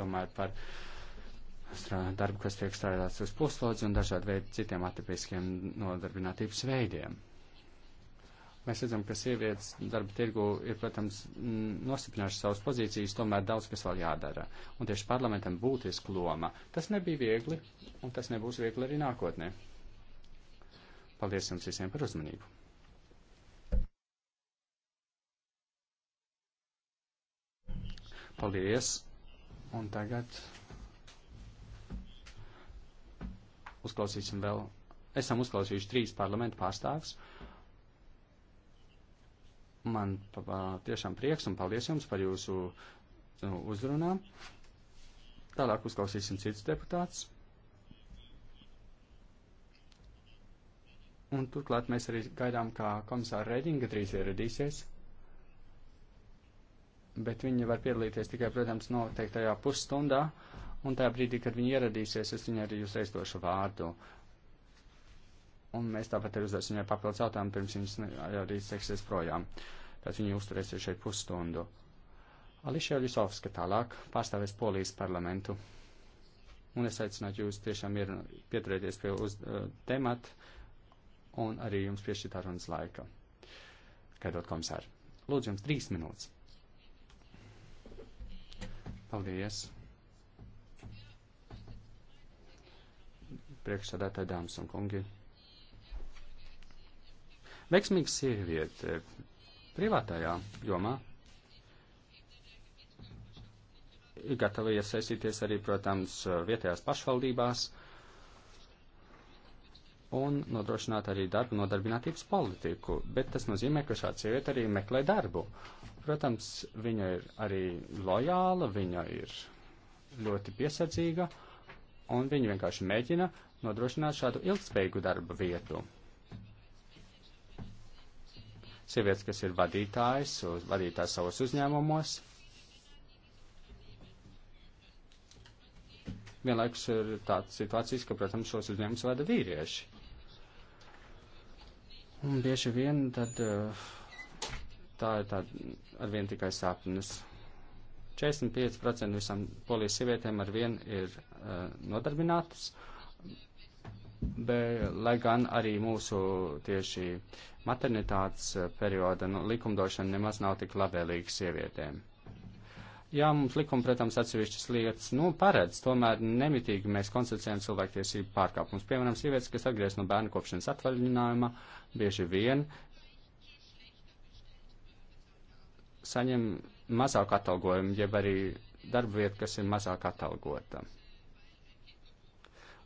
domājot par darbu, kas tiek strādāts uz puslodzi un dažādu veidu citiem atipiskiem nodarbinātības veidiem. Mēs redzam, ka sievietes darba tirgu ir, protams, nostiprinājušas savas pozīcijas, tomēr daudz kas vēl jādara. Un tieši parlamentam būtiski loma. Tas nebija viegli, un tas nebūs viegli arī nākotnē. Paldies jums visiem par uzmanību! Paldies! Un tagad uzklausīsim vēl. Esam uzklausījuši trīs parlamentu pārstāvis. Man tiešām prieks un paldies jums par jūsu nu, uzrunām. Tālāk uzklausīsim cits deputāts. Un turklāt mēs arī gaidām, kā komisāra Reidinga drīz ieradīsies. Bet viņi var piedalīties tikai, protams, noteiktajā pusstundā. Un tajā brīdī, kad viņi ieradīsies, es viņai arī jūs aizdošu vārdu. Un mēs tāpat arī uzdosim viņai papildus jautājumu, pirms viņas arī seksies projām. Tad viņi uzturēsies šeit pusstundu. Ališija Ļusovska tālāk pārstāvēs Polijas parlamentu. Un es aicinātu jūs tiešām ir, pieturēties pie uz, uh, temata un arī jums piešķirtā runas laika. Gaidot komisāru. Lūdzu, jums trīs minūtes. Paldies. Priekšsādātāji, dāmas un kungi. Veiksmīga sieviete eh, privātajā jomā ir gatava iesaistīties arī, protams, vietējās pašvaldībās. Uh, un nodrošināt arī darbu nodarbinātības politiku. Bet tas nozīmē, ka šāda sieviete arī meklē darbu. Protams, viņa ir arī lojāla, viņa ir ļoti piesardzīga, un viņa vienkārši mēģina nodrošināt šādu ilgspējīgu darba vietu. Sievietes, kas ir vadītājs, vadītājs savos uzņēmumos, vienlaikus ir tādas situācijas, ka, protams, šos uzņēmumus vada vīrieši. Un bieži vien tad eh, tā ir tāda arvien tikai sapnis. 45% visām polijas sievietēm arvien ir uh, nodarbinātas, bet, lai gan arī mūsu tieši maternitātes eh, perioda nu, likumdošana nemaz nav tik labvēlīga sievietēm. Jā, mums likuma, protams, atsevišķas lietas, nu, paredz, tomēr nemitīgi mēs konstatējam cilvēktiesību pārkāpumus. Piemēram, sievietes, kas atgriezt no bērnu kopšanas atvaļinājuma, bieži vien saņem mazāku atalgojumu, jeb arī darba vietu, kas ir mazāk atalgota.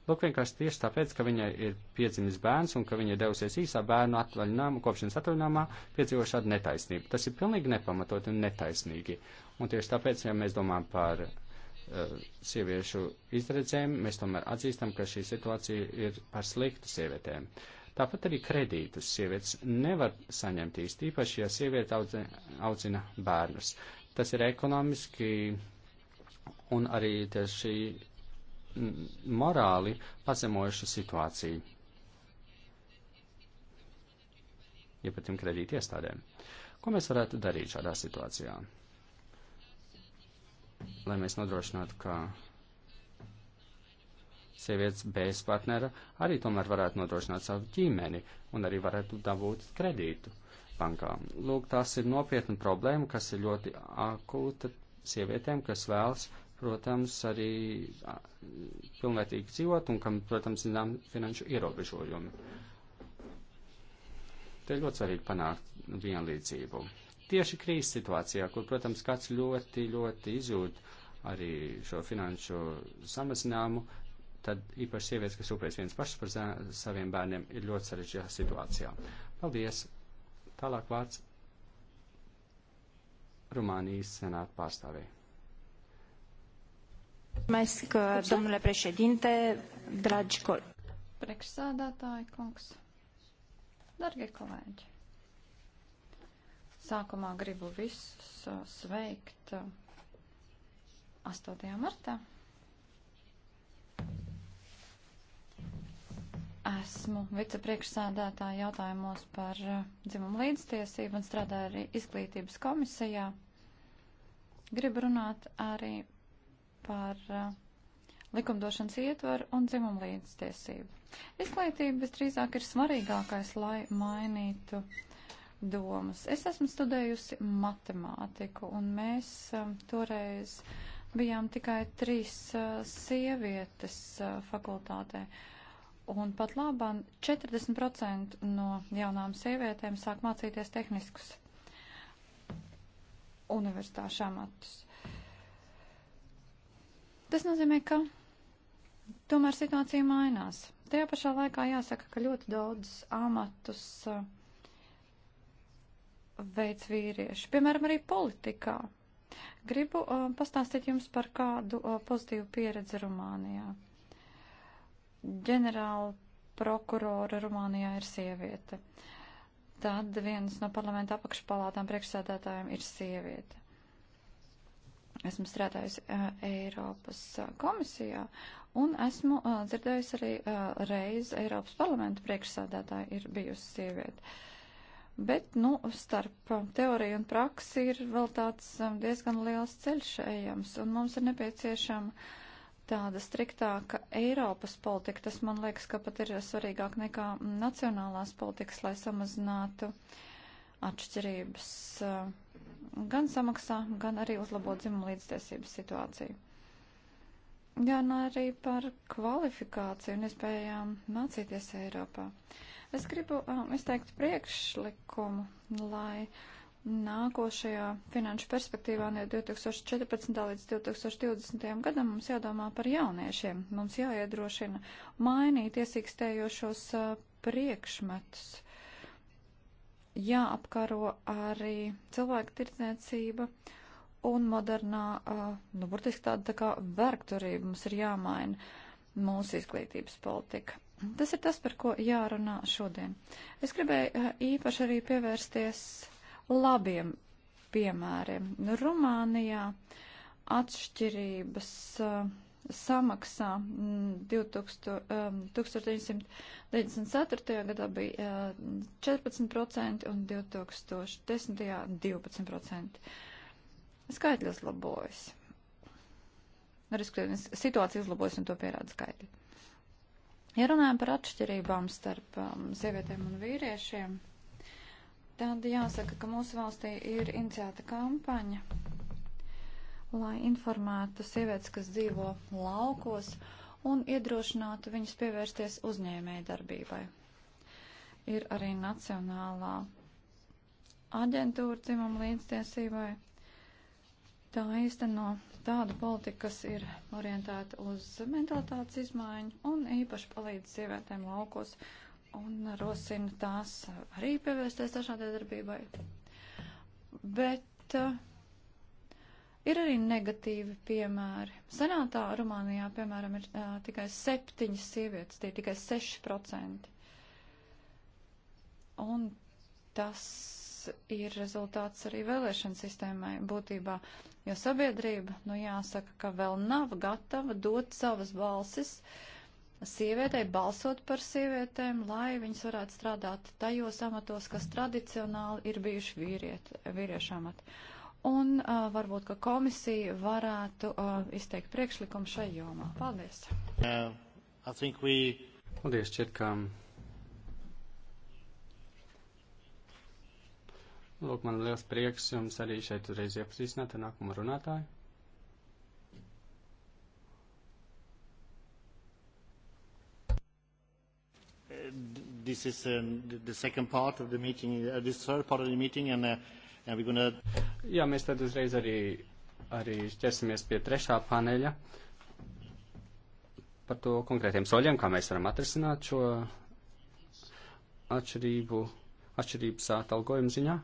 Lūk, vienkārši tieši tāpēc, ka viņai ir piedzimis bērns un ka viņa ir devusies īsā bērnu atvaļinājumā, kopšanas atvaļinājumā, piedzīvo šādu netaisnību. Tas ir pilnīgi nepamatot un netaisnīgi. Uh, Un tieši tāpēc, ja mēs domājam par uh, sieviešu izredzēm, mēs tomēr atzīstam, ka šī situācija ir par sliktu sievietēm. Tāpat arī kredītus sievietes nevar saņemt īsti, īpaši, ja sieviete audzina bērnus. Tas ir ekonomiski un arī tieši morāli pazemojuša situācija. Ja pat tiem kredīti iestādēm. Ko mēs varētu darīt šādā situācijā? lai mēs nodrošinātu, ka sievietes bez partnera arī tomēr varētu nodrošināt savu ģimeni un arī varētu dabūt kredītu bankā. Lūk, tās ir nopietna problēma, kas ir ļoti akūta sievietēm, kas vēlas, protams, arī pilnvērtīgi dzīvot un kam, protams, zinām finanšu ierobežojumi. Te ļoti svarīgi panākt vienlīdzību tieši krīzes situācijā, kur, protams, kāds ļoti, ļoti izjūt arī šo finanšu samazinājumu, tad īpaši sievietes, kas rūpējas viens pašas par saviem bērniem, ir ļoti sarežģījā situācijā. Paldies! Tālāk vārds Rumānijas senāta pārstāvē. Mēs, ka, domnule președinte, dragi kolēģi. Priekšsādātāji, kungs, dargie kolēģi. Sākumā gribu visus uh, sveikt 8. Uh, martā. Esmu vicepriekšsādātāja jautājumos par uh, dzimumu līdztiesību un strādāju arī izglītības komisijā. Gribu runāt arī par uh, likumdošanas ietvaru un dzimumu līdztiesību. Izglītība visdrīzāk ir svarīgākais, lai mainītu uh, domas. Es esmu studējusi matemātiku, un mēs um, toreiz bijām tikai trīs uh, sievietes uh, fakultātē. Un pat labāk 40% no jaunām sievietēm sāk mācīties tehniskus universitāšu amatus. Tas nozīmē, ka tomēr situācija mainās. Tajā pašā laikā jāsaka, ka ļoti daudz amatus uh, veids vīrieši, piemēram, arī politikā. Gribu uh, pastāstīt jums par kādu uh, pozitīvu pieredzi Rumānijā. Ģenerāla prokurora Rumānijā ir sieviete. Tad viens no parlamenta apakšpalātām priekšsēdētājiem ir sieviete. Esmu strādājusi uh, Eiropas uh, komisijā un esmu uh, dzirdējusi arī uh, reizi Eiropas parlamenta priekšsēdētāja ir bijusi sieviete. Uh, Bet, nu, starp teoriju un praksi ir vēl tāds um, diezgan liels ceļš ejams, un mums ir nepieciešama tāda striktāka Eiropas politika. Tas, man liekas, ka pat ir svarīgāk nekā nacionālās politikas, lai samazinātu atšķirības uh, gan samaksā, gan arī uzlabot dzimumu līdztiesības situāciju. Gan arī par kvalifikāciju un iespējām mācīties Eiropā. Uh, Es gribu um, izteikt priekšlikumu, lai nākošajā finanšu perspektīvā no 2014. līdz 2020. gadam mums jādomā par jauniešiem. Mums jāiedrošina mainīt iesīkstējošos uh, priekšmetus. Jāapkaro arī cilvēku tirdzniecība un modernā, uh, nu, burtiski tāda tā kā vergturība mums ir jāmaina mūsu izglītības politika Tas ir tas, par ko jārunā šodien. Es gribēju eh, īpaši arī pievērsties labiem piemēriem. Rumānijā atšķirības uh, samaksā 1994. Mm, eh, gadā bija 14% un 2010. 12%. Skaitļi uzlabojas. Arī situācija uzlabojas un to pierāda skaitļi. Ja runājam par atšķirībām starp um, sievietēm un vīriešiem, tad jāsaka, ka mūsu valstī ir iniciēta kampaņa, lai informētu sievietes, kas dzīvo laukos, un iedrošinātu viņas pievērsties uzņēmēja darbībai. Ir arī Nacionālā aģentūra dzimumu līdztiesībai. Tā īsteno tādu politiku, kas ir orientēta uz mentalitātes izmaiņu un īpaši palīdz sievietēm laukos un rosina tās arī pievērsties dažādai darbībai. Bet uh, ir arī negatīvi piemēri. Senātā Rumānijā, piemēram, ir uh, tikai septiņas sievietes, tie ir tikai 6%. Un tas ir rezultāts arī vēlēšana sistēmai būtībā, jo sabiedrība, nu jāsaka, ka vēl nav gatava dot savas balsis sievietei, balsot par sievietēm, lai viņas varētu strādāt tajos amatos, kas tradicionāli ir bijuši vīriet, vīriešu amati. Un uh, varbūt, ka komisija varētu uh, izteikt priekšlikumu šai jomā. Paldies! Uh, we... Paldies, Čirkām! Lūk, man liels prieks jums arī šeit uzreiz iepazīstināt ar nākamo runātāju. This is um, the second part of the meeting, uh, this third part of the meeting, and, uh, and we're gonna... Jā, mēs tad uzreiz arī, arī ķersimies pie trešā paneļa par to konkrētiem soļiem, kā mēs varam atrisināt šo atšķirību, atšķirības atalgojumu ziņā.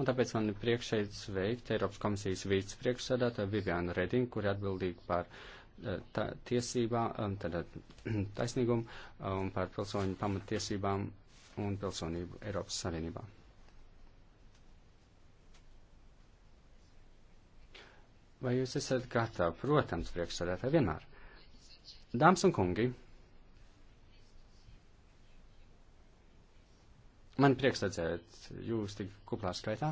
Un tāpēc man ir priekšēji sveikt Eiropas komisijas vicepriekšsēdētāju Vivianu Redinu, kur ir atbildīga par eh, tā, tiesībā, um, tādā eh, taisnīgumu un um, par pilsoņu pamatiesībām un pilsonību Eiropas Savienībā. Vai jūs esat gatavi? Protams, priekšsēdētāji vienmēr. Dāmas un kungi! Man prieks redzēt jūs tik kuplā skaitā,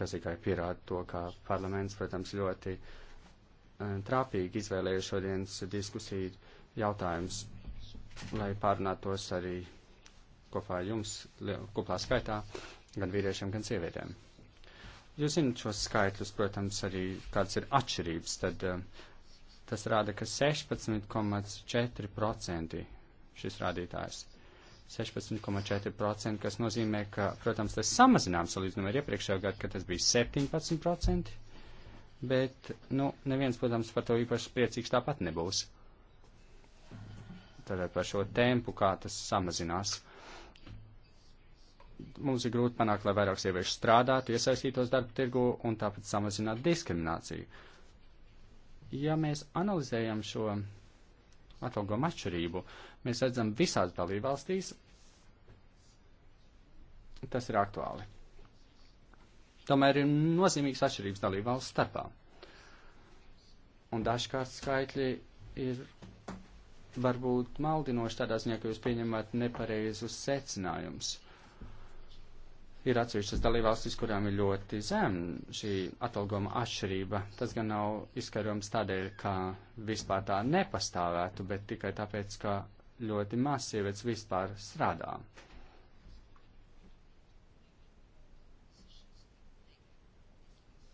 kas tikai pierāda to, ka parlaments, protams, ļoti eh, trāpīgi izvēlēja šodienas diskusiju jautājumus, lai pārunātos arī kopā ar jums, kuplā skaitā, gan vīriešiem, gan sievietēm. Jūs zināt šos skaitļus, protams, arī kāds ir atšķirības, tad eh, tas rāda, ka 16,4% šis rādītājs 16,4%, kas nozīmē, ka, protams, tas samazinājums salīdzinām ar iepriekšējā gadu, kad tas bija 17%, bet, nu, neviens, protams, par to īpaši priecīgs tāpat nebūs. Tātad par šo tempu, kā tas samazinās. Mums ir grūti panākt, lai vairāk sieviešu strādātu, iesaistītos darba tirgu un tāpat samazināt diskrimināciju. Ja mēs analizējam šo atalgojuma atšķirību mēs redzam visās dalībvalstīs. Tas ir aktuāli. Tomēr ir nozīmīgas atšķirības dalībvalsts starpā. Un dažkārt skaitļi ir varbūt maldinoši tādā ziņā, ka jūs pieņemat nepareizus secinājumus ir atsevišķas dalībvalstis, kurām ir ļoti zem šī atalgojuma atšķirība. Tas gan nav izskaidrojums tādēļ, ka vispār tā nepastāvētu, bet tikai tāpēc, ka ļoti maz sievietes vispār strādā.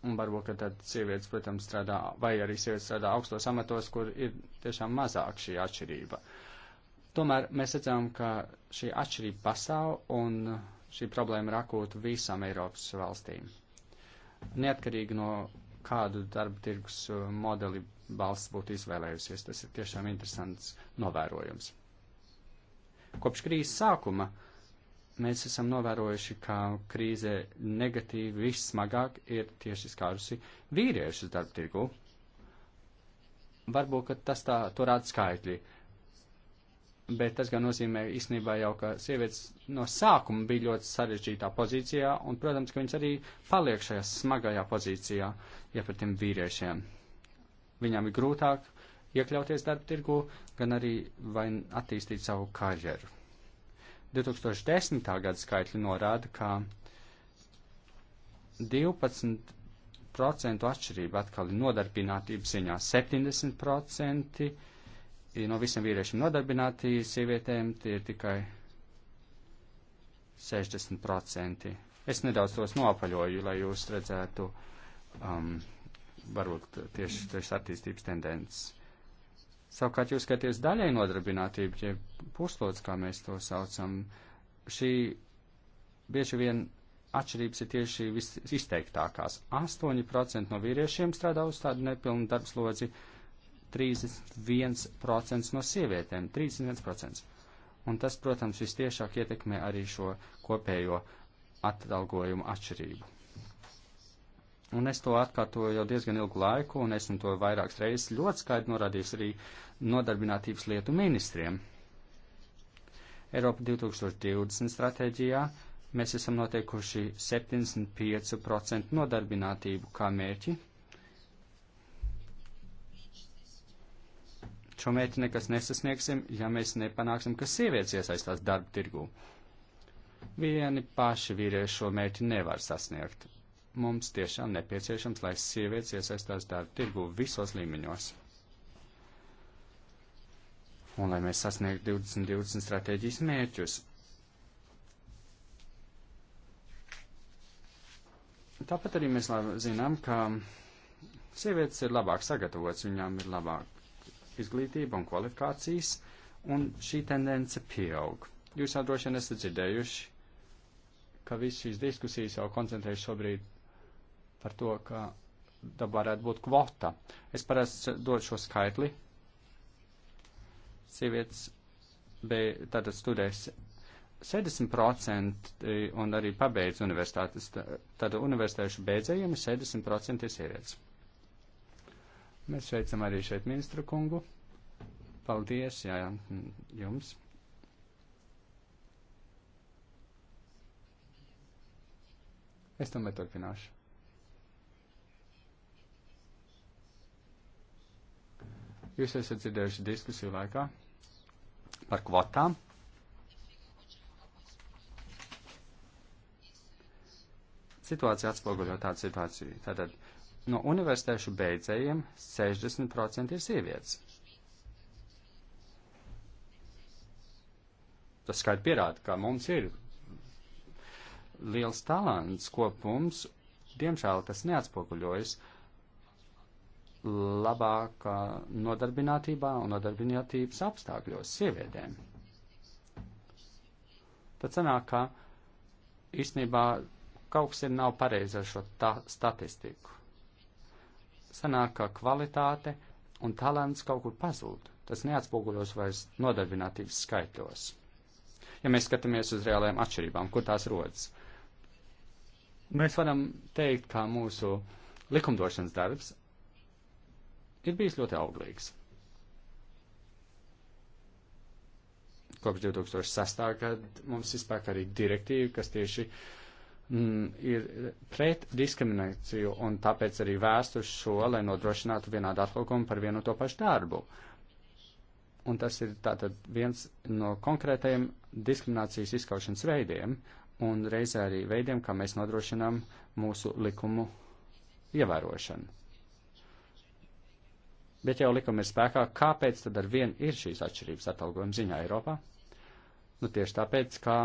Un varbūt, ka tad sievietes, protams, strādā, vai arī sievietes strādā augstos amatos, kur ir tiešām mazāk šī atšķirība. Tomēr mēs redzam, ka šī atšķirība pastāv un uh, šī problēma ir akūta visām Eiropas valstīm. Neatkarīgi no kādu darba tirgus uh, modeli valsts būtu izvēlējusies, tas ir tiešām interesants novērojums. Kopš krīzes sākuma mēs esam novērojuši, ka krīze negatīvi vissmagāk ir tieši skārusi vīriešus darba tirgu. Varbūt, ka tas tā to rāda skaitļi. Uh, bet tas gan nozīmē īstenībā jau, ka sievietes no sākuma bija ļoti sarežģītā pozīcijā, un, protams, ka viņas arī paliek šajā smagajā pozīcijā, ja par tiem vīriešiem. Viņām ir grūtāk iekļauties darba tirgu, gan arī vai attīstīt savu karjeru. 2010. gada skaitļi norāda, ka 12% atšķirība atkal ir nodarbinātības ziņā 70%, no visiem vīriešiem nodarbināti sievietēm tie ir tikai 60%. Es nedaudz tos noapaļoju, lai jūs redzētu um, varbūt tieši, tieši attīstības tendences. Savukārt jūs skaties daļai nodarbinātību, ja puslods, kā mēs to saucam, šī bieži vien atšķirības ir tieši visizteiktākās. 8% no vīriešiem strādā uz tādu nepilnu darbslodzi, uh, 31% no sievietēm. 31%. Un tas, protams, vistiešāk ietekmē arī šo kopējo atalgojumu atšķirību. Un es to atkārtoju jau diezgan ilgu laiku, un esmu to vairākas reizes ļoti skaidri norādījis arī nodarbinātības lietu ministriem. Eiropa 2020 stratēģijā mēs esam noteikuši 75% nodarbinātību kā mērķi šo mērķi nekas nesasniegsim, ja mēs nepanāksim, ka sievietes iesaistās darba tirgū. Vieni paši vīrieši šo mērķi nevar sasniegt. Mums tiešām nepieciešams, lai sievietes iesaistās darba tirgū visos līmeņos. Un lai mēs sasniegtu 2020 stratēģijas mērķus. Tāpat arī mēs zinām, ka sievietes ir labāk sagatavotas, viņām ir labāk izglītība un kvalifikācijas, un šī tendence pieaug. Jūs jau droši vien esat dzirdējuši, ka visas šīs diskusijas jau koncentrējas šobrīd par to, ka tā varētu būt kvota. Es parasti dodu šo skaitli. Sievietes bija, tātad studēs 70% un arī pabeidz universitātes, tad universitāšu beidzējiem 70% ir sievietes. Mēs sveicam arī šeit ministru kungu. Paldies, jā, jā mm, jums. Es tomēr turpināšu. Jūs esat dzirdējuši diskusiju laikā par kvotām. Situācija atspoguļo tādu situāciju. Tātad no universitāšu beidzējiem 60% ir sievietes. Tas skaidri pierāda, ka mums ir liels talants, ko mums, diemžēl, tas neatspoguļojas labākā nodarbinātībā un nodarbinātības apstākļos sievietēm. Tad sanāk, ka īstenībā kaut kas ir nav pareizi ar šo statistiku sanāk, ka kvalitāte un talants kaut kur pazūd. Tas neatspoguļos vairs nodarbinātības skaitļos. Ja mēs skatāmies uz reālajām atšķirībām, kur tās rodas, mēs varam teikt, ka mūsu likumdošanas darbs ir bijis ļoti auglīgs. Kopš 2006. gada mums izspēk arī direktīva, kas tieši uh, m, mm, ir pret diskrimināciju un tāpēc arī vērst uz šo, lai nodrošinātu vienādu atalgojumu par vienu to pašu darbu. Un tas ir tātad viens no konkrētajiem diskriminācijas izskaušanas veidiem un reizē arī veidiem, kā mēs nodrošinām mūsu likumu ievērošanu. Bet jau likumi ir spēkā, kāpēc tad ar vienu ir šīs atšķirības atalgojuma ziņā Eiropā? Nu, tieši tāpēc, ka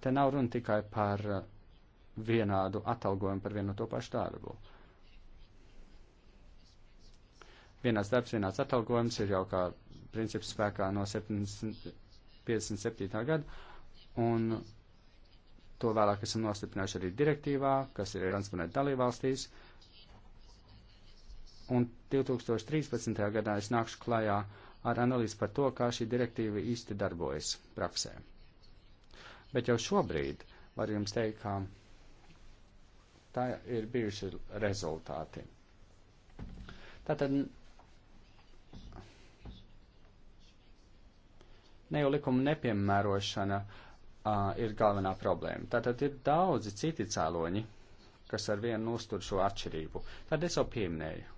Te nav runa tikai par uh, vienādu atalgojumu par vienu no to pašu darbu. Vienāds darbs, vienāds atalgojums ir jau kā princips spēkā no 57. gada, un to vēlāk esam nostiprinājuši arī direktīvā, kas ir transponēta dalībvalstīs. Un 2013. gadā es nākšu klajā ar analīzi par to, kā šī direktīva īsti darbojas praksē. Bet jau šobrīd var jums teikt, ka tā ir bijuši rezultāti. Tātad ne jau likuma nepiemērošana uh, ir galvenā problēma. Tātad ir daudzi citi cēloņi, kas ar vienu uztur šo atšķirību. Tad es jau pieminēju.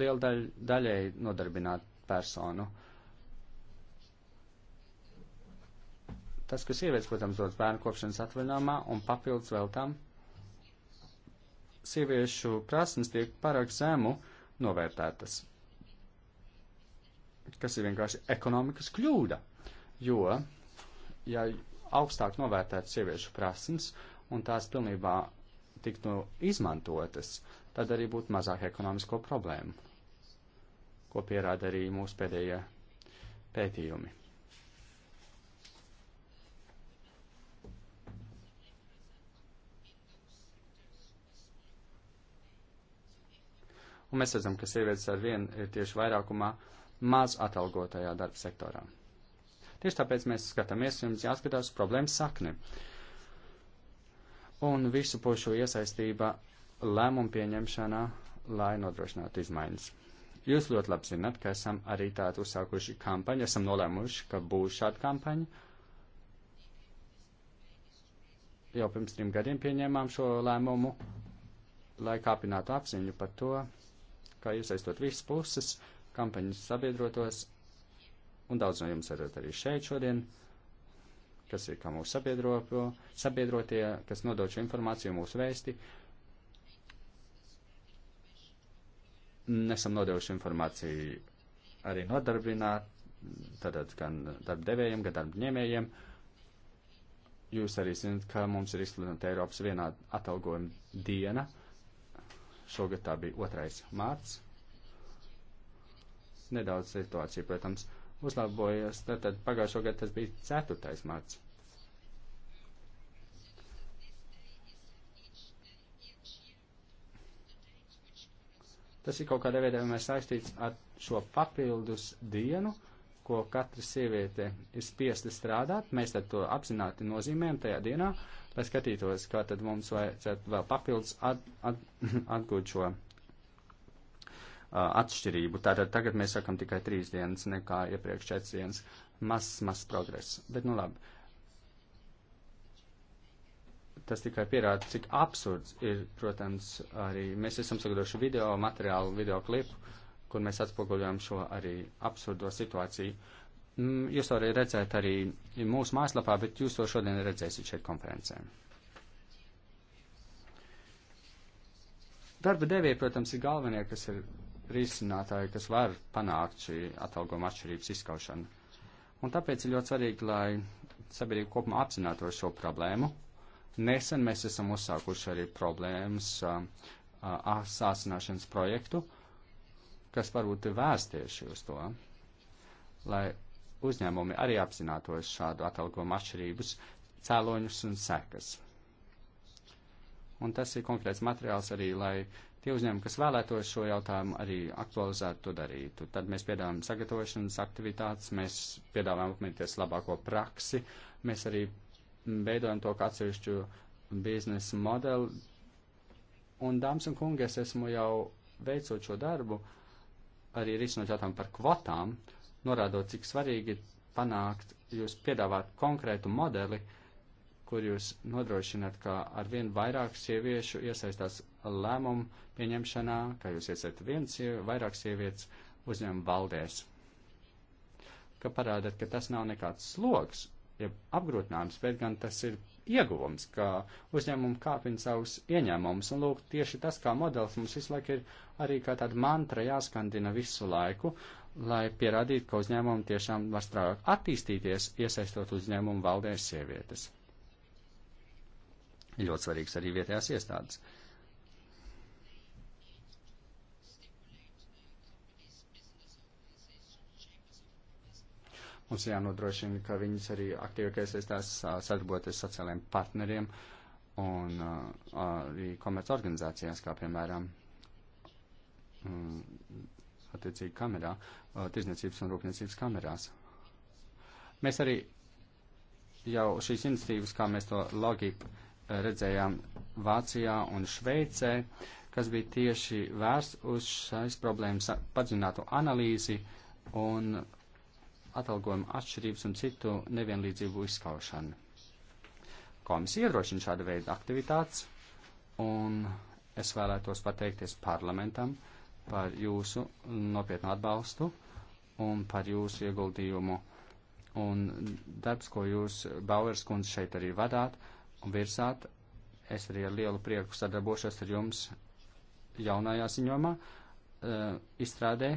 Liela daļ, daļai nodarbināt personu uh, Tas, ka sievietes, protams, dodas bērnu kopšanas atvaļinājumā un papildus vēl tam, sieviešu prasmes tiek pārāk zemu novērtētas, kas ir vienkārši ekonomikas kļūda, jo, ja augstāk novērtētu sieviešu prasmes un tās pilnībā tiktu izmantotas, tad arī būtu mazāk ekonomisko problēmu, ko pierāda arī mūsu pēdējie pētījumi. un mēs redzam, ka sievietes ar vienu ir tieši vairākumā maz atalgotajā darba sektorā. Tieši tāpēc mēs skatāmies, jums jāskatās problēmas sakni. Un visu pušu iesaistība lēmumu pieņemšanā, lai nodrošinātu izmaiņas. Jūs ļoti labi zināt, ka esam arī tādu uzsākuši kampaņu, esam nolēmuši, ka būs šāda kampaņa. Jau pirms trim gadiem pieņēmām šo lēmumu, lai kāpinātu apziņu par to, kā iesaistot visas puses, kampaņas sabiedrotos, un daudz no jums esat arī šeit šodien, kas ir kā mūsu sabiedrotie, kas nodod šo informāciju mūsu vēsti. Nesam nodevuši informāciju arī nodarbināt, tātad gan darbdevējiem, gan darbņēmējiem. Jūs arī zināt, ka mums ir izsludināta Eiropas vienā atalgojuma diena, uh, Šogad tā bija 2. mārts. Nedaudz situācija, protams, uzlabojas. Tātad pagājušo gadu tas bija 4. mārts. Tas ir kaut kādā veidā vienmēr saistīts ar šo papildus dienu, ko katra sieviete ir spiesta strādāt. Mēs tad to apzināti nozīmējam tajā dienā, lai skatītos, kā tad mums vajadzētu vēl papildus at, at, atgūt šo uh, atšķirību. Tātad tagad mēs sakam tikai trīs dienas, nekā iepriekš četras dienas. Mazs, mazs progress. Bet nu labi. Tas tikai pierāda, cik absurds ir, protams, arī mēs esam sagatavojuši video materiālu, video klipu, kur mēs atspoguļojam šo arī absurdo situāciju. Uh, Mm, jūs to arī redzēt arī mūsu mājaslapā, bet jūs to šodien redzēsiet šeit konferencē. Darba devēja, protams, ir galvenie, kas ir risinātāji, kas var panākt šī atalgojuma atšķirības izskaušanu. Un tāpēc ir ļoti svarīgi, lai sabiedrība kopumā apzinātu šo problēmu. Nesen mēs esam uzsākuši arī problēmas sāsināšanas projektu, kas varbūt ir vērsties uz to, lai uzņēmumi arī apzinātos šādu atalgojumu atšķirības, cēloņus un sekas. Un tas ir konkrēts materiāls arī, lai tie uzņēmumi, kas vēlētos šo jautājumu arī aktualizētu, to darītu. Tad mēs piedāvājam sagatavošanas aktivitātes, mēs piedāvājam apmainīties labāko praksi, mēs arī veidojam to kā atsevišķu biznesa modeli. Un, dāmas un kungi, es esmu jau veicot šo darbu, arī risinot jautājumu par kvotām, uh, norādot, cik svarīgi ir panākt, jūs piedāvāt konkrētu modeli, kur jūs nodrošināt, ka ar vien vairāk sieviešu iesaistās lēmumu pieņemšanā, ka jūs iesaistat viens, vairāk sievietes uzņēmuma valdēs. Ka parādat, ka tas nav nekāds sloks, ja apgrūtinājums, bet gan tas ir ieguvums, ka uzņēmumi kāpina savus ieņēmumus. Un lūk, tieši tas kā modelis mums visu laiku ir arī kā tāda mantra jāskandina visu laiku, lai pierādītu, ka uzņēmumi tiešām var strādāt attīstīties, iesaistot uzņēmumu valdēs sievietes. Ir ļoti svarīgs arī vietējās iestādes. Mums jānodrošina, ka viņas arī aktīvāk iesaistās sadarboties sociālajiem partneriem un arī komerc organizācijās, kā piemēram mm, attiecīgi kamerā, uh, tirzniecības un rūpniecības kamerās. Mēs arī jau šīs iniciatīvas, kā mēs to logību uh, redzējām Vācijā un Šveicē, kas bija tieši vērsts uz šais problēmas padziļinātu analīzi un atalgojuma atšķirības un citu nevienlīdzību izskaušanu. Komisija iedrošina šādu veidu aktivitātes, un es vēlētos pateikties parlamentam, uh, par jūsu nopietnu atbalstu un par jūsu ieguldījumu. Un darbs, ko jūs, Bauers kundze, šeit arī vadāt un virsāt, es arī ar lielu prieku sadarbošos ar jums jaunajā ziņomā uh, eh, izstrādē.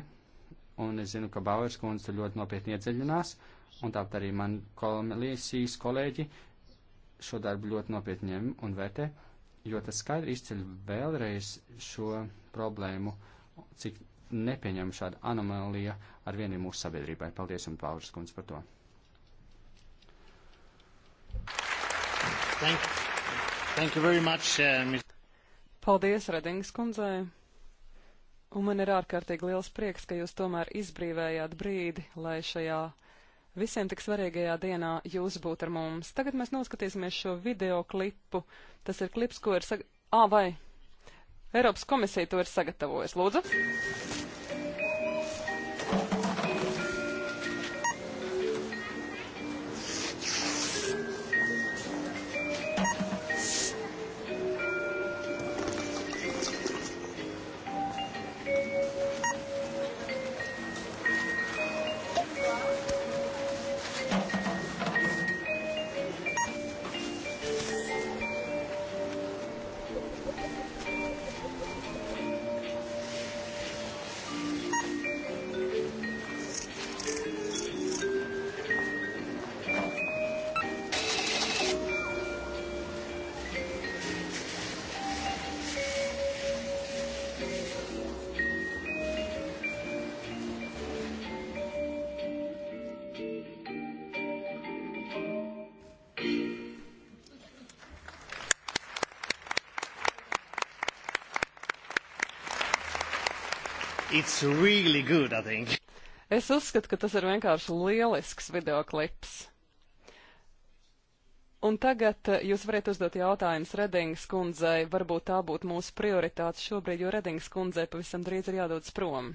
Un es zinu, ka Bauers kundze ļoti nopietni iedziļinās, un tāpat arī man kolēģis, kolēģi šo darbu ļoti nopietni ņem un vērtē, jo tas skaidri izceļ vēlreiz šo problēmu. Uh, cik nepieņem šāda anomālija ar vieniem mūsu sabiedrībai. Paldies un Pauļas kundze par to. Thank, thank you very much, uh, Ms. Paldies, Redings kundzei. Un man ir ārkārtīgi liels prieks, ka jūs tomēr izbrīvējāt brīdi, lai šajā visiem tik svarīgajā dienā jūs būtu ar mums. Tagad mēs noskatīsimies šo video klipu. Tas ir klips, ko ir sag... Ā, vai Eiropas komisija to ir sagatavojusi. Lūdzu! It's really good, I think. Es uzskatu, ka tas ir vienkārši lielisks videoklips. Un tagad eh, jūs varat uzdot jautājumus Redingas kundzei, varbūt tā būtu mūsu prioritāte šobrīd, jo Redingas kundzei pavisam drīz ir jādodas prom.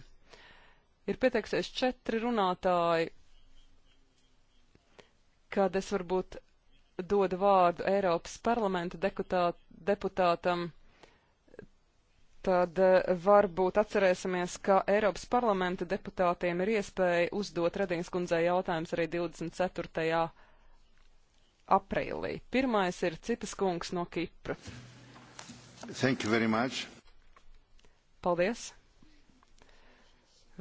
Ir pieteiksies četri runātāji, kad es varbūt dodu vārdu Eiropas parlamenta deputātam tad eh, varbūt atcerēsimies, ka Eiropas parlamenta deputātiem ir iespēja uzdot Redingskundzei jautājums arī 24. aprīlī. Pirmais ir Citas kungs no Kipra. Thank you very much. Paldies.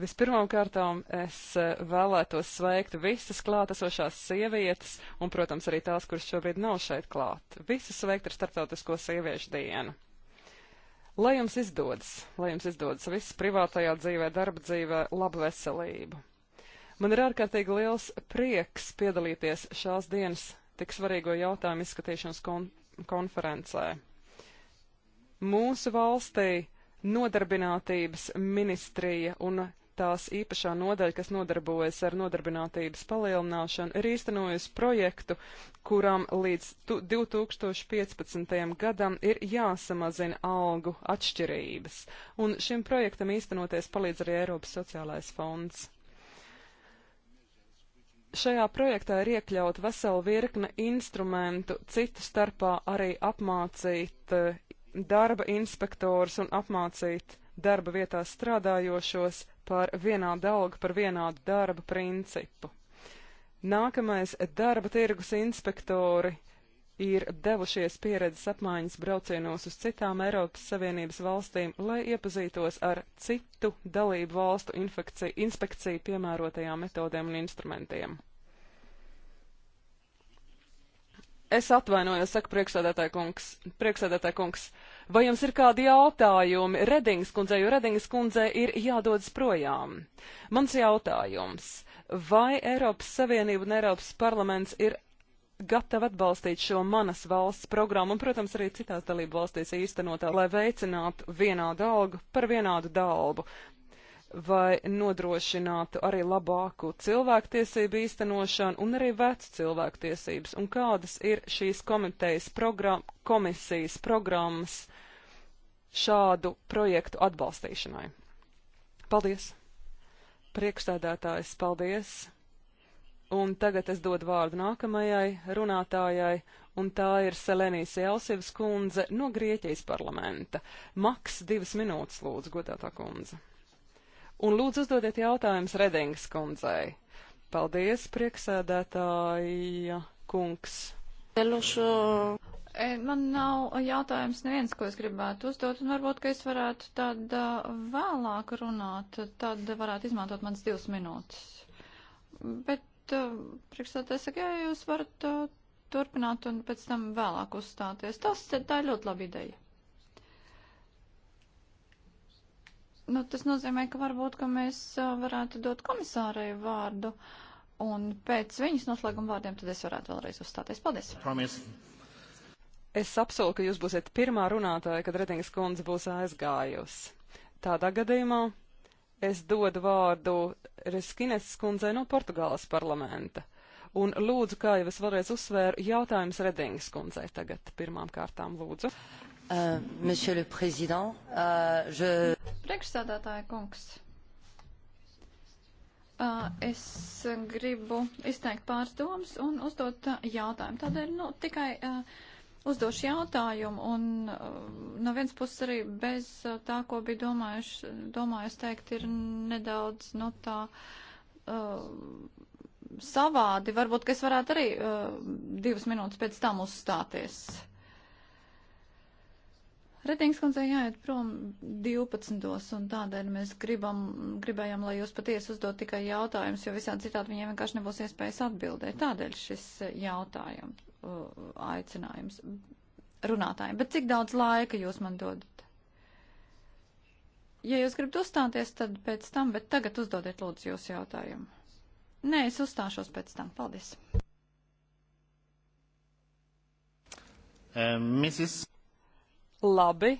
Vispirmām kārtām es eh, vēlētos sveikt visas klātesošās sievietes, un, protams, arī tās, kuras šobrīd nav šeit klāt. Visas sveikt ar Startautisko sieviešu dienu. Lai jums izdodas, lai jums izdodas viss privātajā dzīvē, darba dzīvē, labu veselību. Man ir ārkārtīgi liels prieks piedalīties šās dienas tik svarīgo jautājumu izskatīšanas kon konferencē. Mūsu valstī nodarbinātības ministrija un tās īpašā nodaļa, kas nodarbojas ar nodarbinātības palielināšanu, ir īstenojusi projektu, kuram līdz 2015. gadam ir jāsamazina algu atšķirības. Un šim projektam īstenoties palīdz arī Eiropas sociālais fonds. Šajā projektā ir iekļaut veselu virkne instrumentu, citu starpā arī apmācīt eh, darba inspektors un apmācīt darba vietā strādājošos par vienādu algu, par vienādu darba principu. Nākamais - darba tirgus inspektori ir devušies pieredzes apmaiņas braucienos uz citām Eiropas Savienības valstīm, lai iepazītos ar citu dalību valstu inspekciju piemērotajām metodēm un instrumentiem. Es atvainojos, saka priekšsēdētāja kungs. Priekšsēdētāja kungs, uh, Vai jums ir kādi jautājumi Redingas kundzei, jo Redingas kundzei ir jādodas projām? Mans jautājums. Vai Eiropas Savienība un Eiropas parlaments ir gatavi atbalstīt šo manas valsts programmu un, protams, arī citās dalību valstīs īstenotā, lai veicinātu vienādu algu par vienādu dalbu vai nodrošinātu arī labāku cilvēktiesību īstenošanu un arī vecu cilvēktiesības, un kādas ir šīs komitejas program, komisijas programmas šādu projektu atbalstīšanai. Paldies! Priekšstādātājs, paldies! Un tagad es dodu vārdu nākamajai runātājai, un tā ir Selenijas Jelsivas kundze no Grieķijas parlamenta. Maks divas minūtes, lūdzu, godātā kundze. Un lūdzu uzdodiet jautājumus Redingas kundzei. Paldies, prieksēdētāja kungs. Telušu. E, man nav jautājums neviens, ko es gribētu uzdot, un varbūt, ka es varētu tad vēlāk runāt, tad varētu izmantot mans divas minūtes. Bet, priekšstādā, es saku, ja jūs varat turpināt un pēc tam vēlāk uzstāties. Tas, tā ir ļoti laba ideja. Nu, tas nozīmē, ka varbūt, ka mēs varētu dot komisārai vārdu, un pēc viņas noslēguma vārdiem tad es varētu vēlreiz uzstāties. Paldies! Promise. Es apsolu, ka jūs būsiet pirmā runātāja, kad Redingas kundze būs aizgājusi. Tādā gadījumā es dodu vārdu Reskines kundzei no Portugāles parlamenta. Un lūdzu, kā jau es vēlreiz uzsvēru, jautājums Redingas kundzei tagad pirmām kārtām lūdzu. Uh, Monsieur le Président, uh, je... Priekšsādātāja kungs, uh, es gribu izteikt pāris domas un uzdot jautājumu. Tādēļ, nu, tikai uh, uzdošu jautājumu un no vienas puses arī bez tā, ko bija domājuši, domājus teikt, ir nedaudz, nu, tā uh, savādi. Varbūt, ka es varētu arī uh, divas minūtes pēc tam uzstāties. Redings kundze jāiet prom 12. un tādēļ mēs gribam, gribējām, lai jūs patiesi uzdot tikai jautājumus, jo visādi citādi viņiem vienkārši nebūs iespējas atbildēt. Tādēļ šis jautājums, uh, aicinājums runātājiem. Bet cik daudz laika jūs man dodat? Ja jūs gribat uzstāties, tad pēc tam, bet tagad uzdodiet lūdzu jūsu jautājumu. Nē, es uzstāšos pēc tam. Paldies. Um, uh, Mrs. Labi.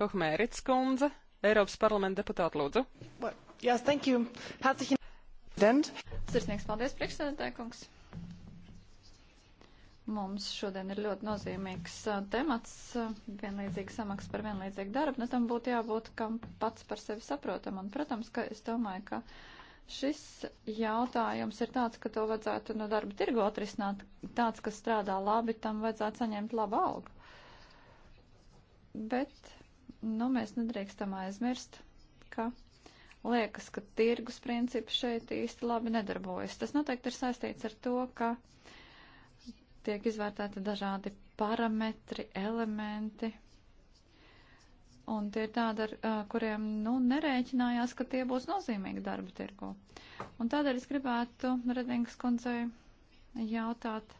Hohmērits kundze, Eiropas parlamenta deputāta lūdzu. Yes, thank you. Herzlichen Dank. Sirsnieks, paldies, priekšsēdētāj kungs. Mums šodien ir ļoti nozīmīgs uh, temats uh, - vienlīdzīga samaksa par vienlīdzīgu darbu. Nu, tam būtu jābūt kam pats par sevi saprotam. Un, protams, ka es domāju, ka šis jautājums ir tāds, ka to vajadzētu no darba tirgu atrisināt. Tāds, kas strādā labi, tam vajadzētu saņemt labu algu. Bet, nu, mēs nedrīkstam aizmirst, ka liekas, ka tirgus princips šeit īsti labi nedarbojas. Tas noteikti ir saistīts ar to, ka tiek izvērtēti dažādi parametri, elementi, un tie ir tādi, ar kuriem, nu, nerēķinājās, ka tie būs nozīmīgi darba tirgu. Un tādēļ es gribētu Redingas kundzei jautāt,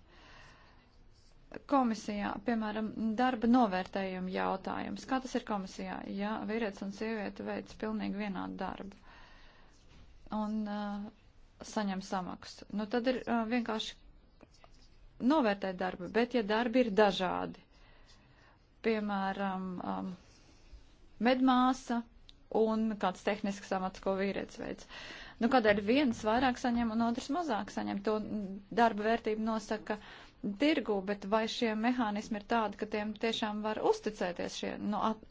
komisijā, piemēram, darba novērtējuma jautājums. Kā tas ir komisijā, ja vīrietis un sieviete veic pilnīgi vienādu darbu un uh, saņem samaksu? Nu, tad ir uh, vienkārši novērtēt darbu, bet ja darbi ir dažādi, piemēram, um, medmāsa un kāds tehnisks amats, ko vīrietis veic. Nu, kādēļ viens vairāk saņem un otrs mazāk saņem? To darba vērtību nosaka. Uh, tirgu, bet vai šie mehānismi ir tādi, ka tiem tiešām var uzticēties šie no nu, at,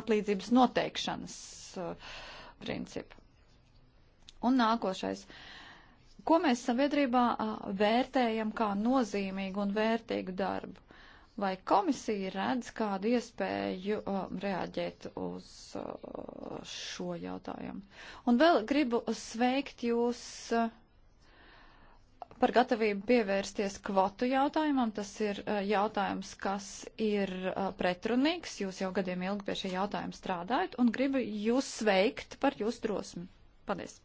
atlīdzības noteikšanas uh, principi? Un nākošais. Ko mēs sabiedrībā uh, vērtējam kā nozīmīgu un vērtīgu darbu? Vai komisija redz kādu iespēju uh, reaģēt uz uh, šo jautājumu? Un vēl gribu sveikt jūs. Uh, par gatavību pievērsties kvotu jautājumam. Tas ir eh, jautājums, kas ir eh, pretrunīgs. Jūs jau gadiem ilgi pie šī jautājuma strādājat un gribu jūs sveikt par jūsu drosmi. Paldies!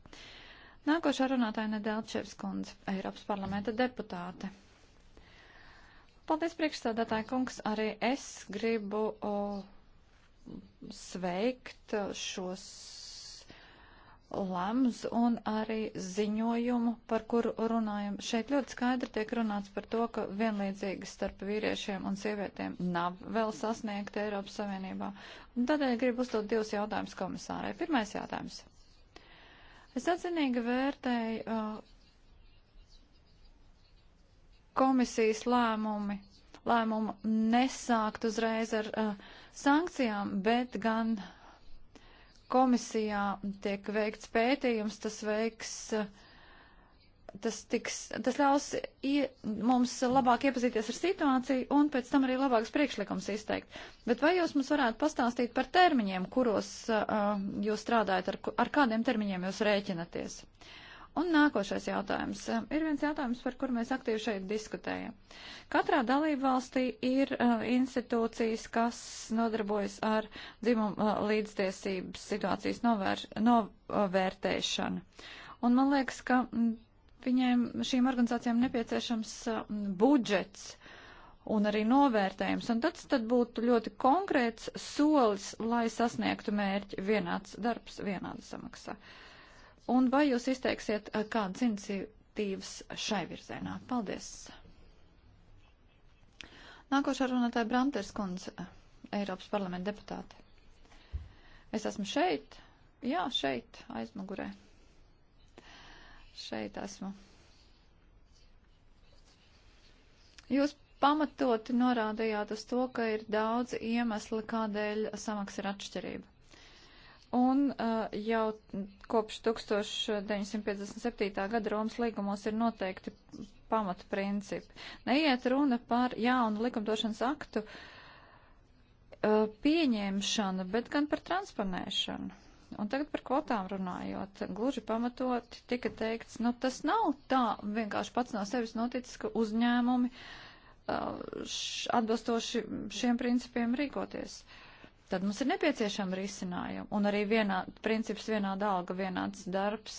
Nākošā runātāja Nedelčevs kundze, Eiropas parlamenta deputāte. Paldies, priekšstādātāja kungs. Arī es gribu o, eh, sveikt šos lems un arī ziņojumu, par kuru runājam. Šeit ļoti skaidri tiek runāts par to, ka vienlīdzīgi starp vīriešiem un sievietēm nav vēl sasniegta Eiropas Savienībā. Un tādēļ gribu uzdot divus jautājumus komisārai. Pirmais jautājums. Es atzinīgi vērtēju uh, komisijas lēmumi lēmumu nesākt uzreiz ar uh, sankcijām, bet gan komisijā tiek veikts pētījums, tas veiks, tas, tiks, tas ļaus ie, mums labāk iepazīties ar situāciju un pēc tam arī labāks priekšlikums izteikt. Bet vai jūs mums varētu pastāstīt par termiņiem, kuros uh, jūs strādājat, ar, ar kādiem termiņiem jūs rēķinaties? Uh, Un nākošais jautājums. Ir viens jautājums, par kur mēs aktīvi šeit diskutējam. Katrā dalību valstī ir uh, institūcijas, kas nodarbojas ar dzimumu uh, līdztiesības situācijas novēr, novērtēšanu. Un man liekas, ka viņiem, šīm organizācijām nepieciešams uh, budžets un arī novērtējums. Un tas tad būtu ļoti konkrēts solis, lai sasniegtu mērķi vienāds darbs, vienāda samaksa. Uh, Un vai jūs izteiksiet eh, kādas iniciatīvas šai virzienā? Paldies! Nākošā runātāja Branters kundze, eh, Eiropas parlamenta deputāte. Es esmu šeit. Jā, šeit, aizmugurē. Šeit esmu. Jūs pamatoti norādījāt uz to, ka ir daudz iemesli, kādēļ samaksa ir atšķirība. Un uh, jau kopš 1957. gada Romas līgumos ir noteikti pamata principi. Neiet runa par jaunu likumdošanas aktu uh, pieņemšanu, bet gan par transponēšanu. Un tagad par kvotām runājot, gluži pamatot tika teikts, nu tas nav tā vienkārši pats no sevis noticis, ka uzņēmumi uh, š, atbilstoši šiem principiem rīkoties. Uh, tad mums ir nepieciešama risinājuma. Un arī vienā, princips vienāda alga, vienāds darbs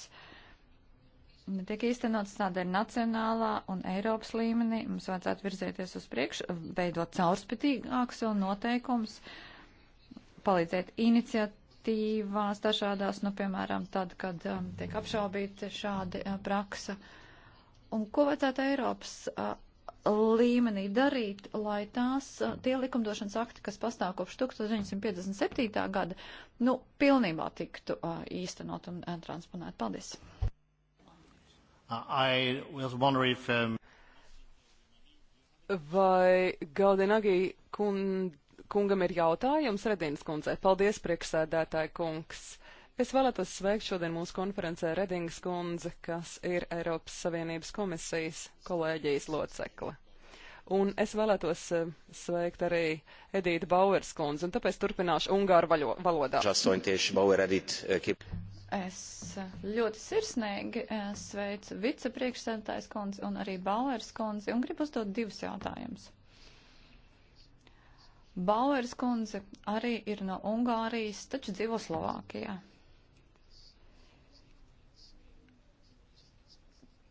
netiek īstenots tādēļ nacionālā un Eiropas līmenī. Mums vajadzētu virzēties uz priekšu, veidot caurspitīgākus vēl noteikumus, palīdzēt iniciatīvās dažādās, nu, piemēram, tad, kad um, tiek apšaubīta šāda uh, praksa. Un ko vajadzētu Eiropas uh, līmenī darīt, lai tās, tie likumdošanas akti, kas pastāv kopš 1957. gada, nu, pilnībā tiktu uh, īstenot un uh, transponēt. Paldies! Uh, if, um... Vai Gaudinagī kund, kungam ir jautājums Redīnas kundzei? Paldies, priekšsēdētāji kungs! Es vēlētos sveikt šodien mūsu konferencē Redingas kundze, kas ir Eiropas Savienības komisijas kolēģijas locekle. Un es vēlētos eh, sveikt arī Edīti Bauers kundzi, un tāpēc turpināšu angāru valodā. Es ļoti sirsnīgi eh, sveicu vicepriekšsēdētājs kundzi un arī Bauers kundzi un gribu uzdot divus jautājumus. Bauers kundze arī ir no Ungārijas, taču dzīvo Slovākijā.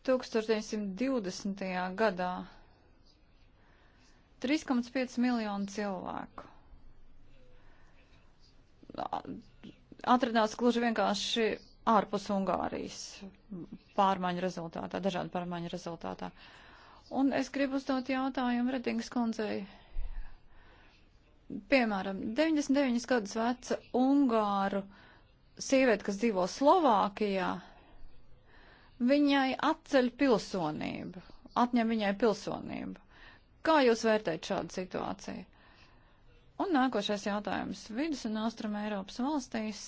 1920. gadā 3,5 miljonu cilvēku atradās gluži vienkārši ārpus Ungārijas pārmaiņu rezultātā, dažādu pārmaiņu rezultātā. Un es gribu uzdot jautājumu Redingas kundzei. Piemēram, 99 gadus veca Ungāru sieviete, kas dzīvo Slovākijā, viņai atceļ pilsonību, atņem viņai pilsonību. Kā jūs vērtējat šādu situāciju? Un nākošais jautājums. Vidus un Austrum Eiropas valstīs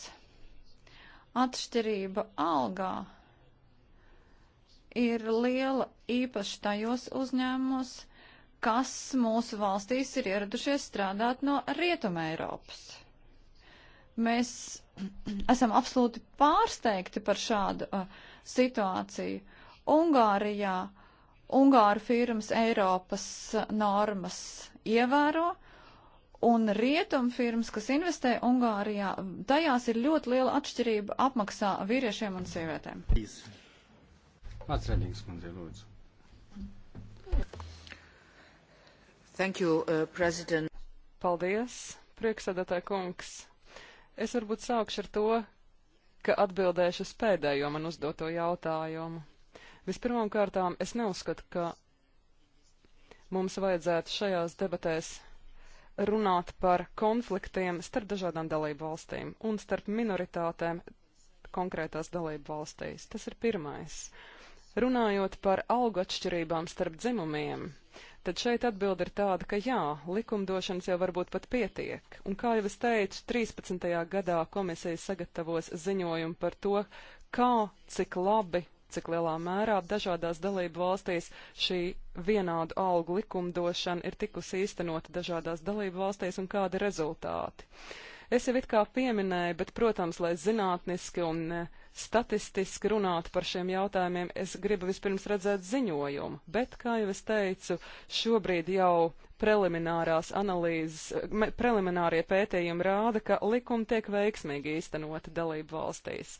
atšķirība algā ir liela īpaši tajos uzņēmumos, kas mūsu valstīs ir ieradušies strādāt no Rietuma Eiropas. Mēs esam absolūti pārsteigti par šādu uh, situāciju. Ungārijā Ungāru firmas Eiropas normas ievēro, un rietumu firmas, kas investē Ungārijā, tajās ir ļoti liela atšķirība apmaksā vīriešiem un sievietēm. Atcerīgs, kundze, lūdzu. Thank you, uh, President. Paldies, priekšsēdētāji kungs. Es varbūt sākšu ar to, ka atbildēšu uz pēdējo man uzdoto jautājumu. Vispirmām kārtām es neuzskatu, ka mums vajadzētu šajās debatēs runāt par konfliktiem starp dažādām dalību valstīm un starp minoritātēm konkrētās dalību valstīs. Tas ir pirmais. Runājot par algu atšķirībām starp dzimumiem, tad šeit atbilde ir tāda, ka jā, likumdošanas jau varbūt pat pietiek. Un kā jau es teicu, 13. gadā komisija sagatavos ziņojumu par to, kā, cik labi, cik lielā mērā dažādās dalību valstīs šī vienādu algu likumdošana ir tikusi īstenota dažādās dalību valstīs un kādi rezultāti. Es jau it kā pieminēju, bet, protams, lai zinātniski un uh, statistiski runāt par šiem jautājumiem. Es gribu vispirms redzēt ziņojumu, bet, kā jau es teicu, šobrīd jau preliminārās analīzes, preliminārie pētījumi rāda, ka likumi tiek veiksmīgi īstenoti dalību valstīs.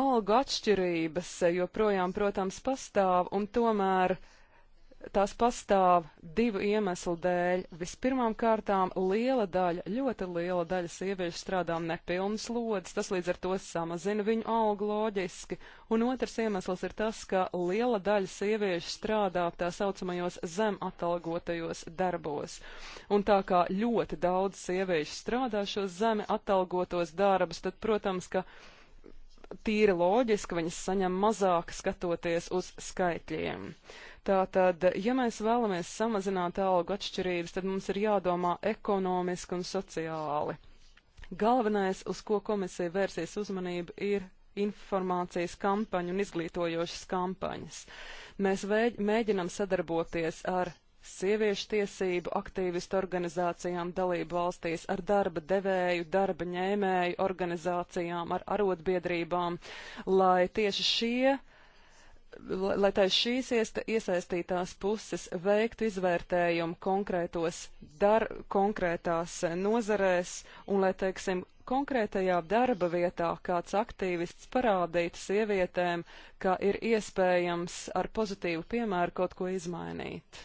Algu atšķirības joprojām, protams, pastāv, un tomēr uh, tās pastāv divu iemeslu dēļ. Vispirmām kārtām liela daļa, ļoti liela daļa sieviešu strādā nepilnas lodes, tas līdz ar to samazina viņu algu loģiski. Un otrs iemesls ir tas, ka liela daļa sieviešu strādā tā saucamajos zem atalgotajos darbos. Un tā kā ļoti daudz sieviešu strādā šos zemi atalgotos darbus, tad, protams, ka tīri loģiski viņas saņem mazāk skatoties uz skaitļiem. Tātad, ja mēs vēlamies samazināt algu atšķirības, tad mums ir jādomā ekonomiski un sociāli. Galvenais, uz ko komisija vērsīs uzmanību, ir informācijas kampaņu un izglītojošas kampaņas. Mēs vēģ, mēģinam sadarboties ar sieviešu tiesību aktīvistu organizācijām dalību valstīs, ar darba devēju, darba ņēmēju organizācijām, ar arotbiedrībām, lai tieši šie lai tā šīs iesta, iesaistītās puses veiktu izvērtējumu konkrētos dar, konkrētās nozarēs un lai, teiksim, konkrētajā darba vietā kāds aktīvists parādītu sievietēm, ka ir iespējams ar pozitīvu piemēru kaut ko izmainīt.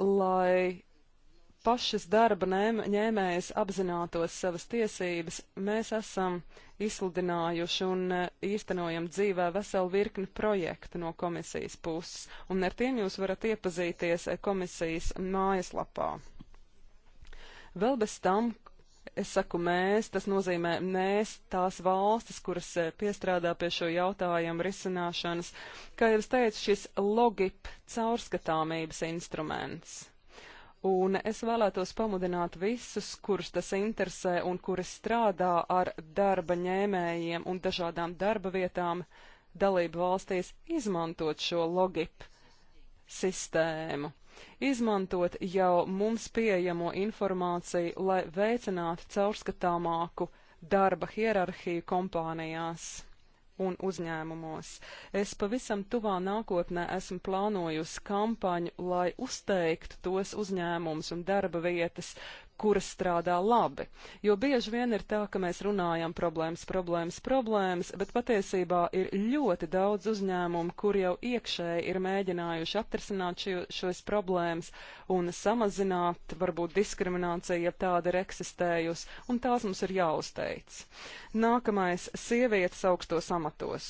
Lai pašas darba ņēmējas apzinātos savas tiesības, mēs esam izsludinājuši un e, īstenojam dzīvē veselu virkni projektu no komisijas puses, un ar tiem jūs varat iepazīties e, komisijas mājaslapā. Vēl bez tam, es saku mēs, tas nozīmē mēs, tās valstis, kuras e, piestrādā pie šo jautājumu risināšanas, kā jau es teicu, šis logip caurskatāmības instruments. Un es vēlētos pamudināt visus, kurus tas interesē un kuri strādā ar darba ņēmējiem un dažādām darba vietām dalību valstīs, izmantot šo logip sistēmu. Izmantot jau mums pieejamo informāciju, lai veicinātu caurskatāmāku darba hierarhiju kompānijās un uzņēmumos. Es pavisam tuvā nākotnē esmu plānojusi kampaņu, lai uzteiktu tos uzņēmumus un darba vietas, kuras strādā labi. Jo bieži vien ir tā, ka mēs runājam problēmas, problēmas, problēmas, bet patiesībā ir ļoti daudz uzņēmumu, kur jau iekšēji ir mēģinājuši atrisināt šo, šos problēmas un samazināt varbūt diskrimināciju, ja tāda ir eksistējusi, un tās mums ir jāuzteic. Nākamais - sievietes augstos amatos.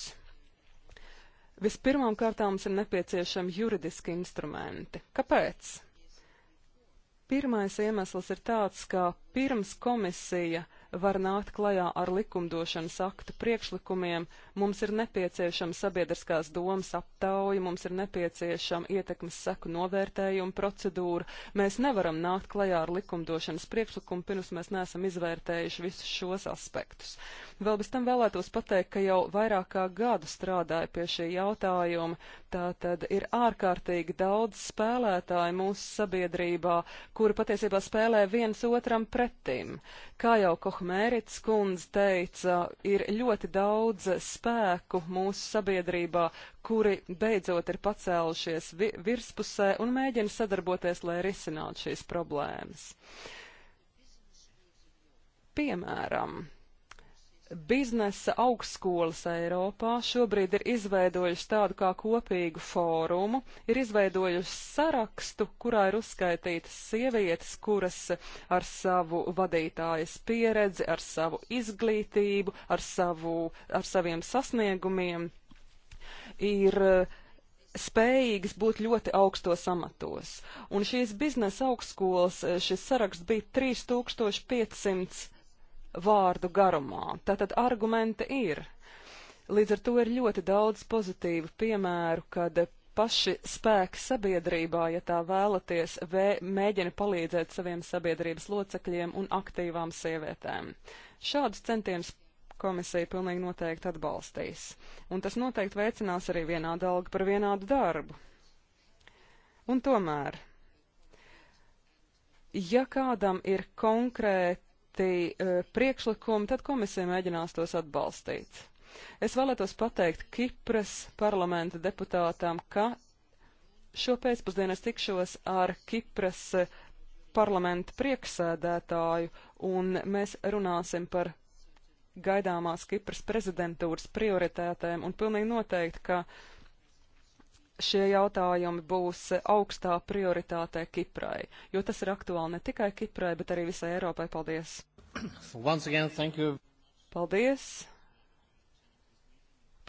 Vispirmām kārtām mums ir nepieciešami juridiski instrumenti. Kāpēc? Pirmais iemesls ir tāds, ka pirms komisija var nākt klajā ar likumdošanas aktu priekšlikumiem, mums ir nepieciešama sabiedriskās domas aptauja, mums ir nepieciešama ietekmes seku novērtējuma procedūra. Mēs nevaram nākt klajā ar likumdošanas priekšlikumu, pirms mēs neesam izvērtējuši visus šos aspektus. Vēl bez tam vēlētos pateikt, ka jau vairāk kā gadu strādāju pie šī jautājuma, Tātad ir ārkārtīgi daudz spēlētāju mūsu sabiedrībā, kuri patiesībā spēlē viens otram pretim. Kā jau Kohmērits kundze teica, ir ļoti daudz spēku mūsu sabiedrībā, kuri beidzot ir pacēlušies vi virspusē un mēģina sadarboties, lai risinātu šīs problēmas. Piemēram, Biznesa augstskolas Eiropā šobrīd ir izveidojuši tādu kā kopīgu fórumu, ir izveidojuši sarakstu, kurā ir uzskaitītas sievietes, kuras ar savu vadītājas pieredzi, ar savu izglītību, ar, savu, ar saviem sasniegumiem ir eh, spējīgas būt ļoti augstos amatos. Un šīs biznesa augstskolas eh, šis saraksts bija 3500 vārdu garumā. Tātad argumenti ir. Līdz ar to ir ļoti daudz pozitīvu piemēru, kad paši spēki sabiedrībā, ja tā vēlaties, vē, mēģina palīdzēt saviem sabiedrības locekļiem un aktīvām sievietēm. Šādus centienus komisija pilnīgi noteikti atbalstīs, un tas noteikti veicinās arī vienādu algu par vienādu darbu. Un tomēr, ja kādam ir konkrēti citi uh, priekšlikumi, tad komisija mēģinās tos atbalstīt. Es vēlētos pateikt Kipras parlamenta deputātām, ka šo pēcpusdienu es tikšos ar Kipras eh, parlamenta prieksēdētāju, un mēs runāsim par gaidāmās Kipras prezidentūras prioritētēm, un pilnīgi noteikti, ka uh, šie jautājumi būs augstā prioritātē Kiprai, jo tas ir aktuāli ne tikai Kiprai, bet arī visai Eiropai. Paldies! Again, Paldies!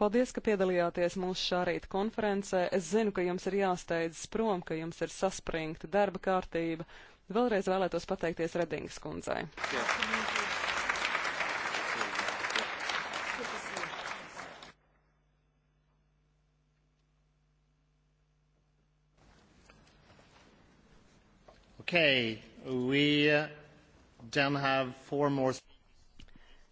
Paldies, ka piedalījāties mūsu šā rīta konferencē. Es zinu, ka jums ir jāsteidzas prom, ka jums ir saspringta darba kārtība. Vēlreiz vēlētos pateikties Redingas kundzei. Yeah. Okay, we uh, then have four more.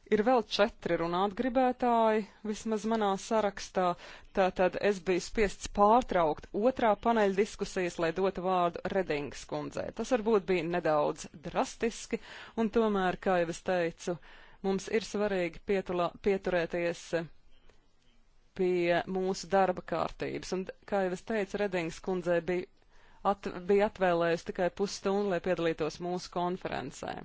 Ir vēl četri runāt gribētāji, vismaz manā sarakstā, tātad es biju spiests pārtraukt otrā paneļa diskusijas, lai dotu vārdu Redingas kundzē. Tas varbūt bija nedaudz drastiski, un tomēr, kā jau es teicu, mums ir svarīgi pietulā, pieturēties pie mūsu darba kārtības, un, kā jau es teicu, Redingas kundzē bija at, bija atvēlējis tikai pusstundu, lai piedalītos mūsu konferencē.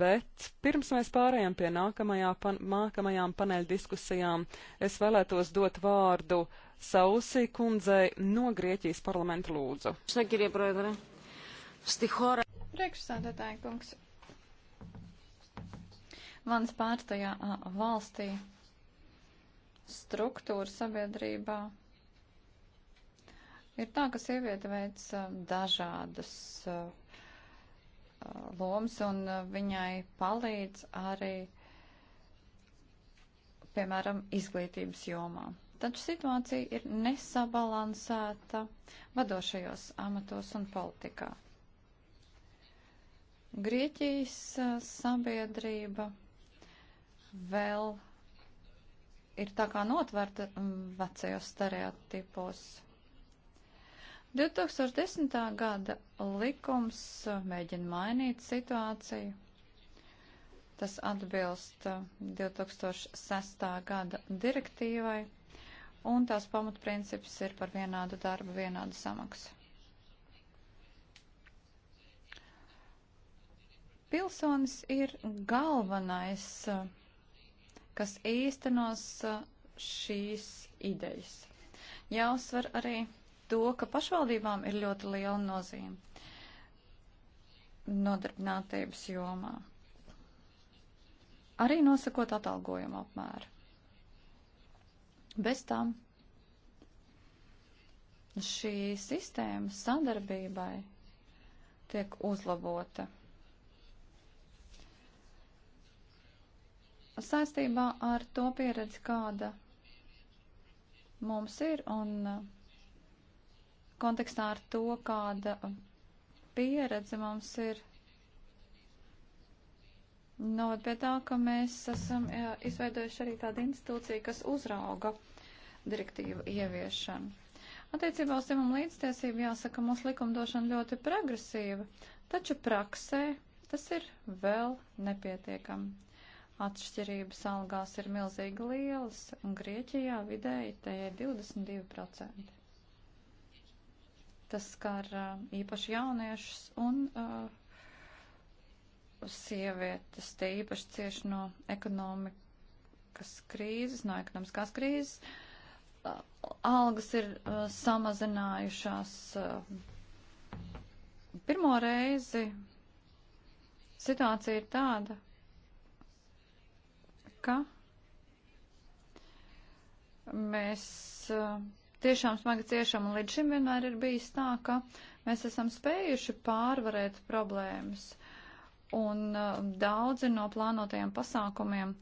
Bet pirms mēs pārējām pie nākamajā pan, nākamajām paneļdiskusijām, es vēlētos dot vārdu Sausī kundzei no Grieķijas parlamenta lūdzu. Priekšsēdētāji kungs, mans pārstajā valstī struktūra sabiedrībā Ir tā, ka sieviete veic dažādas lomas un viņai palīdz arī, piemēram, izglītības jomā. Taču situācija ir nesabalansēta vadošajos amatos un politikā. Grieķijas sabiedrība vēl ir tā kā notverta vecajos stereotipos. 2010. gada likums uh, mēģina mainīt situāciju. Tas atbilst 2006. Uh, gada direktīvai, un tās pamatprincips ir par vienādu darbu, vienādu samaksu. Pilsonis ir galvenais, uh, kas īstenos šīs idejas. Jāuzsver arī to, ka pašvaldībām ir ļoti liela nozīme nodarbinātības jomā. Arī nosakot atalgojumu apmēru. Bez tam šī sistēma sadarbībai tiek uzlabota. Saistībā ar to pieredzi, kāda mums ir, un kontekstā ar to, kāda pieredze mums ir novad pie tā, ka mēs esam jā, izveidojuši arī tādu institūciju, kas uzrauga direktīvu ieviešanu. Attiecībā uz dzimumu līdztiesību jāsaka, mūsu likumdošana ļoti progresīva, taču praksē tas ir vēl nepietiekami. Atšķirības algās ir milzīgi lielas, un Grieķijā vidēji tie ir 22%. Tas skar īpaši jauniešus un uh, sievietes, tie īpaši cieši no ekonomikas krīzes, no ekonomiskās krīzes. Uh, algas ir uh, samazinājušās pirmo reizi. Situācija ir tāda, ka mēs tiešām smagi ciešam, un līdz šim vienmēr ir bijis tā, ka mēs esam spējuši pārvarēt problēmas, un uh, daudzi no plānotajiem pasākumiem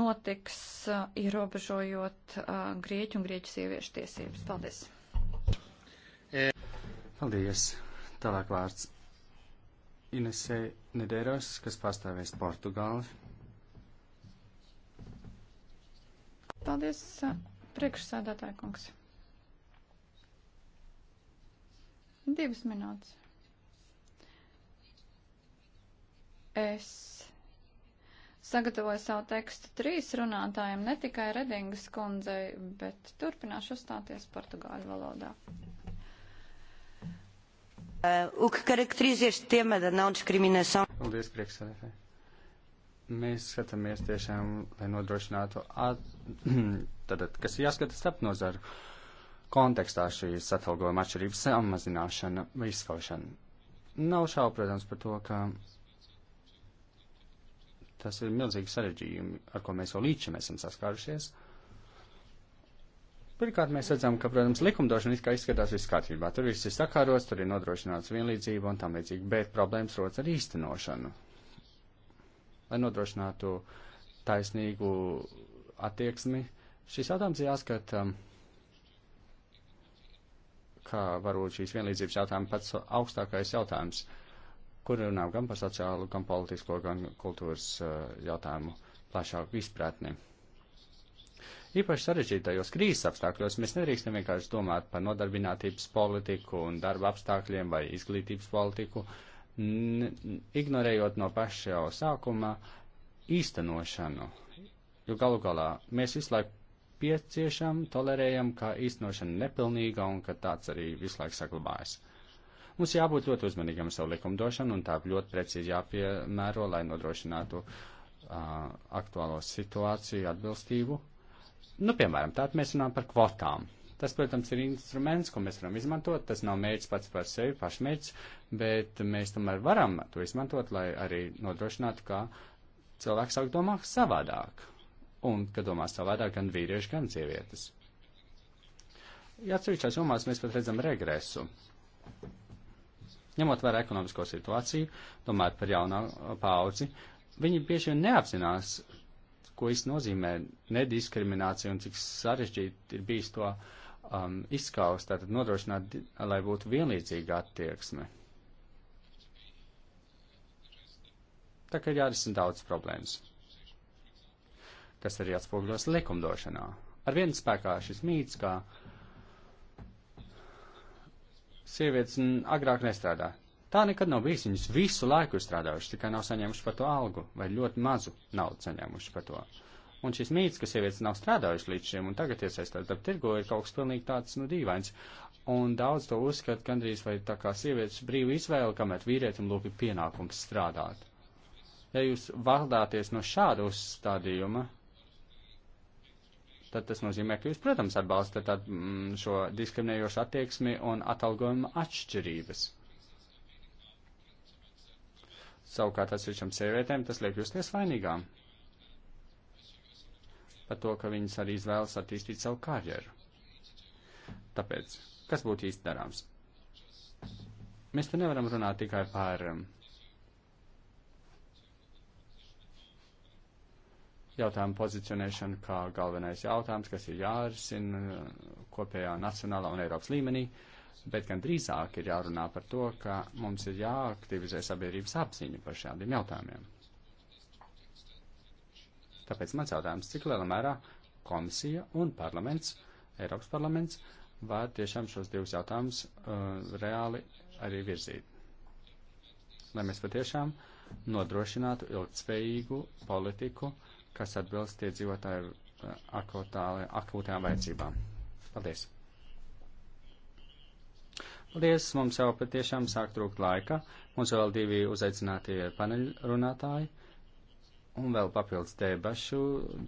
notiks uh, ierobežojot uh, grieķu un grieķu sieviešu tiesības. Paldies! E. Paldies! Tālāk vārds Inesē Nederos, kas pārstāvēs Portugāli. Paldies, uh, priekšsādātāja kungs. Divas minūtes. Es sagatavoju savu tekstu trīs runātājiem, ne tikai Redingas kundzei, bet turpināšu uzstāties portugāļu valodā. Uh, o que caracteriza este tema da não discriminação? Paldies, priekšsēdētāji. Mēs skatāmies tiešām, lai nodrošinātu, at... tad, kas jāskatās ap nozaru. Uh, kontekstā šīs atalgojuma atšķirības samazināšana vai izskaušana. Nav šaubu, protams, par to, ka tas ir milzīgi sarežģījumi, ar ko mēs jau līdz šim esam saskārušies. Pirmkārt, mēs redzam, ka, protams, likumdošana it kā izskatās viss kārtībā. Tur viss ir sakārots, tur ir nodrošināts vienlīdzība un tam līdzīgi, bet problēmas rodas ar īstenošanu. Lai nodrošinātu taisnīgu attieksmi, šis jautājums jāskata. Um, kā varbūt šīs vienlīdzības jautājums pats augstākais jautājums, kur runām gan par sociālu, gan politisko, gan kultūras eh, jautājumu plašāku izpratni. Īpaši sarežģītajos krīzes apstākļos mēs nedrīkstam vienkārši domāt par nodarbinātības politiku un darba apstākļiem vai izglītības politiku, ignorējot no paša jau sākuma īstenošanu. Jo galu galā mēs visu laiku pieciešam, tolerējam, ka īstenošana nepilnīga un ka tāds arī visu laiku saglabājas. Mums jābūt ļoti uzmanīgam savu likumdošanu un tā ļoti precīzi jāpiemēro, lai nodrošinātu uh, aktuālo situāciju atbilstību. Nu, piemēram, tātad mēs runājam par kvotām. Tas, protams, ir instruments, ko mēs varam izmantot. Tas nav mērķis pats par sevi, pašmērķis, bet mēs tomēr varam to izmantot, lai arī nodrošinātu, ka cilvēks sāk domāt savādāk un ka domā savādāk gan vīrieši, gan sievietes. Ja atsevišķās jomās mēs pat redzam regresu. Ņemot vērā ekonomisko situāciju, domājot par jaunā paudzi, viņi bieži vien neapzinās, ko īsti nozīmē nediskriminācija un cik sarežģīti ir bijis to um, izskaust, tātad nodrošināt, lai būtu vienlīdzīga attieksme. Tā kā ir jārisina daudz problēmas. Tas arī atspoguļos likumdošanā. Ar vienu spēkā šis mīts, ka sievietes agrāk nestrādā. Tā nekad nav bijis. Viņas visu laiku strādājuši, tikai nav saņēmuši par to algu vai ļoti mazu naudu saņēmuši par to. Un šis mīts, ka sievietes nav strādājušas līdz šim un tagad iesaistās darba tirgo, ir kaut kas pilnīgi tāds, nu, dīvains. Un daudz to uzskata gandrīz vai tā kā sievietes brīvu izvēli, kamēr vīrietim lūk ir pienākums strādāt. Ja jūs valdāties no šāda uzstādījuma, tad tas nozīmē, ka jūs, protams, atbalstat at, m, mm, šo diskriminējošu attieksmi un atalgojuma atšķirības. Savukārt atsevišķam sievietēm tas liek justies vainīgām par to, ka viņas arī izvēlas attīstīt savu karjeru. Tāpēc, kas būtu īsti darāms? Mēs te nevaram runāt tikai par um, jautājumu pozicionēšanu kā galvenais jautājums, kas ir jārisina uh, kopējā nacionālā un Eiropas līmenī, bet gan drīzāk ir jārunā par to, ka mums ir jāaktivizē sabiedrības apziņa par šādiem jautājumiem. Tāpēc mans jautājums, cik lielā mērā komisija un parlaments, Eiropas parlaments, var tiešām šos divus jautājumus uh, reāli arī virzīt. Lai mēs patiešām nodrošinātu ilgtspējīgu politiku uh, kas atbilst tie dzīvotāju eh, akūtām vajadzībām. Paldies! Paldies! Mums jau patiešām sāk trūkt laika. Mums vēl divi uzaicinātie paneļrunātāji un vēl papildus debašu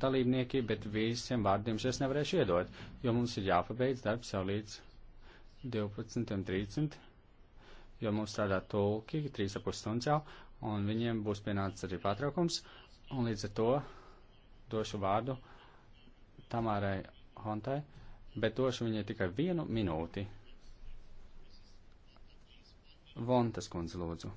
dalībnieki, bet visiem vārdiem šeit nevarēšu iedot, jo mums ir jāpabeidz darbs jau līdz 12.30, jo mums strādā tulki 3,5 stundas jau, un viņiem būs pienācis arī pārtraukums, un līdz ar to došu vārdu Tamārai Hontai, bet došu viņai tikai vienu minūti. Vontas kundze lūdzu.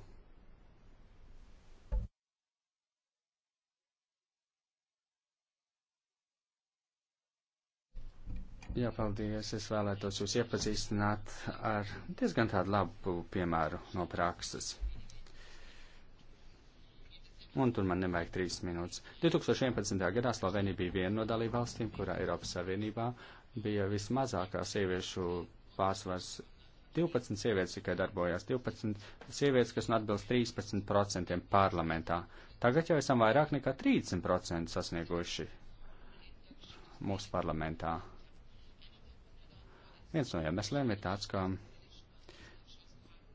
Jā, paldies. Es vēlētos jūs iepazīstināt ar diezgan tādu labu piemēru no prakses un tur man nevajag trīs minūtes. 2011. gadā Slovenija bija viena no dalībvalstīm, kurā Eiropas Savienībā bija vismazākā sieviešu pārsvars. 12 sievietes tikai darbojās, 12 sievietes, kas nu atbilst 13% parlamentā. Tagad jau esam vairāk nekā 30% sasnieguši mūsu parlamentā. Viens no iemesliem ir tāds, ka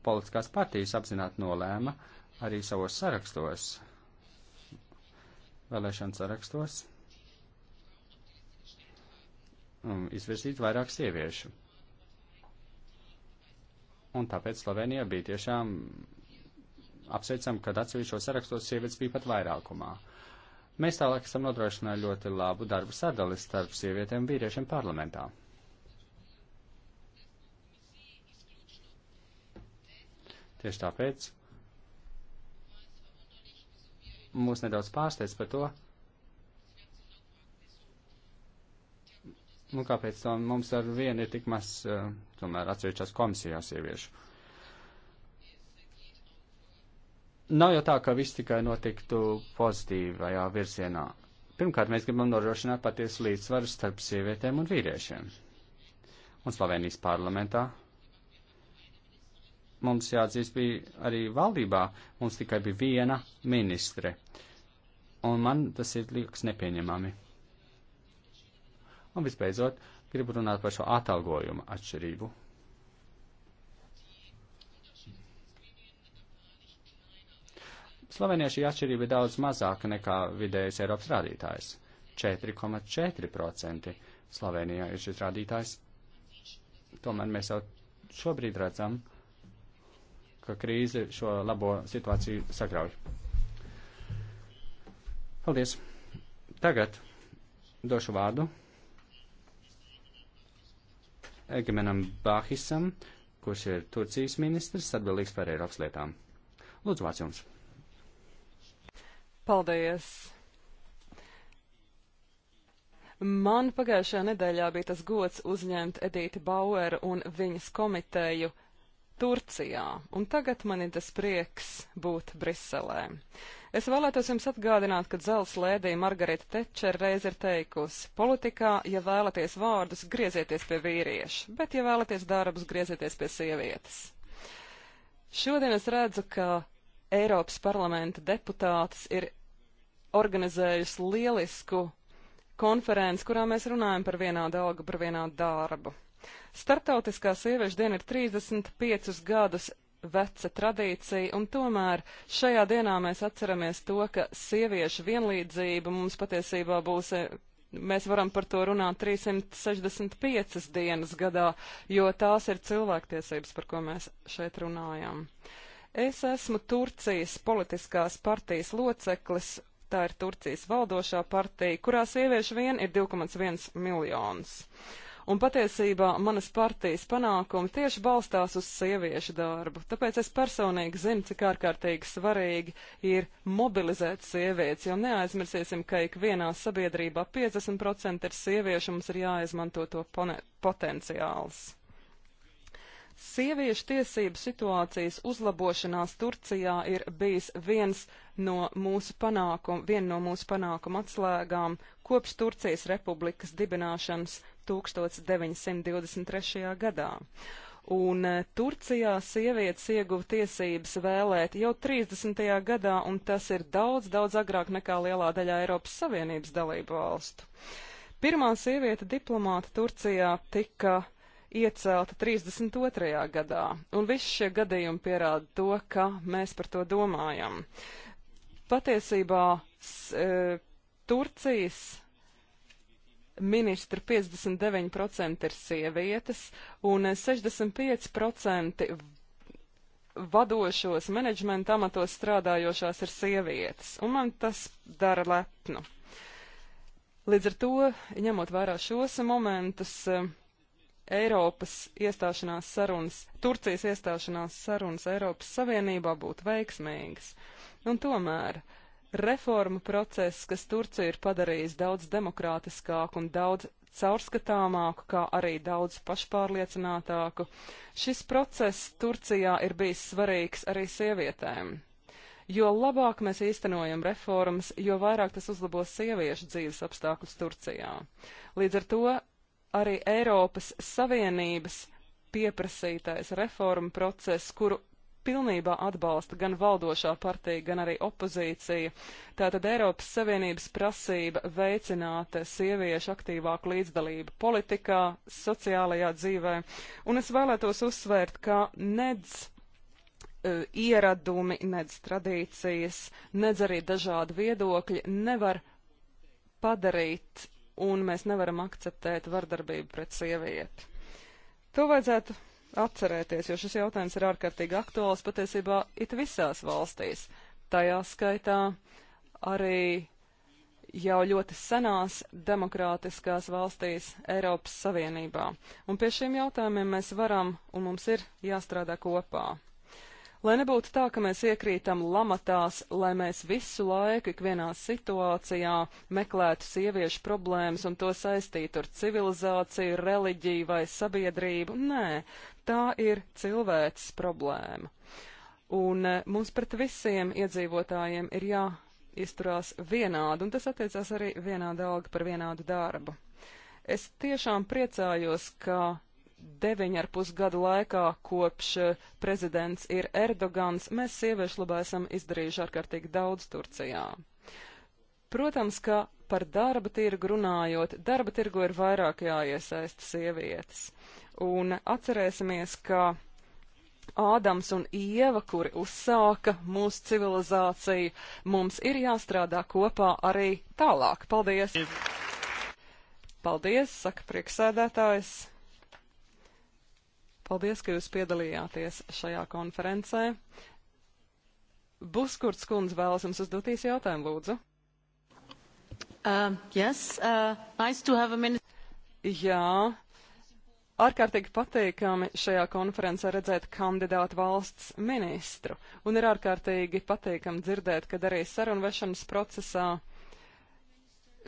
politiskās partijas apzināti nolēma arī savos sarakstos vēlēšana sarakstos um, izvirzīt vairāk sieviešu. Un tāpēc Slovenijā bija tiešām apsveicam, ka atsevišķos sarakstos sievietes bija pat vairākumā. Mēs tālāk esam nodrošinājuši ļoti labu darbu sadali starp sievietēm un vīriešiem parlamentā. Tieši tāpēc mūs nedaudz pārsteidz par to, nu, kāpēc to mums ar vienu ir tik maz, uh, tomēr, atsevišķās komisijās ieviešu. Nav jau tā, ka viss tikai notiktu pozitīvajā virzienā. Pirmkārt, mēs gribam nodrošināt patiesu līdzsvaru starp sievietēm un vīriešiem. Un Slovenijas parlamentā mums jāatzīst, bija arī valdībā, mums tikai bija viena ministre. Un man tas ir liekas nepieņemami. Un visbeidzot, gribu runāt par šo atalgojumu atšķirību. Slovenijā šī atšķirība ir daudz mazāka nekā vidējais Eiropas rādītājs. 4,4% Slovenijā ir šis rādītājs. Tomēr mēs jau šobrīd redzam, uh, ka krīze šo labo situāciju sagrauj. Paldies! Tagad došu vārdu Egemenam Bāhisam, kurš ir Turcijas ministrs atbildīgs par Eiropas lietām. Lūdzu, vārds jums! Paldies! Man pagājušajā nedēļā bija tas gods uzņemt Edīti Baueru un viņas komiteju Turcijā, un tagad man ir tas prieks būt Briselē. Es vēlētos jums atgādināt, ka dzels lēdī Margarita Tečer reiz ir teikusi, politikā, ja vēlaties vārdus, griezieties pie vīrieša, bet ja vēlaties darbus, griezieties pie sievietes. Šodien es redzu, ka Eiropas parlamenta deputātas ir organizējusi lielisku konferenci, kurā mēs runājam par vienādu algu, par vienādu darbu. Startautiskā sieviešu diena ir 35 gadus veca tradīcija, un tomēr šajā dienā mēs atceramies to, ka sieviešu vienlīdzība mums patiesībā būs. E, mēs varam par to runāt 365 dienas gadā, jo tās ir cilvēktiesības, par ko mēs šeit runājam. Es esmu Turcijas politiskās partijas loceklis, tā ir Turcijas valdošā partija, kurā sieviešu vien ir 2,1 miljonus. Uh, Un patiesībā manas partijas panākumi tieši balstās uz sieviešu darbu. Tāpēc es personīgi zinu, cik ārkārtīgi svarīgi ir mobilizēt sievietes, jo neaizmirsīsim, ka ikvienā sabiedrībā 50% ir sieviešu, mums ir jāizmanto to potenciāls. Sieviešu tiesību situācijas uzlabošanās Turcijā ir bijis viens no mūsu panākumu, viena no mūsu panākumu atslēgām kopš Turcijas republikas dibināšanas 1923. gadā. Un eh, Turcijā sievietes ieguva tiesības vēlēt jau 30. gadā, un tas ir daudz, daudz agrāk nekā lielā daļā Eiropas Savienības dalību valstu. Pirmā sieviete diplomāta Turcijā tika iecelta 32. gadā, un visi šie gadījumi pierāda to, ka mēs par to domājam. Patiesībā s, e, Turcijas ministru 59% ir sievietes un 65% vadošos menedžmenta amatos strādājošās ir sievietes, un man tas dara lepnu. Līdz ar to, ņemot vērā šos momentus, Eiropas iestāšanās sarunas, Turcijas iestāšanās sarunas Eiropas Savienībā būtu veiksmīgas. Un tomēr uh, reformu process, kas Turciju ir padarījis daudz demokrātiskāku un daudz caurskatāmāku, kā arī daudz pašpārliecinātāku. Šis process Turcijā ir bijis svarīgs arī sievietēm. Jo labāk mēs īstenojam reformas, jo vairāk tas uzlabos sieviešu dzīves apstākļus Turcijā. Līdz ar to arī Eiropas Savienības pieprasītais reforma process, kuru pilnībā atbalsta gan valdošā partija, gan arī opozīcija. Tātad Eiropas Savienības prasība veicināt sieviešu aktīvāku līdzdalību politikā, sociālajā dzīvē. Un es vēlētos uzsvērt, ka nedz e, ieradumi, nedz tradīcijas, nedz arī dažādi viedokļi nevar padarīt, un mēs nevaram akceptēt vardarbību pret sievieti. To vajadzētu atcerēties, jo šis jautājums ir ārkārtīgi aktuāls patiesībā it visās valstīs. Tajā skaitā arī jau ļoti senās demokrātiskās valstīs Eiropas Savienībā. Un pie šiem jautājumiem mēs varam un mums ir jāstrādā kopā. Lai nebūtu tā, ka mēs iekrītam lamatās, lai mēs visu laiku, ikvienā situācijā meklētu sieviešu problēmas un to saistītu ar civilizāciju, reliģiju vai sabiedrību. Nē, tā ir cilvēks problēma. Un eh, mums pret visiem iedzīvotājiem ir jā izturās vienādi, un tas attiecās arī vienāda alga par vienādu darbu. Es tiešām priecājos, ka deviņu ar pus gadu laikā, kopš eh, prezidents ir Erdogans, mēs sieviešu labā esam izdarījuši ārkārtīgi daudz Turcijā. Protams, ka par darba tirgu runājot, darba tirgu ir vairāk jāiesaista sievietes. Un atcerēsimies, ka Ādams un Ieva, kuri uzsāka mūsu civilizāciju, mums ir jāstrādā kopā arī tālāk. Paldies! Paldies, saka prieksēdētājs. Paldies, ka jūs piedalījāties šajā konferencē. Buskurts kundze vēlas jums uzdot īsi jautājumu, lūdzu. Uh, yes, uh, nice to have a minute. Jā, ārkārtīgi patīkami šajā konferencē redzēt kandidātu valsts ministru, un ir ārkārtīgi patīkami dzirdēt, kad arī sarunvešanas procesā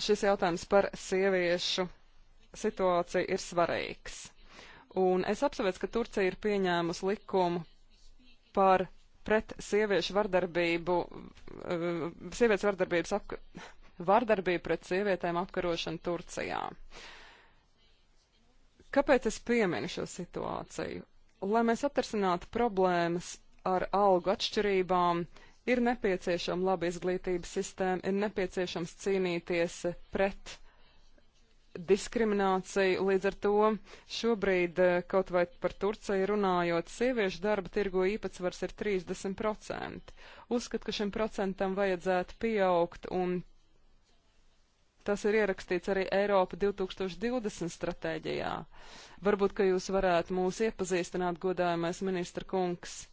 šis jautājums par sieviešu situāciju ir svarīgs. Un es apsveicu, ka Turcija ir pieņēmusi likumu par pret sieviešu vardarbību, eh, sievietes vardarbības apka, vardarbību pret sievietēm apkarošanu Turcijā. Kāpēc es pieminu šo situāciju? Lai mēs atrasinātu problēmas ar algu atšķirībām, ir nepieciešama laba izglītības sistēma, ir nepieciešams cīnīties pret diskrimināciju. Līdz ar to šobrīd, eh, kaut vai par Turciju runājot, sieviešu darba tirgo īpatsvars ir 30%. Uzskat, ka šim procentam vajadzētu pieaugt un tas ir ierakstīts arī Eiropa 2020 stratēģijā. Varbūt, ka jūs varētu mūs iepazīstināt, godājumais ministra kungs,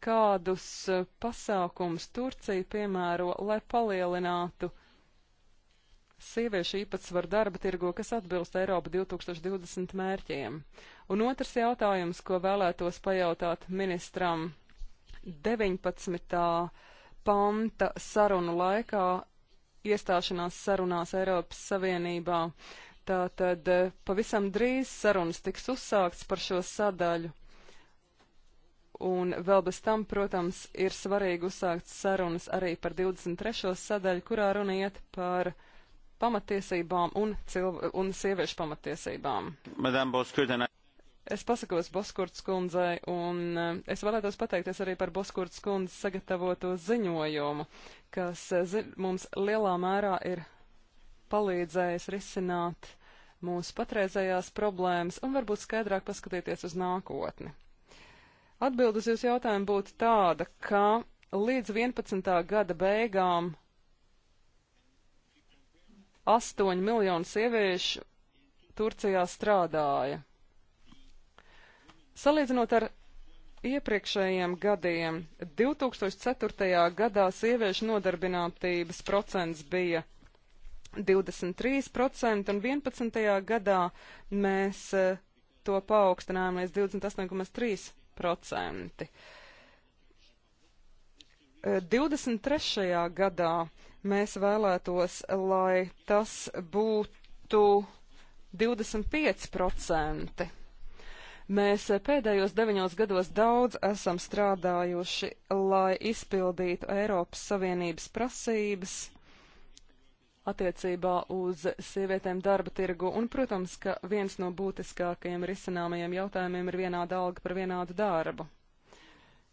kādus eh, pasākums Turcija piemēro, lai palielinātu sieviešu īpatsvaru darba tirgo, kas atbilst Eiropa 2020 mērķiem. Un otrs jautājums, ko vēlētos pajautāt ministram 19. panta sarunu laikā iestāšanās sarunās Eiropas Savienībā. Tātad eh, pavisam drīz sarunas tiks uzsākts par šo sadaļu. Un vēl bez tam, protams, ir svarīgi uzsākt sarunas arī par 23. sadaļu, kurā runiet par uh, pamatiesībām un, cilv, un sieviešu pamatiesībām. Madame Boskurdena. Es pasakos Boskurts kundzei, un eh, es vēlētos pateikties arī par Boskurts kundzes sagatavoto ziņojumu, kas eh, zi, mums lielā mērā ir palīdzējis risināt mūsu patreizējās problēmas un varbūt skaidrāk paskatīties uz nākotni. Atbildes jūs jautājumu būtu tāda, ka līdz 11. gada beigām 8 miljonu sieviešu Turcijā strādāja. Salīdzinot ar iepriekšējiem gadiem, 2004. gadā sieviešu nodarbinātības procents bija 23%, un 11. gadā mēs eh, to paaugstinājām līdz 28,3%. 23. gadā mēs vēlētos, lai tas būtu 25%. Mēs pēdējos deviņos gados daudz esam strādājuši, lai izpildītu Eiropas Savienības prasības attiecībā uz sievietēm darba tirgu. Un, protams, ka viens no būtiskākajiem risināmajiem jautājumiem ir vienāda alga par vienādu darbu.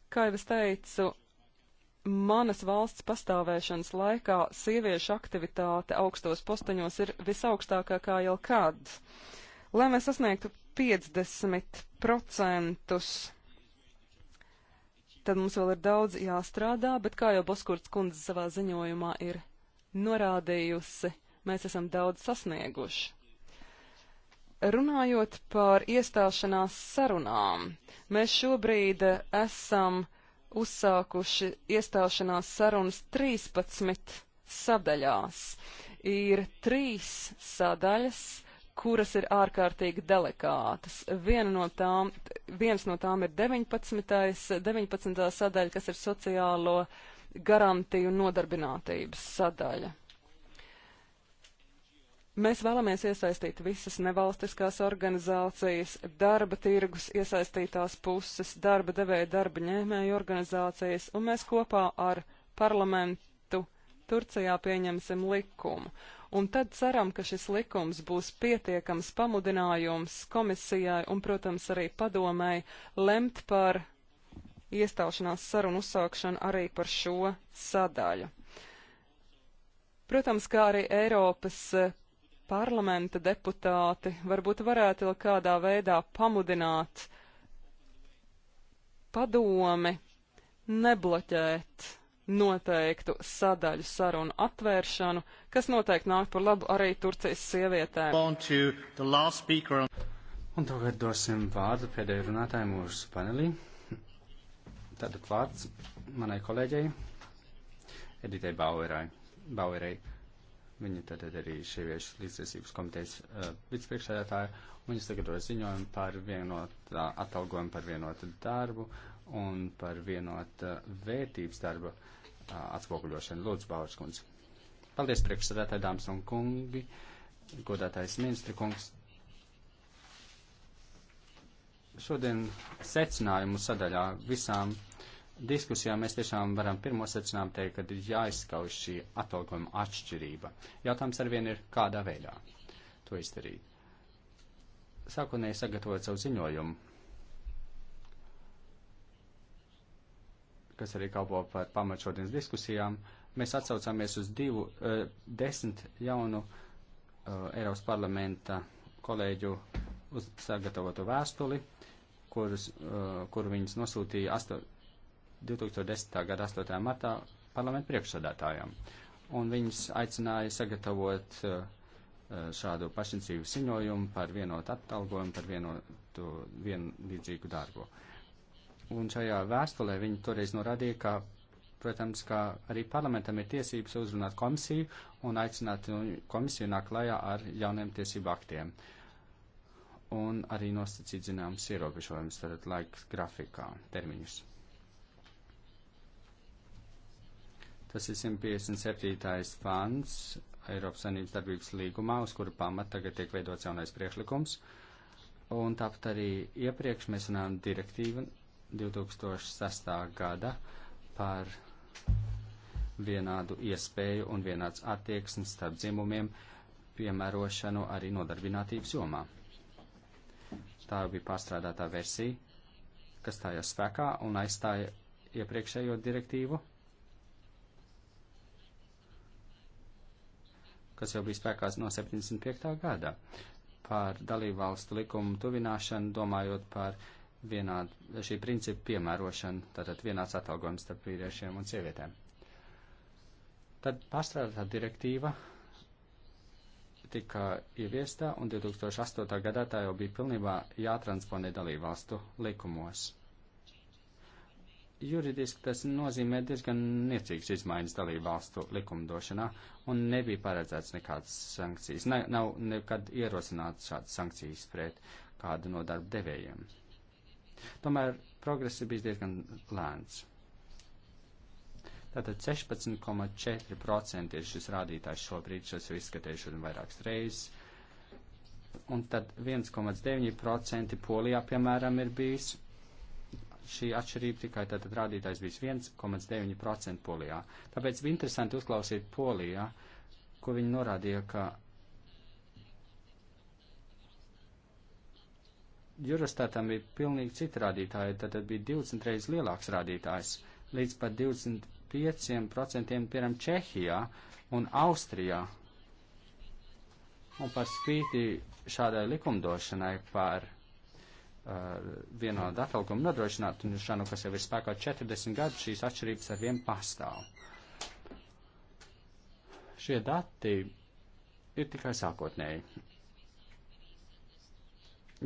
Kā jau es teicu, manas valsts pastāvēšanas laikā sieviešu aktivitāte augstos posteņos ir visaugstākā kā jau kad. Lai mēs sasniegtu 50%, tad mums vēl ir daudz jāstrādā, bet kā jau Boskurts kundze savā ziņojumā ir norādījusi, mēs esam daudz sasnieguši. Runājot par iestāšanās sarunām, mēs šobrīd esam uh, uzsākuši iestāšanās sarunas 13 sadaļās. Ir trīs sadaļas, kuras ir ārkārtīgi delikātas. Viena no tām, viens no tām ir 19. 19. sadaļa, kas ir sociālo garantiju nodarbinātības sadaļa. Mēs vēlamies iesaistīt visas nevalstiskās organizācijas, darba tirgus iesaistītās puses, darba devēja darba ņēmēju organizācijas, un mēs kopā ar parlamentu Turcijā pieņemsim likumu. Un tad ceram, ka šis likums būs pietiekams pamudinājums komisijai un, protams, arī padomēji lemt par iestāšanās sarunu uzsākšanu arī par šo sadaļu. Protams, kā arī Eiropas eh, parlamenta deputāti varbūt varētu vēl kādā veidā pamudināt padomi nebloķēt noteiktu sadaļu sarunu atvēršanu, kas noteikti nāk par labu arī Turcijas sievietēm. Un tagad dosim vārdu pēdējai runātājai mūsu panelī. Tātad vārds manai kolēģei Editei Bauerai. Bauerai. Viņa tad arī sieviešu līdztiesības komitejas uh, vicepriekšsēdētāja. Viņa sagatavoja ziņojumu par vienotu atalgojumu, par vienotu darbu un par vienotu vērtības darba uh, atspoguļošanu. Lūdzu, Baurskunds. Paldies, priekšsēdētāji, dāmas un kungi, godātais ministri kungs. Šodien secinājumu sadaļā visām uh, diskusijā mēs tiešām varam pirmo secinājumu teikt, ka ir jāizskauž šī atalgojuma atšķirība. Jautājums ar vienu ir, kādā veidā to izdarīt. Sākotnēji sagatavot savu ziņojumu, kas arī kalpo par pamatu šodienas diskusijām, mēs atsaucāmies uz divu, uh, desmit jaunu uh, Eiropas parlamenta kolēģu uz sagatavotu vēstuli, kurus, uh, kuru viņas nosūtīja 8 2010. gada 8. martā parlamentu priekšsādātājiem, un viņus aicināja sagatavot uh, šādu pašinicīvu ziņojumu par vienotu atalgojumu, par vienotu vienlīdzīgu darbu. Un šajā vēstulē viņi toreiz norādīja, ka, protams, ka arī parlamentam ir tiesības uzrunāt komisiju un aicināt nu, komisiju nāk klajā ar jauniem tiesību aktiem. Un arī nosacīt zināmas ierobežojumus, tātad laika grafikā, termiņus. Tas ir 157. pāns Eiropas Savienības darbības līgumā, uz kura pamata tagad tiek veidots jaunais priekšlikums. Un tāpat arī iepriekš mēs runājam direktīvu 2006. gada par vienādu iespēju un vienāds attieksmes starp dzimumiem piemērošanu arī nodarbinātības jomā. Tā bija pārstrādātā versija, kas stājās spēkā un aizstāja iepriekšējo direktīvu kas jau bija spēkās no 75. gada, par dalībvalstu likumu tuvināšanu, domājot par vienādu šī principu piemērošanu, tātad vienāds atalgojums starp vīriešiem un sievietēm. Tad pārstrādātā direktīva tika ieviesta, un 2008. gadā tā jau bija pilnībā jātransponē dalībvalstu likumos juridiski tas nozīmē diezgan niecīgas izmaiņas dalību valstu likumdošanā un nebija paredzēts nekādas sankcijas. Ne, nav nekad ierosināts šādas sankcijas pret kādu no darba devējiem. Tomēr progress ir bijis diezgan lēns. Tātad 16,4% ir šis rādītājs šobrīd, šo es jau izskatījuši un vairākas reizes. Un tad 1,9% Polijā, piemēram, ir bijis šī atšķirība tikai tātad rādītājs bija 1,9% polijā. Tāpēc bija interesanti uzklausīt polijā, ko viņi norādīja, ka Eurostatam bija pilnīgi citi rādītāji, tātad bija 20 reizes lielāks rādītājs, līdz pat 25% piemēram Čehijā un Austrijā. Un par spīti šādai likumdošanai par Uh, vienādu atalgumu nodrošināt, un šādu, kas jau ir spēkā 40 gadus, šīs atšķirības ar vienu pastāv. Šie dati ir tikai sākotnēji.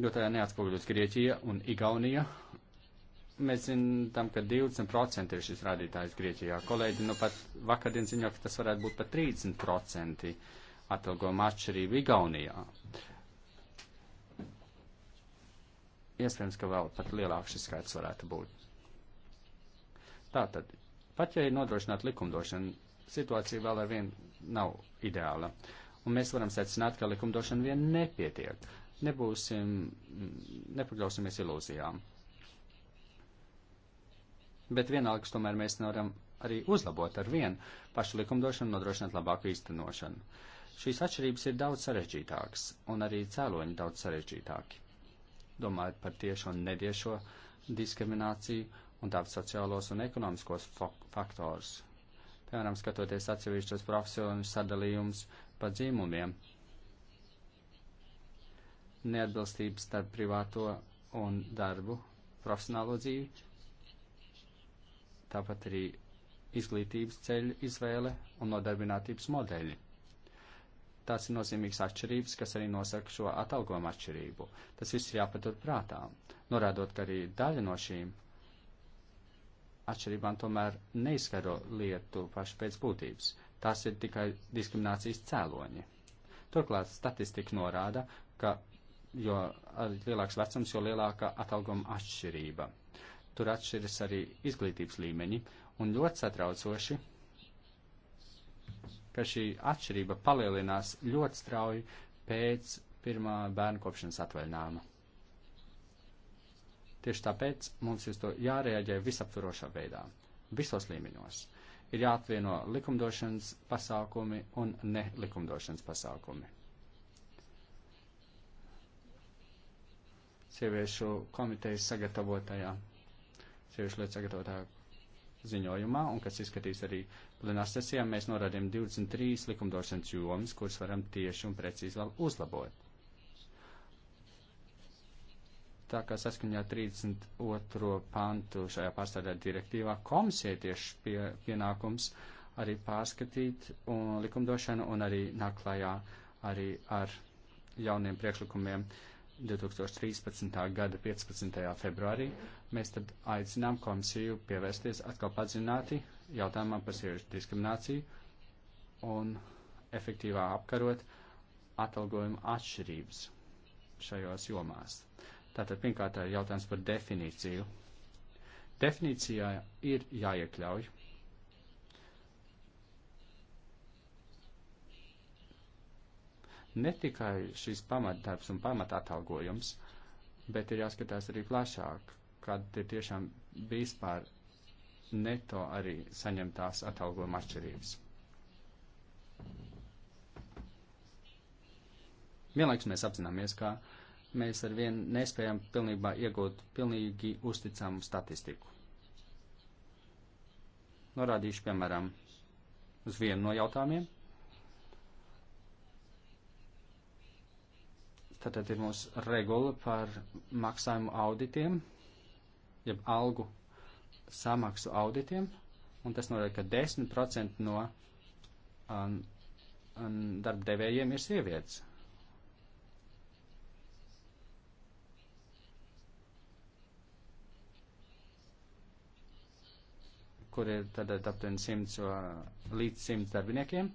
Jo tajā neatspoguļos Grieķija un Igaunija. Mēs zinām, ka 20% ir šis rādītājs Grieķijā. Kolēģi nu pat vakardien ziņo, ka tas varētu būt pat 30% atalgojuma atšķirība Igaunijā. Uh, iespējams, ka vēl pat lielāks šis skaits varētu būt. Tātad, pat ja ir nodrošināta likumdošana, situācija vēl ar vienu nav ideāla. Un mēs varam secināt, ka likumdošana vien nepietiek. Nebūsim, nepakļausimies ilūzijām. Bet vienalga, tomēr mēs varam arī uzlabot ar vienu pašu likumdošanu, nodrošināt labāku īstenošanu. Šīs atšķirības ir daudz sarežģītākas, un arī cēloņi daudz sarežģītāki domājot par tiešo un netiešo diskrimināciju un tāpat sociālos un ekonomiskos faktorus. Piemēram, skatoties atsevišķos profesionāļu sadalījumus pa dzīmumiem, neatbilstības starp privāto un darbu, profesionālo dzīvi, tāpat arī izglītības ceļu izvēle un nodarbinātības modeļi. Tās ir nozīmīgas atšķirības, kas arī nosaka šo atalgojumu atšķirību. Tas viss ir jāpatur prātā, norādot, ka arī daļa no šīm atšķirībām tomēr neizskaro lietu pašu pēc būtības. Tās ir tikai diskriminācijas cēloņi. Turklāt statistika norāda, ka jo lielāks vecums, jo lielāka atalgojuma atšķirība. Tur atšķiras arī izglītības līmeņi, un ļoti satraucoši ka šī atšķirība palielinās ļoti strauji pēc pirmā bērnu kopšanas atvaļinājuma. Tieši tāpēc mums uz to jārēģē visaptvarošā veidā, visos līmeņos. Ir jāatvieno likumdošanas pasākumi un nelikumdošanas pasākumi. Sieviešu komitejas sagatavotajā, sieviešu lietu sagatavotajā ziņojumā un kas izskatīs arī plenārsesijā, mēs norādījām 23 likumdošanas jomas, kuras varam tieši un precīzi vēl uzlabot. Tā kā saskaņā 32. pantu šajā pārstādē direktīvā komisija tieši pie, pienākums arī pārskatīt un likumdošanu un arī nāk klajā arī ar jauniem priekšlikumiem uh, 2013. gada 15. februārī, mēs tad aicinām komisiju pievērsties atkal padzināti jautājumā par sieviešu diskrimināciju un efektīvā apkarot atalgojuma atšķirības šajos jomās. Tātad pirmkārt ir jautājums par definīciju. Definīcijā ir jāiekļauj ne tikai šis pamatdarbs un pamatātalgojums, bet ir jāskatās arī plašāk, kad ir tiešām vispār neto arī saņemtās atalgojuma atšķirības. Vienlaiks mēs apzināmies, ka mēs ar vienu nespējam pilnībā iegūt pilnīgi uzticamu statistiku. Norādīšu, piemēram, uz vienu no jautājumiem Tātad ir mūsu regula par maksājumu auditiem, jeb algu samaksu auditiem, un tas norāda, ka 10% no um, um, darba devējiem ir sievietes. kur ir tad aptuveni 100 uh, līdz 100 darbiniekiem.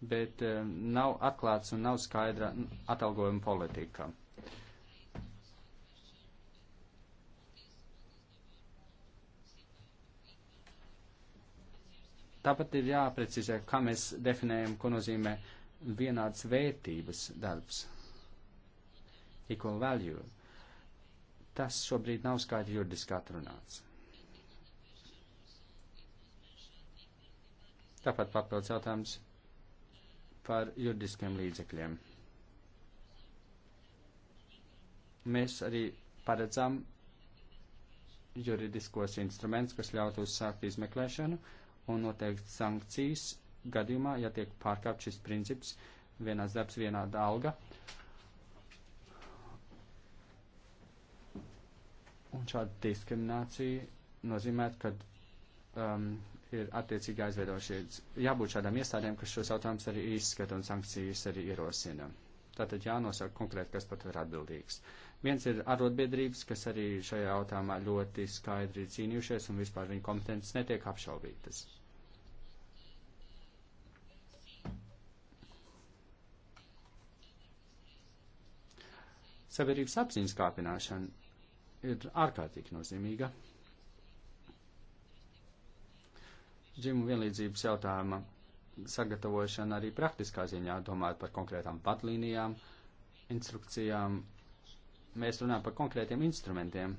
bet eh, nav atklāts un nav skaidra atalgojuma politika. Tāpat ir jāprecizē, kā mēs definējam, ko nozīmē vienāds vērtības darbs. Equal value. Tas šobrīd nav skaidri juridiski atrunāts. Tāpat papildus jautājums par juridiskiem līdzekļiem. Mēs arī paredzam juridiskos instrumentus, kas ļautu uzsākt izmeklēšanu un noteikt sankcijas gadījumā, ja tiek pārkāpt šis princips vienās darbs, vienāda alga. Un šāda diskriminācija nozīmē, ka um, ir attiecīgi jāizveido šīs, jābūt šādām iestādēm, kas šos jautājumus arī izskata un sankcijas arī ierosina. Tātad jānosaka konkrēti, kas pat ir atbildīgs. Viens ir arotbiedrības, kas arī šajā jautājumā ļoti skaidri cīnījušies un vispār viņu kompetences netiek apšaubītas. Sabiedrības apziņas kāpināšana ir ārkārtīgi nozīmīga. dzimumu vienlīdzības jautājuma sagatavošana arī praktiskā ziņā, domājot par konkrētām patlīnijām, instrukcijām. Mēs runājam par konkrētiem instrumentiem.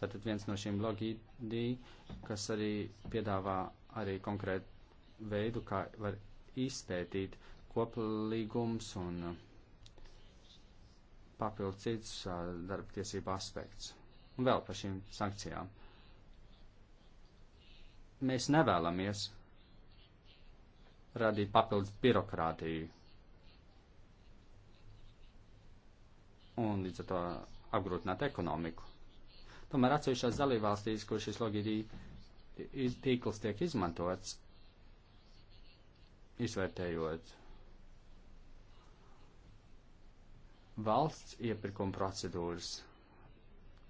Tātad viens no šiem logīdī, kas arī piedāvā arī konkrētu veidu, kā var izpētīt koplīgums un papildu cits darba tiesību aspekts. Un vēl par šīm sankcijām. Mēs nevēlamies radīt papildus birokrātiju. Un līdz ar to apgrūtināt ekonomiku. Tomēr atsevišķās dalībvalstīs, kur šis loģīdī tīkls tiek izmantots, izvērtējot valsts iepirkuma procedūras,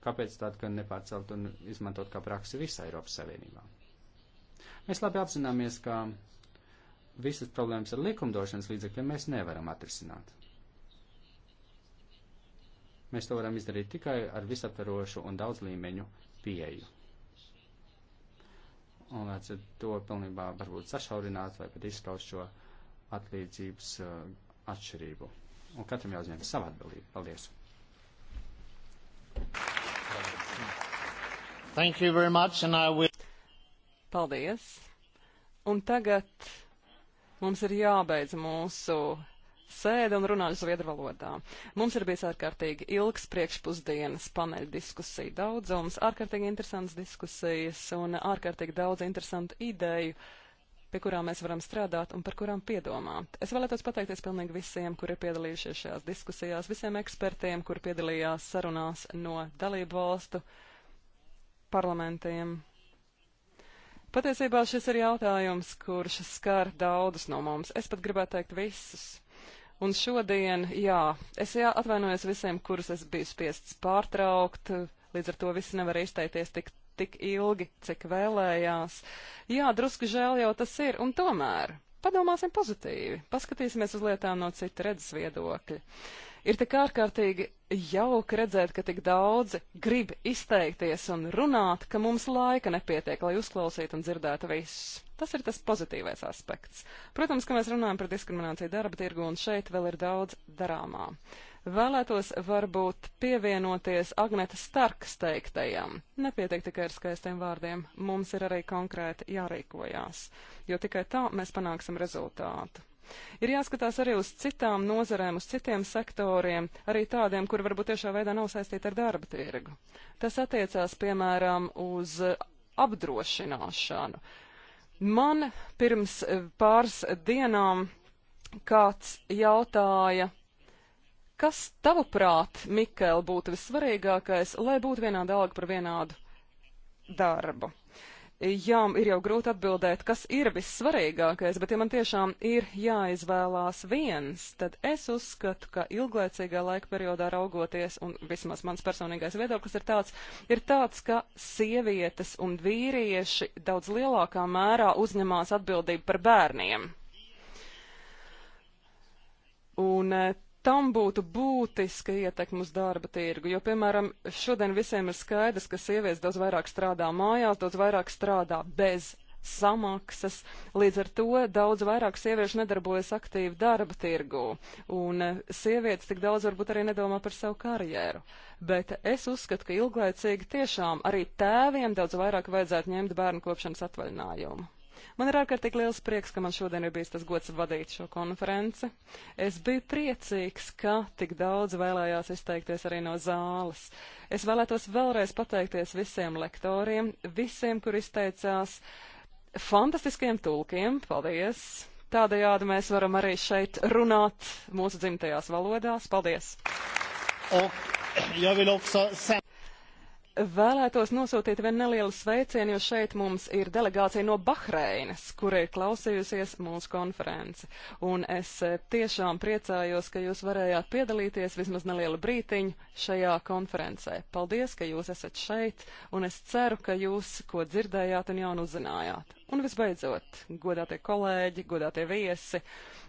kāpēc tādu gan nepārcelt un izmantot kā praksi visā Eiropas Savienībā? Mēs labi apzināmies, ka visas problēmas ar likumdošanas līdzekļiem mēs nevaram atrisināt. Mēs to varam izdarīt tikai ar visaptverošu un daudz līmeņu pieeju. Un līdz ar to pilnībā varbūt sašaurināt vai pat izskaust šo atlīdzības uh, atšķirību. Un katram jāuzņem savu atbildību. Paldies! Thank you very much, and I will. Paldies! Un tagad mums ir jābeidz mūsu sēde un runāšu zviedru valodā. Mums ir bijis ārkārtīgi ilgs priekšpusdienas paneļa diskusija daudzums, ārkārtīgi interesants diskusijas un ārkārtīgi daudz interesantu ideju pie kurām mēs varam strādāt un par kurām piedomāt. Es vēlētos pateikties pilnīgi visiem, kuri ir piedalījušies šajās diskusijās, visiem ekspertiem, kuri piedalījās sarunās no dalību valstu parlamentiem. Patiesībā šis ir jautājums, kurš skar daudzus no mums. Es pat gribētu teikt visus. Un šodien, jā, es jā, atvainojos visiem, kurus es biju spiests pārtraukt, līdz ar to visi nevar izteikties tik, tik ilgi, cik vēlējās. Jā, drusku žēl jau tas ir, un tomēr padomāsim pozitīvi, paskatīsimies uz lietām no cita redzes viedokļa. Ir tik ārkārtīgi jauki redzēt, ka tik daudzi grib izteikties un runāt, ka mums laika nepietiek, lai uzklausītu un dzirdētu visus. Tas ir tas pozitīvais aspekts. Protams, ka mēs runājam par diskrimināciju darba tirgu, un šeit vēl ir daudz darāmā. Vēlētos varbūt pievienoties Agnetas Starks teiktajam. Nepietiek tikai ar skaistiem vārdiem, mums ir arī konkrēti jārīkojās, jo tikai tā mēs panāksim rezultātu. Ir jāskatās arī uz citām nozarēm, uz citiem sektoriem, arī tādiem, kur varbūt tiešā veidā nav saistīti ar darba tirgu. Tas attiecās, piemēram, uz apdrošināšanu. Man pirms eh, pāris dienām kāds jautāja, kas tavuprāt, Mikēl, būtu vissvarīgākais, lai būtu vienāda alga par vienādu darbu jā, ir jau grūti atbildēt, kas ir vissvarīgākais, bet ja man tiešām ir jāizvēlās viens, tad es uzskatu, ka ilglaicīgā laika periodā raugoties, un vismaz mans personīgais viedoklis ir tāds, ir tāds, ka sievietes un vīrieši daudz lielākā mērā uzņemās atbildību par bērniem. Un eh, tam būtu būtiska ietekme uz darba tirgu, jo, piemēram, šodien visiem ir skaidrs, ka sievietes daudz vairāk strādā mājās, daudz vairāk strādā bez samaksas, līdz ar to daudz vairāk sieviešu nedarbojas aktīvi darba tirgu, un sievietes tik daudz varbūt arī nedomā par savu karjeru. Bet es uzskatu, ka ilglaicīgi tiešām arī tēviem daudz vairāk vajadzētu ņemt bērnu kopšanas atvaļinājumu. Man ir ārkārtīgi liels prieks, ka man šodien ir bijis tas gods vadīt šo konferenci. Es biju priecīgs, ka tik daudz vēlējās izteikties arī no zāles. Es vēlētos vēlreiz pateikties visiem lektoriem, visiem, kur izteicās, fantastiskiem tulkiem, paldies! Tādējādi mēs varam arī šeit runāt mūsu dzimtajās valodās. Paldies! Och, Vēlētos nosūtīt vienu nelielu sveicienu, jo šeit mums ir delegācija no Bahreinas, kur ir klausījusies mūsu konferenci. Un es eh, tiešām priecājos, ka jūs varējāt piedalīties vismaz nelielu brītiņu šajā konferencē. Paldies, ka jūs esat šeit, un es ceru, ka jūs ko dzirdējāt un jaunu uzzinājāt. Un visbeidzot, godātie kolēģi, godātie viesi,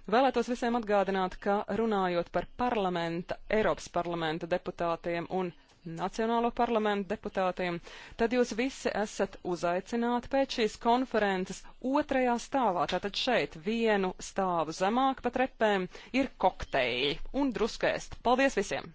vēlētos visiem atgādināt, ka runājot par parlamenta, Eiropas parlamenta deputātiem un Nacionālo parlamentu deputātiem, tad jūs visi esat uzaicināti pēc šīs konferences otrajā stāvā. Tātad šeit vienu stāvu zemāk pa trepēm ir kokteļi un druskēst. Paldies visiem!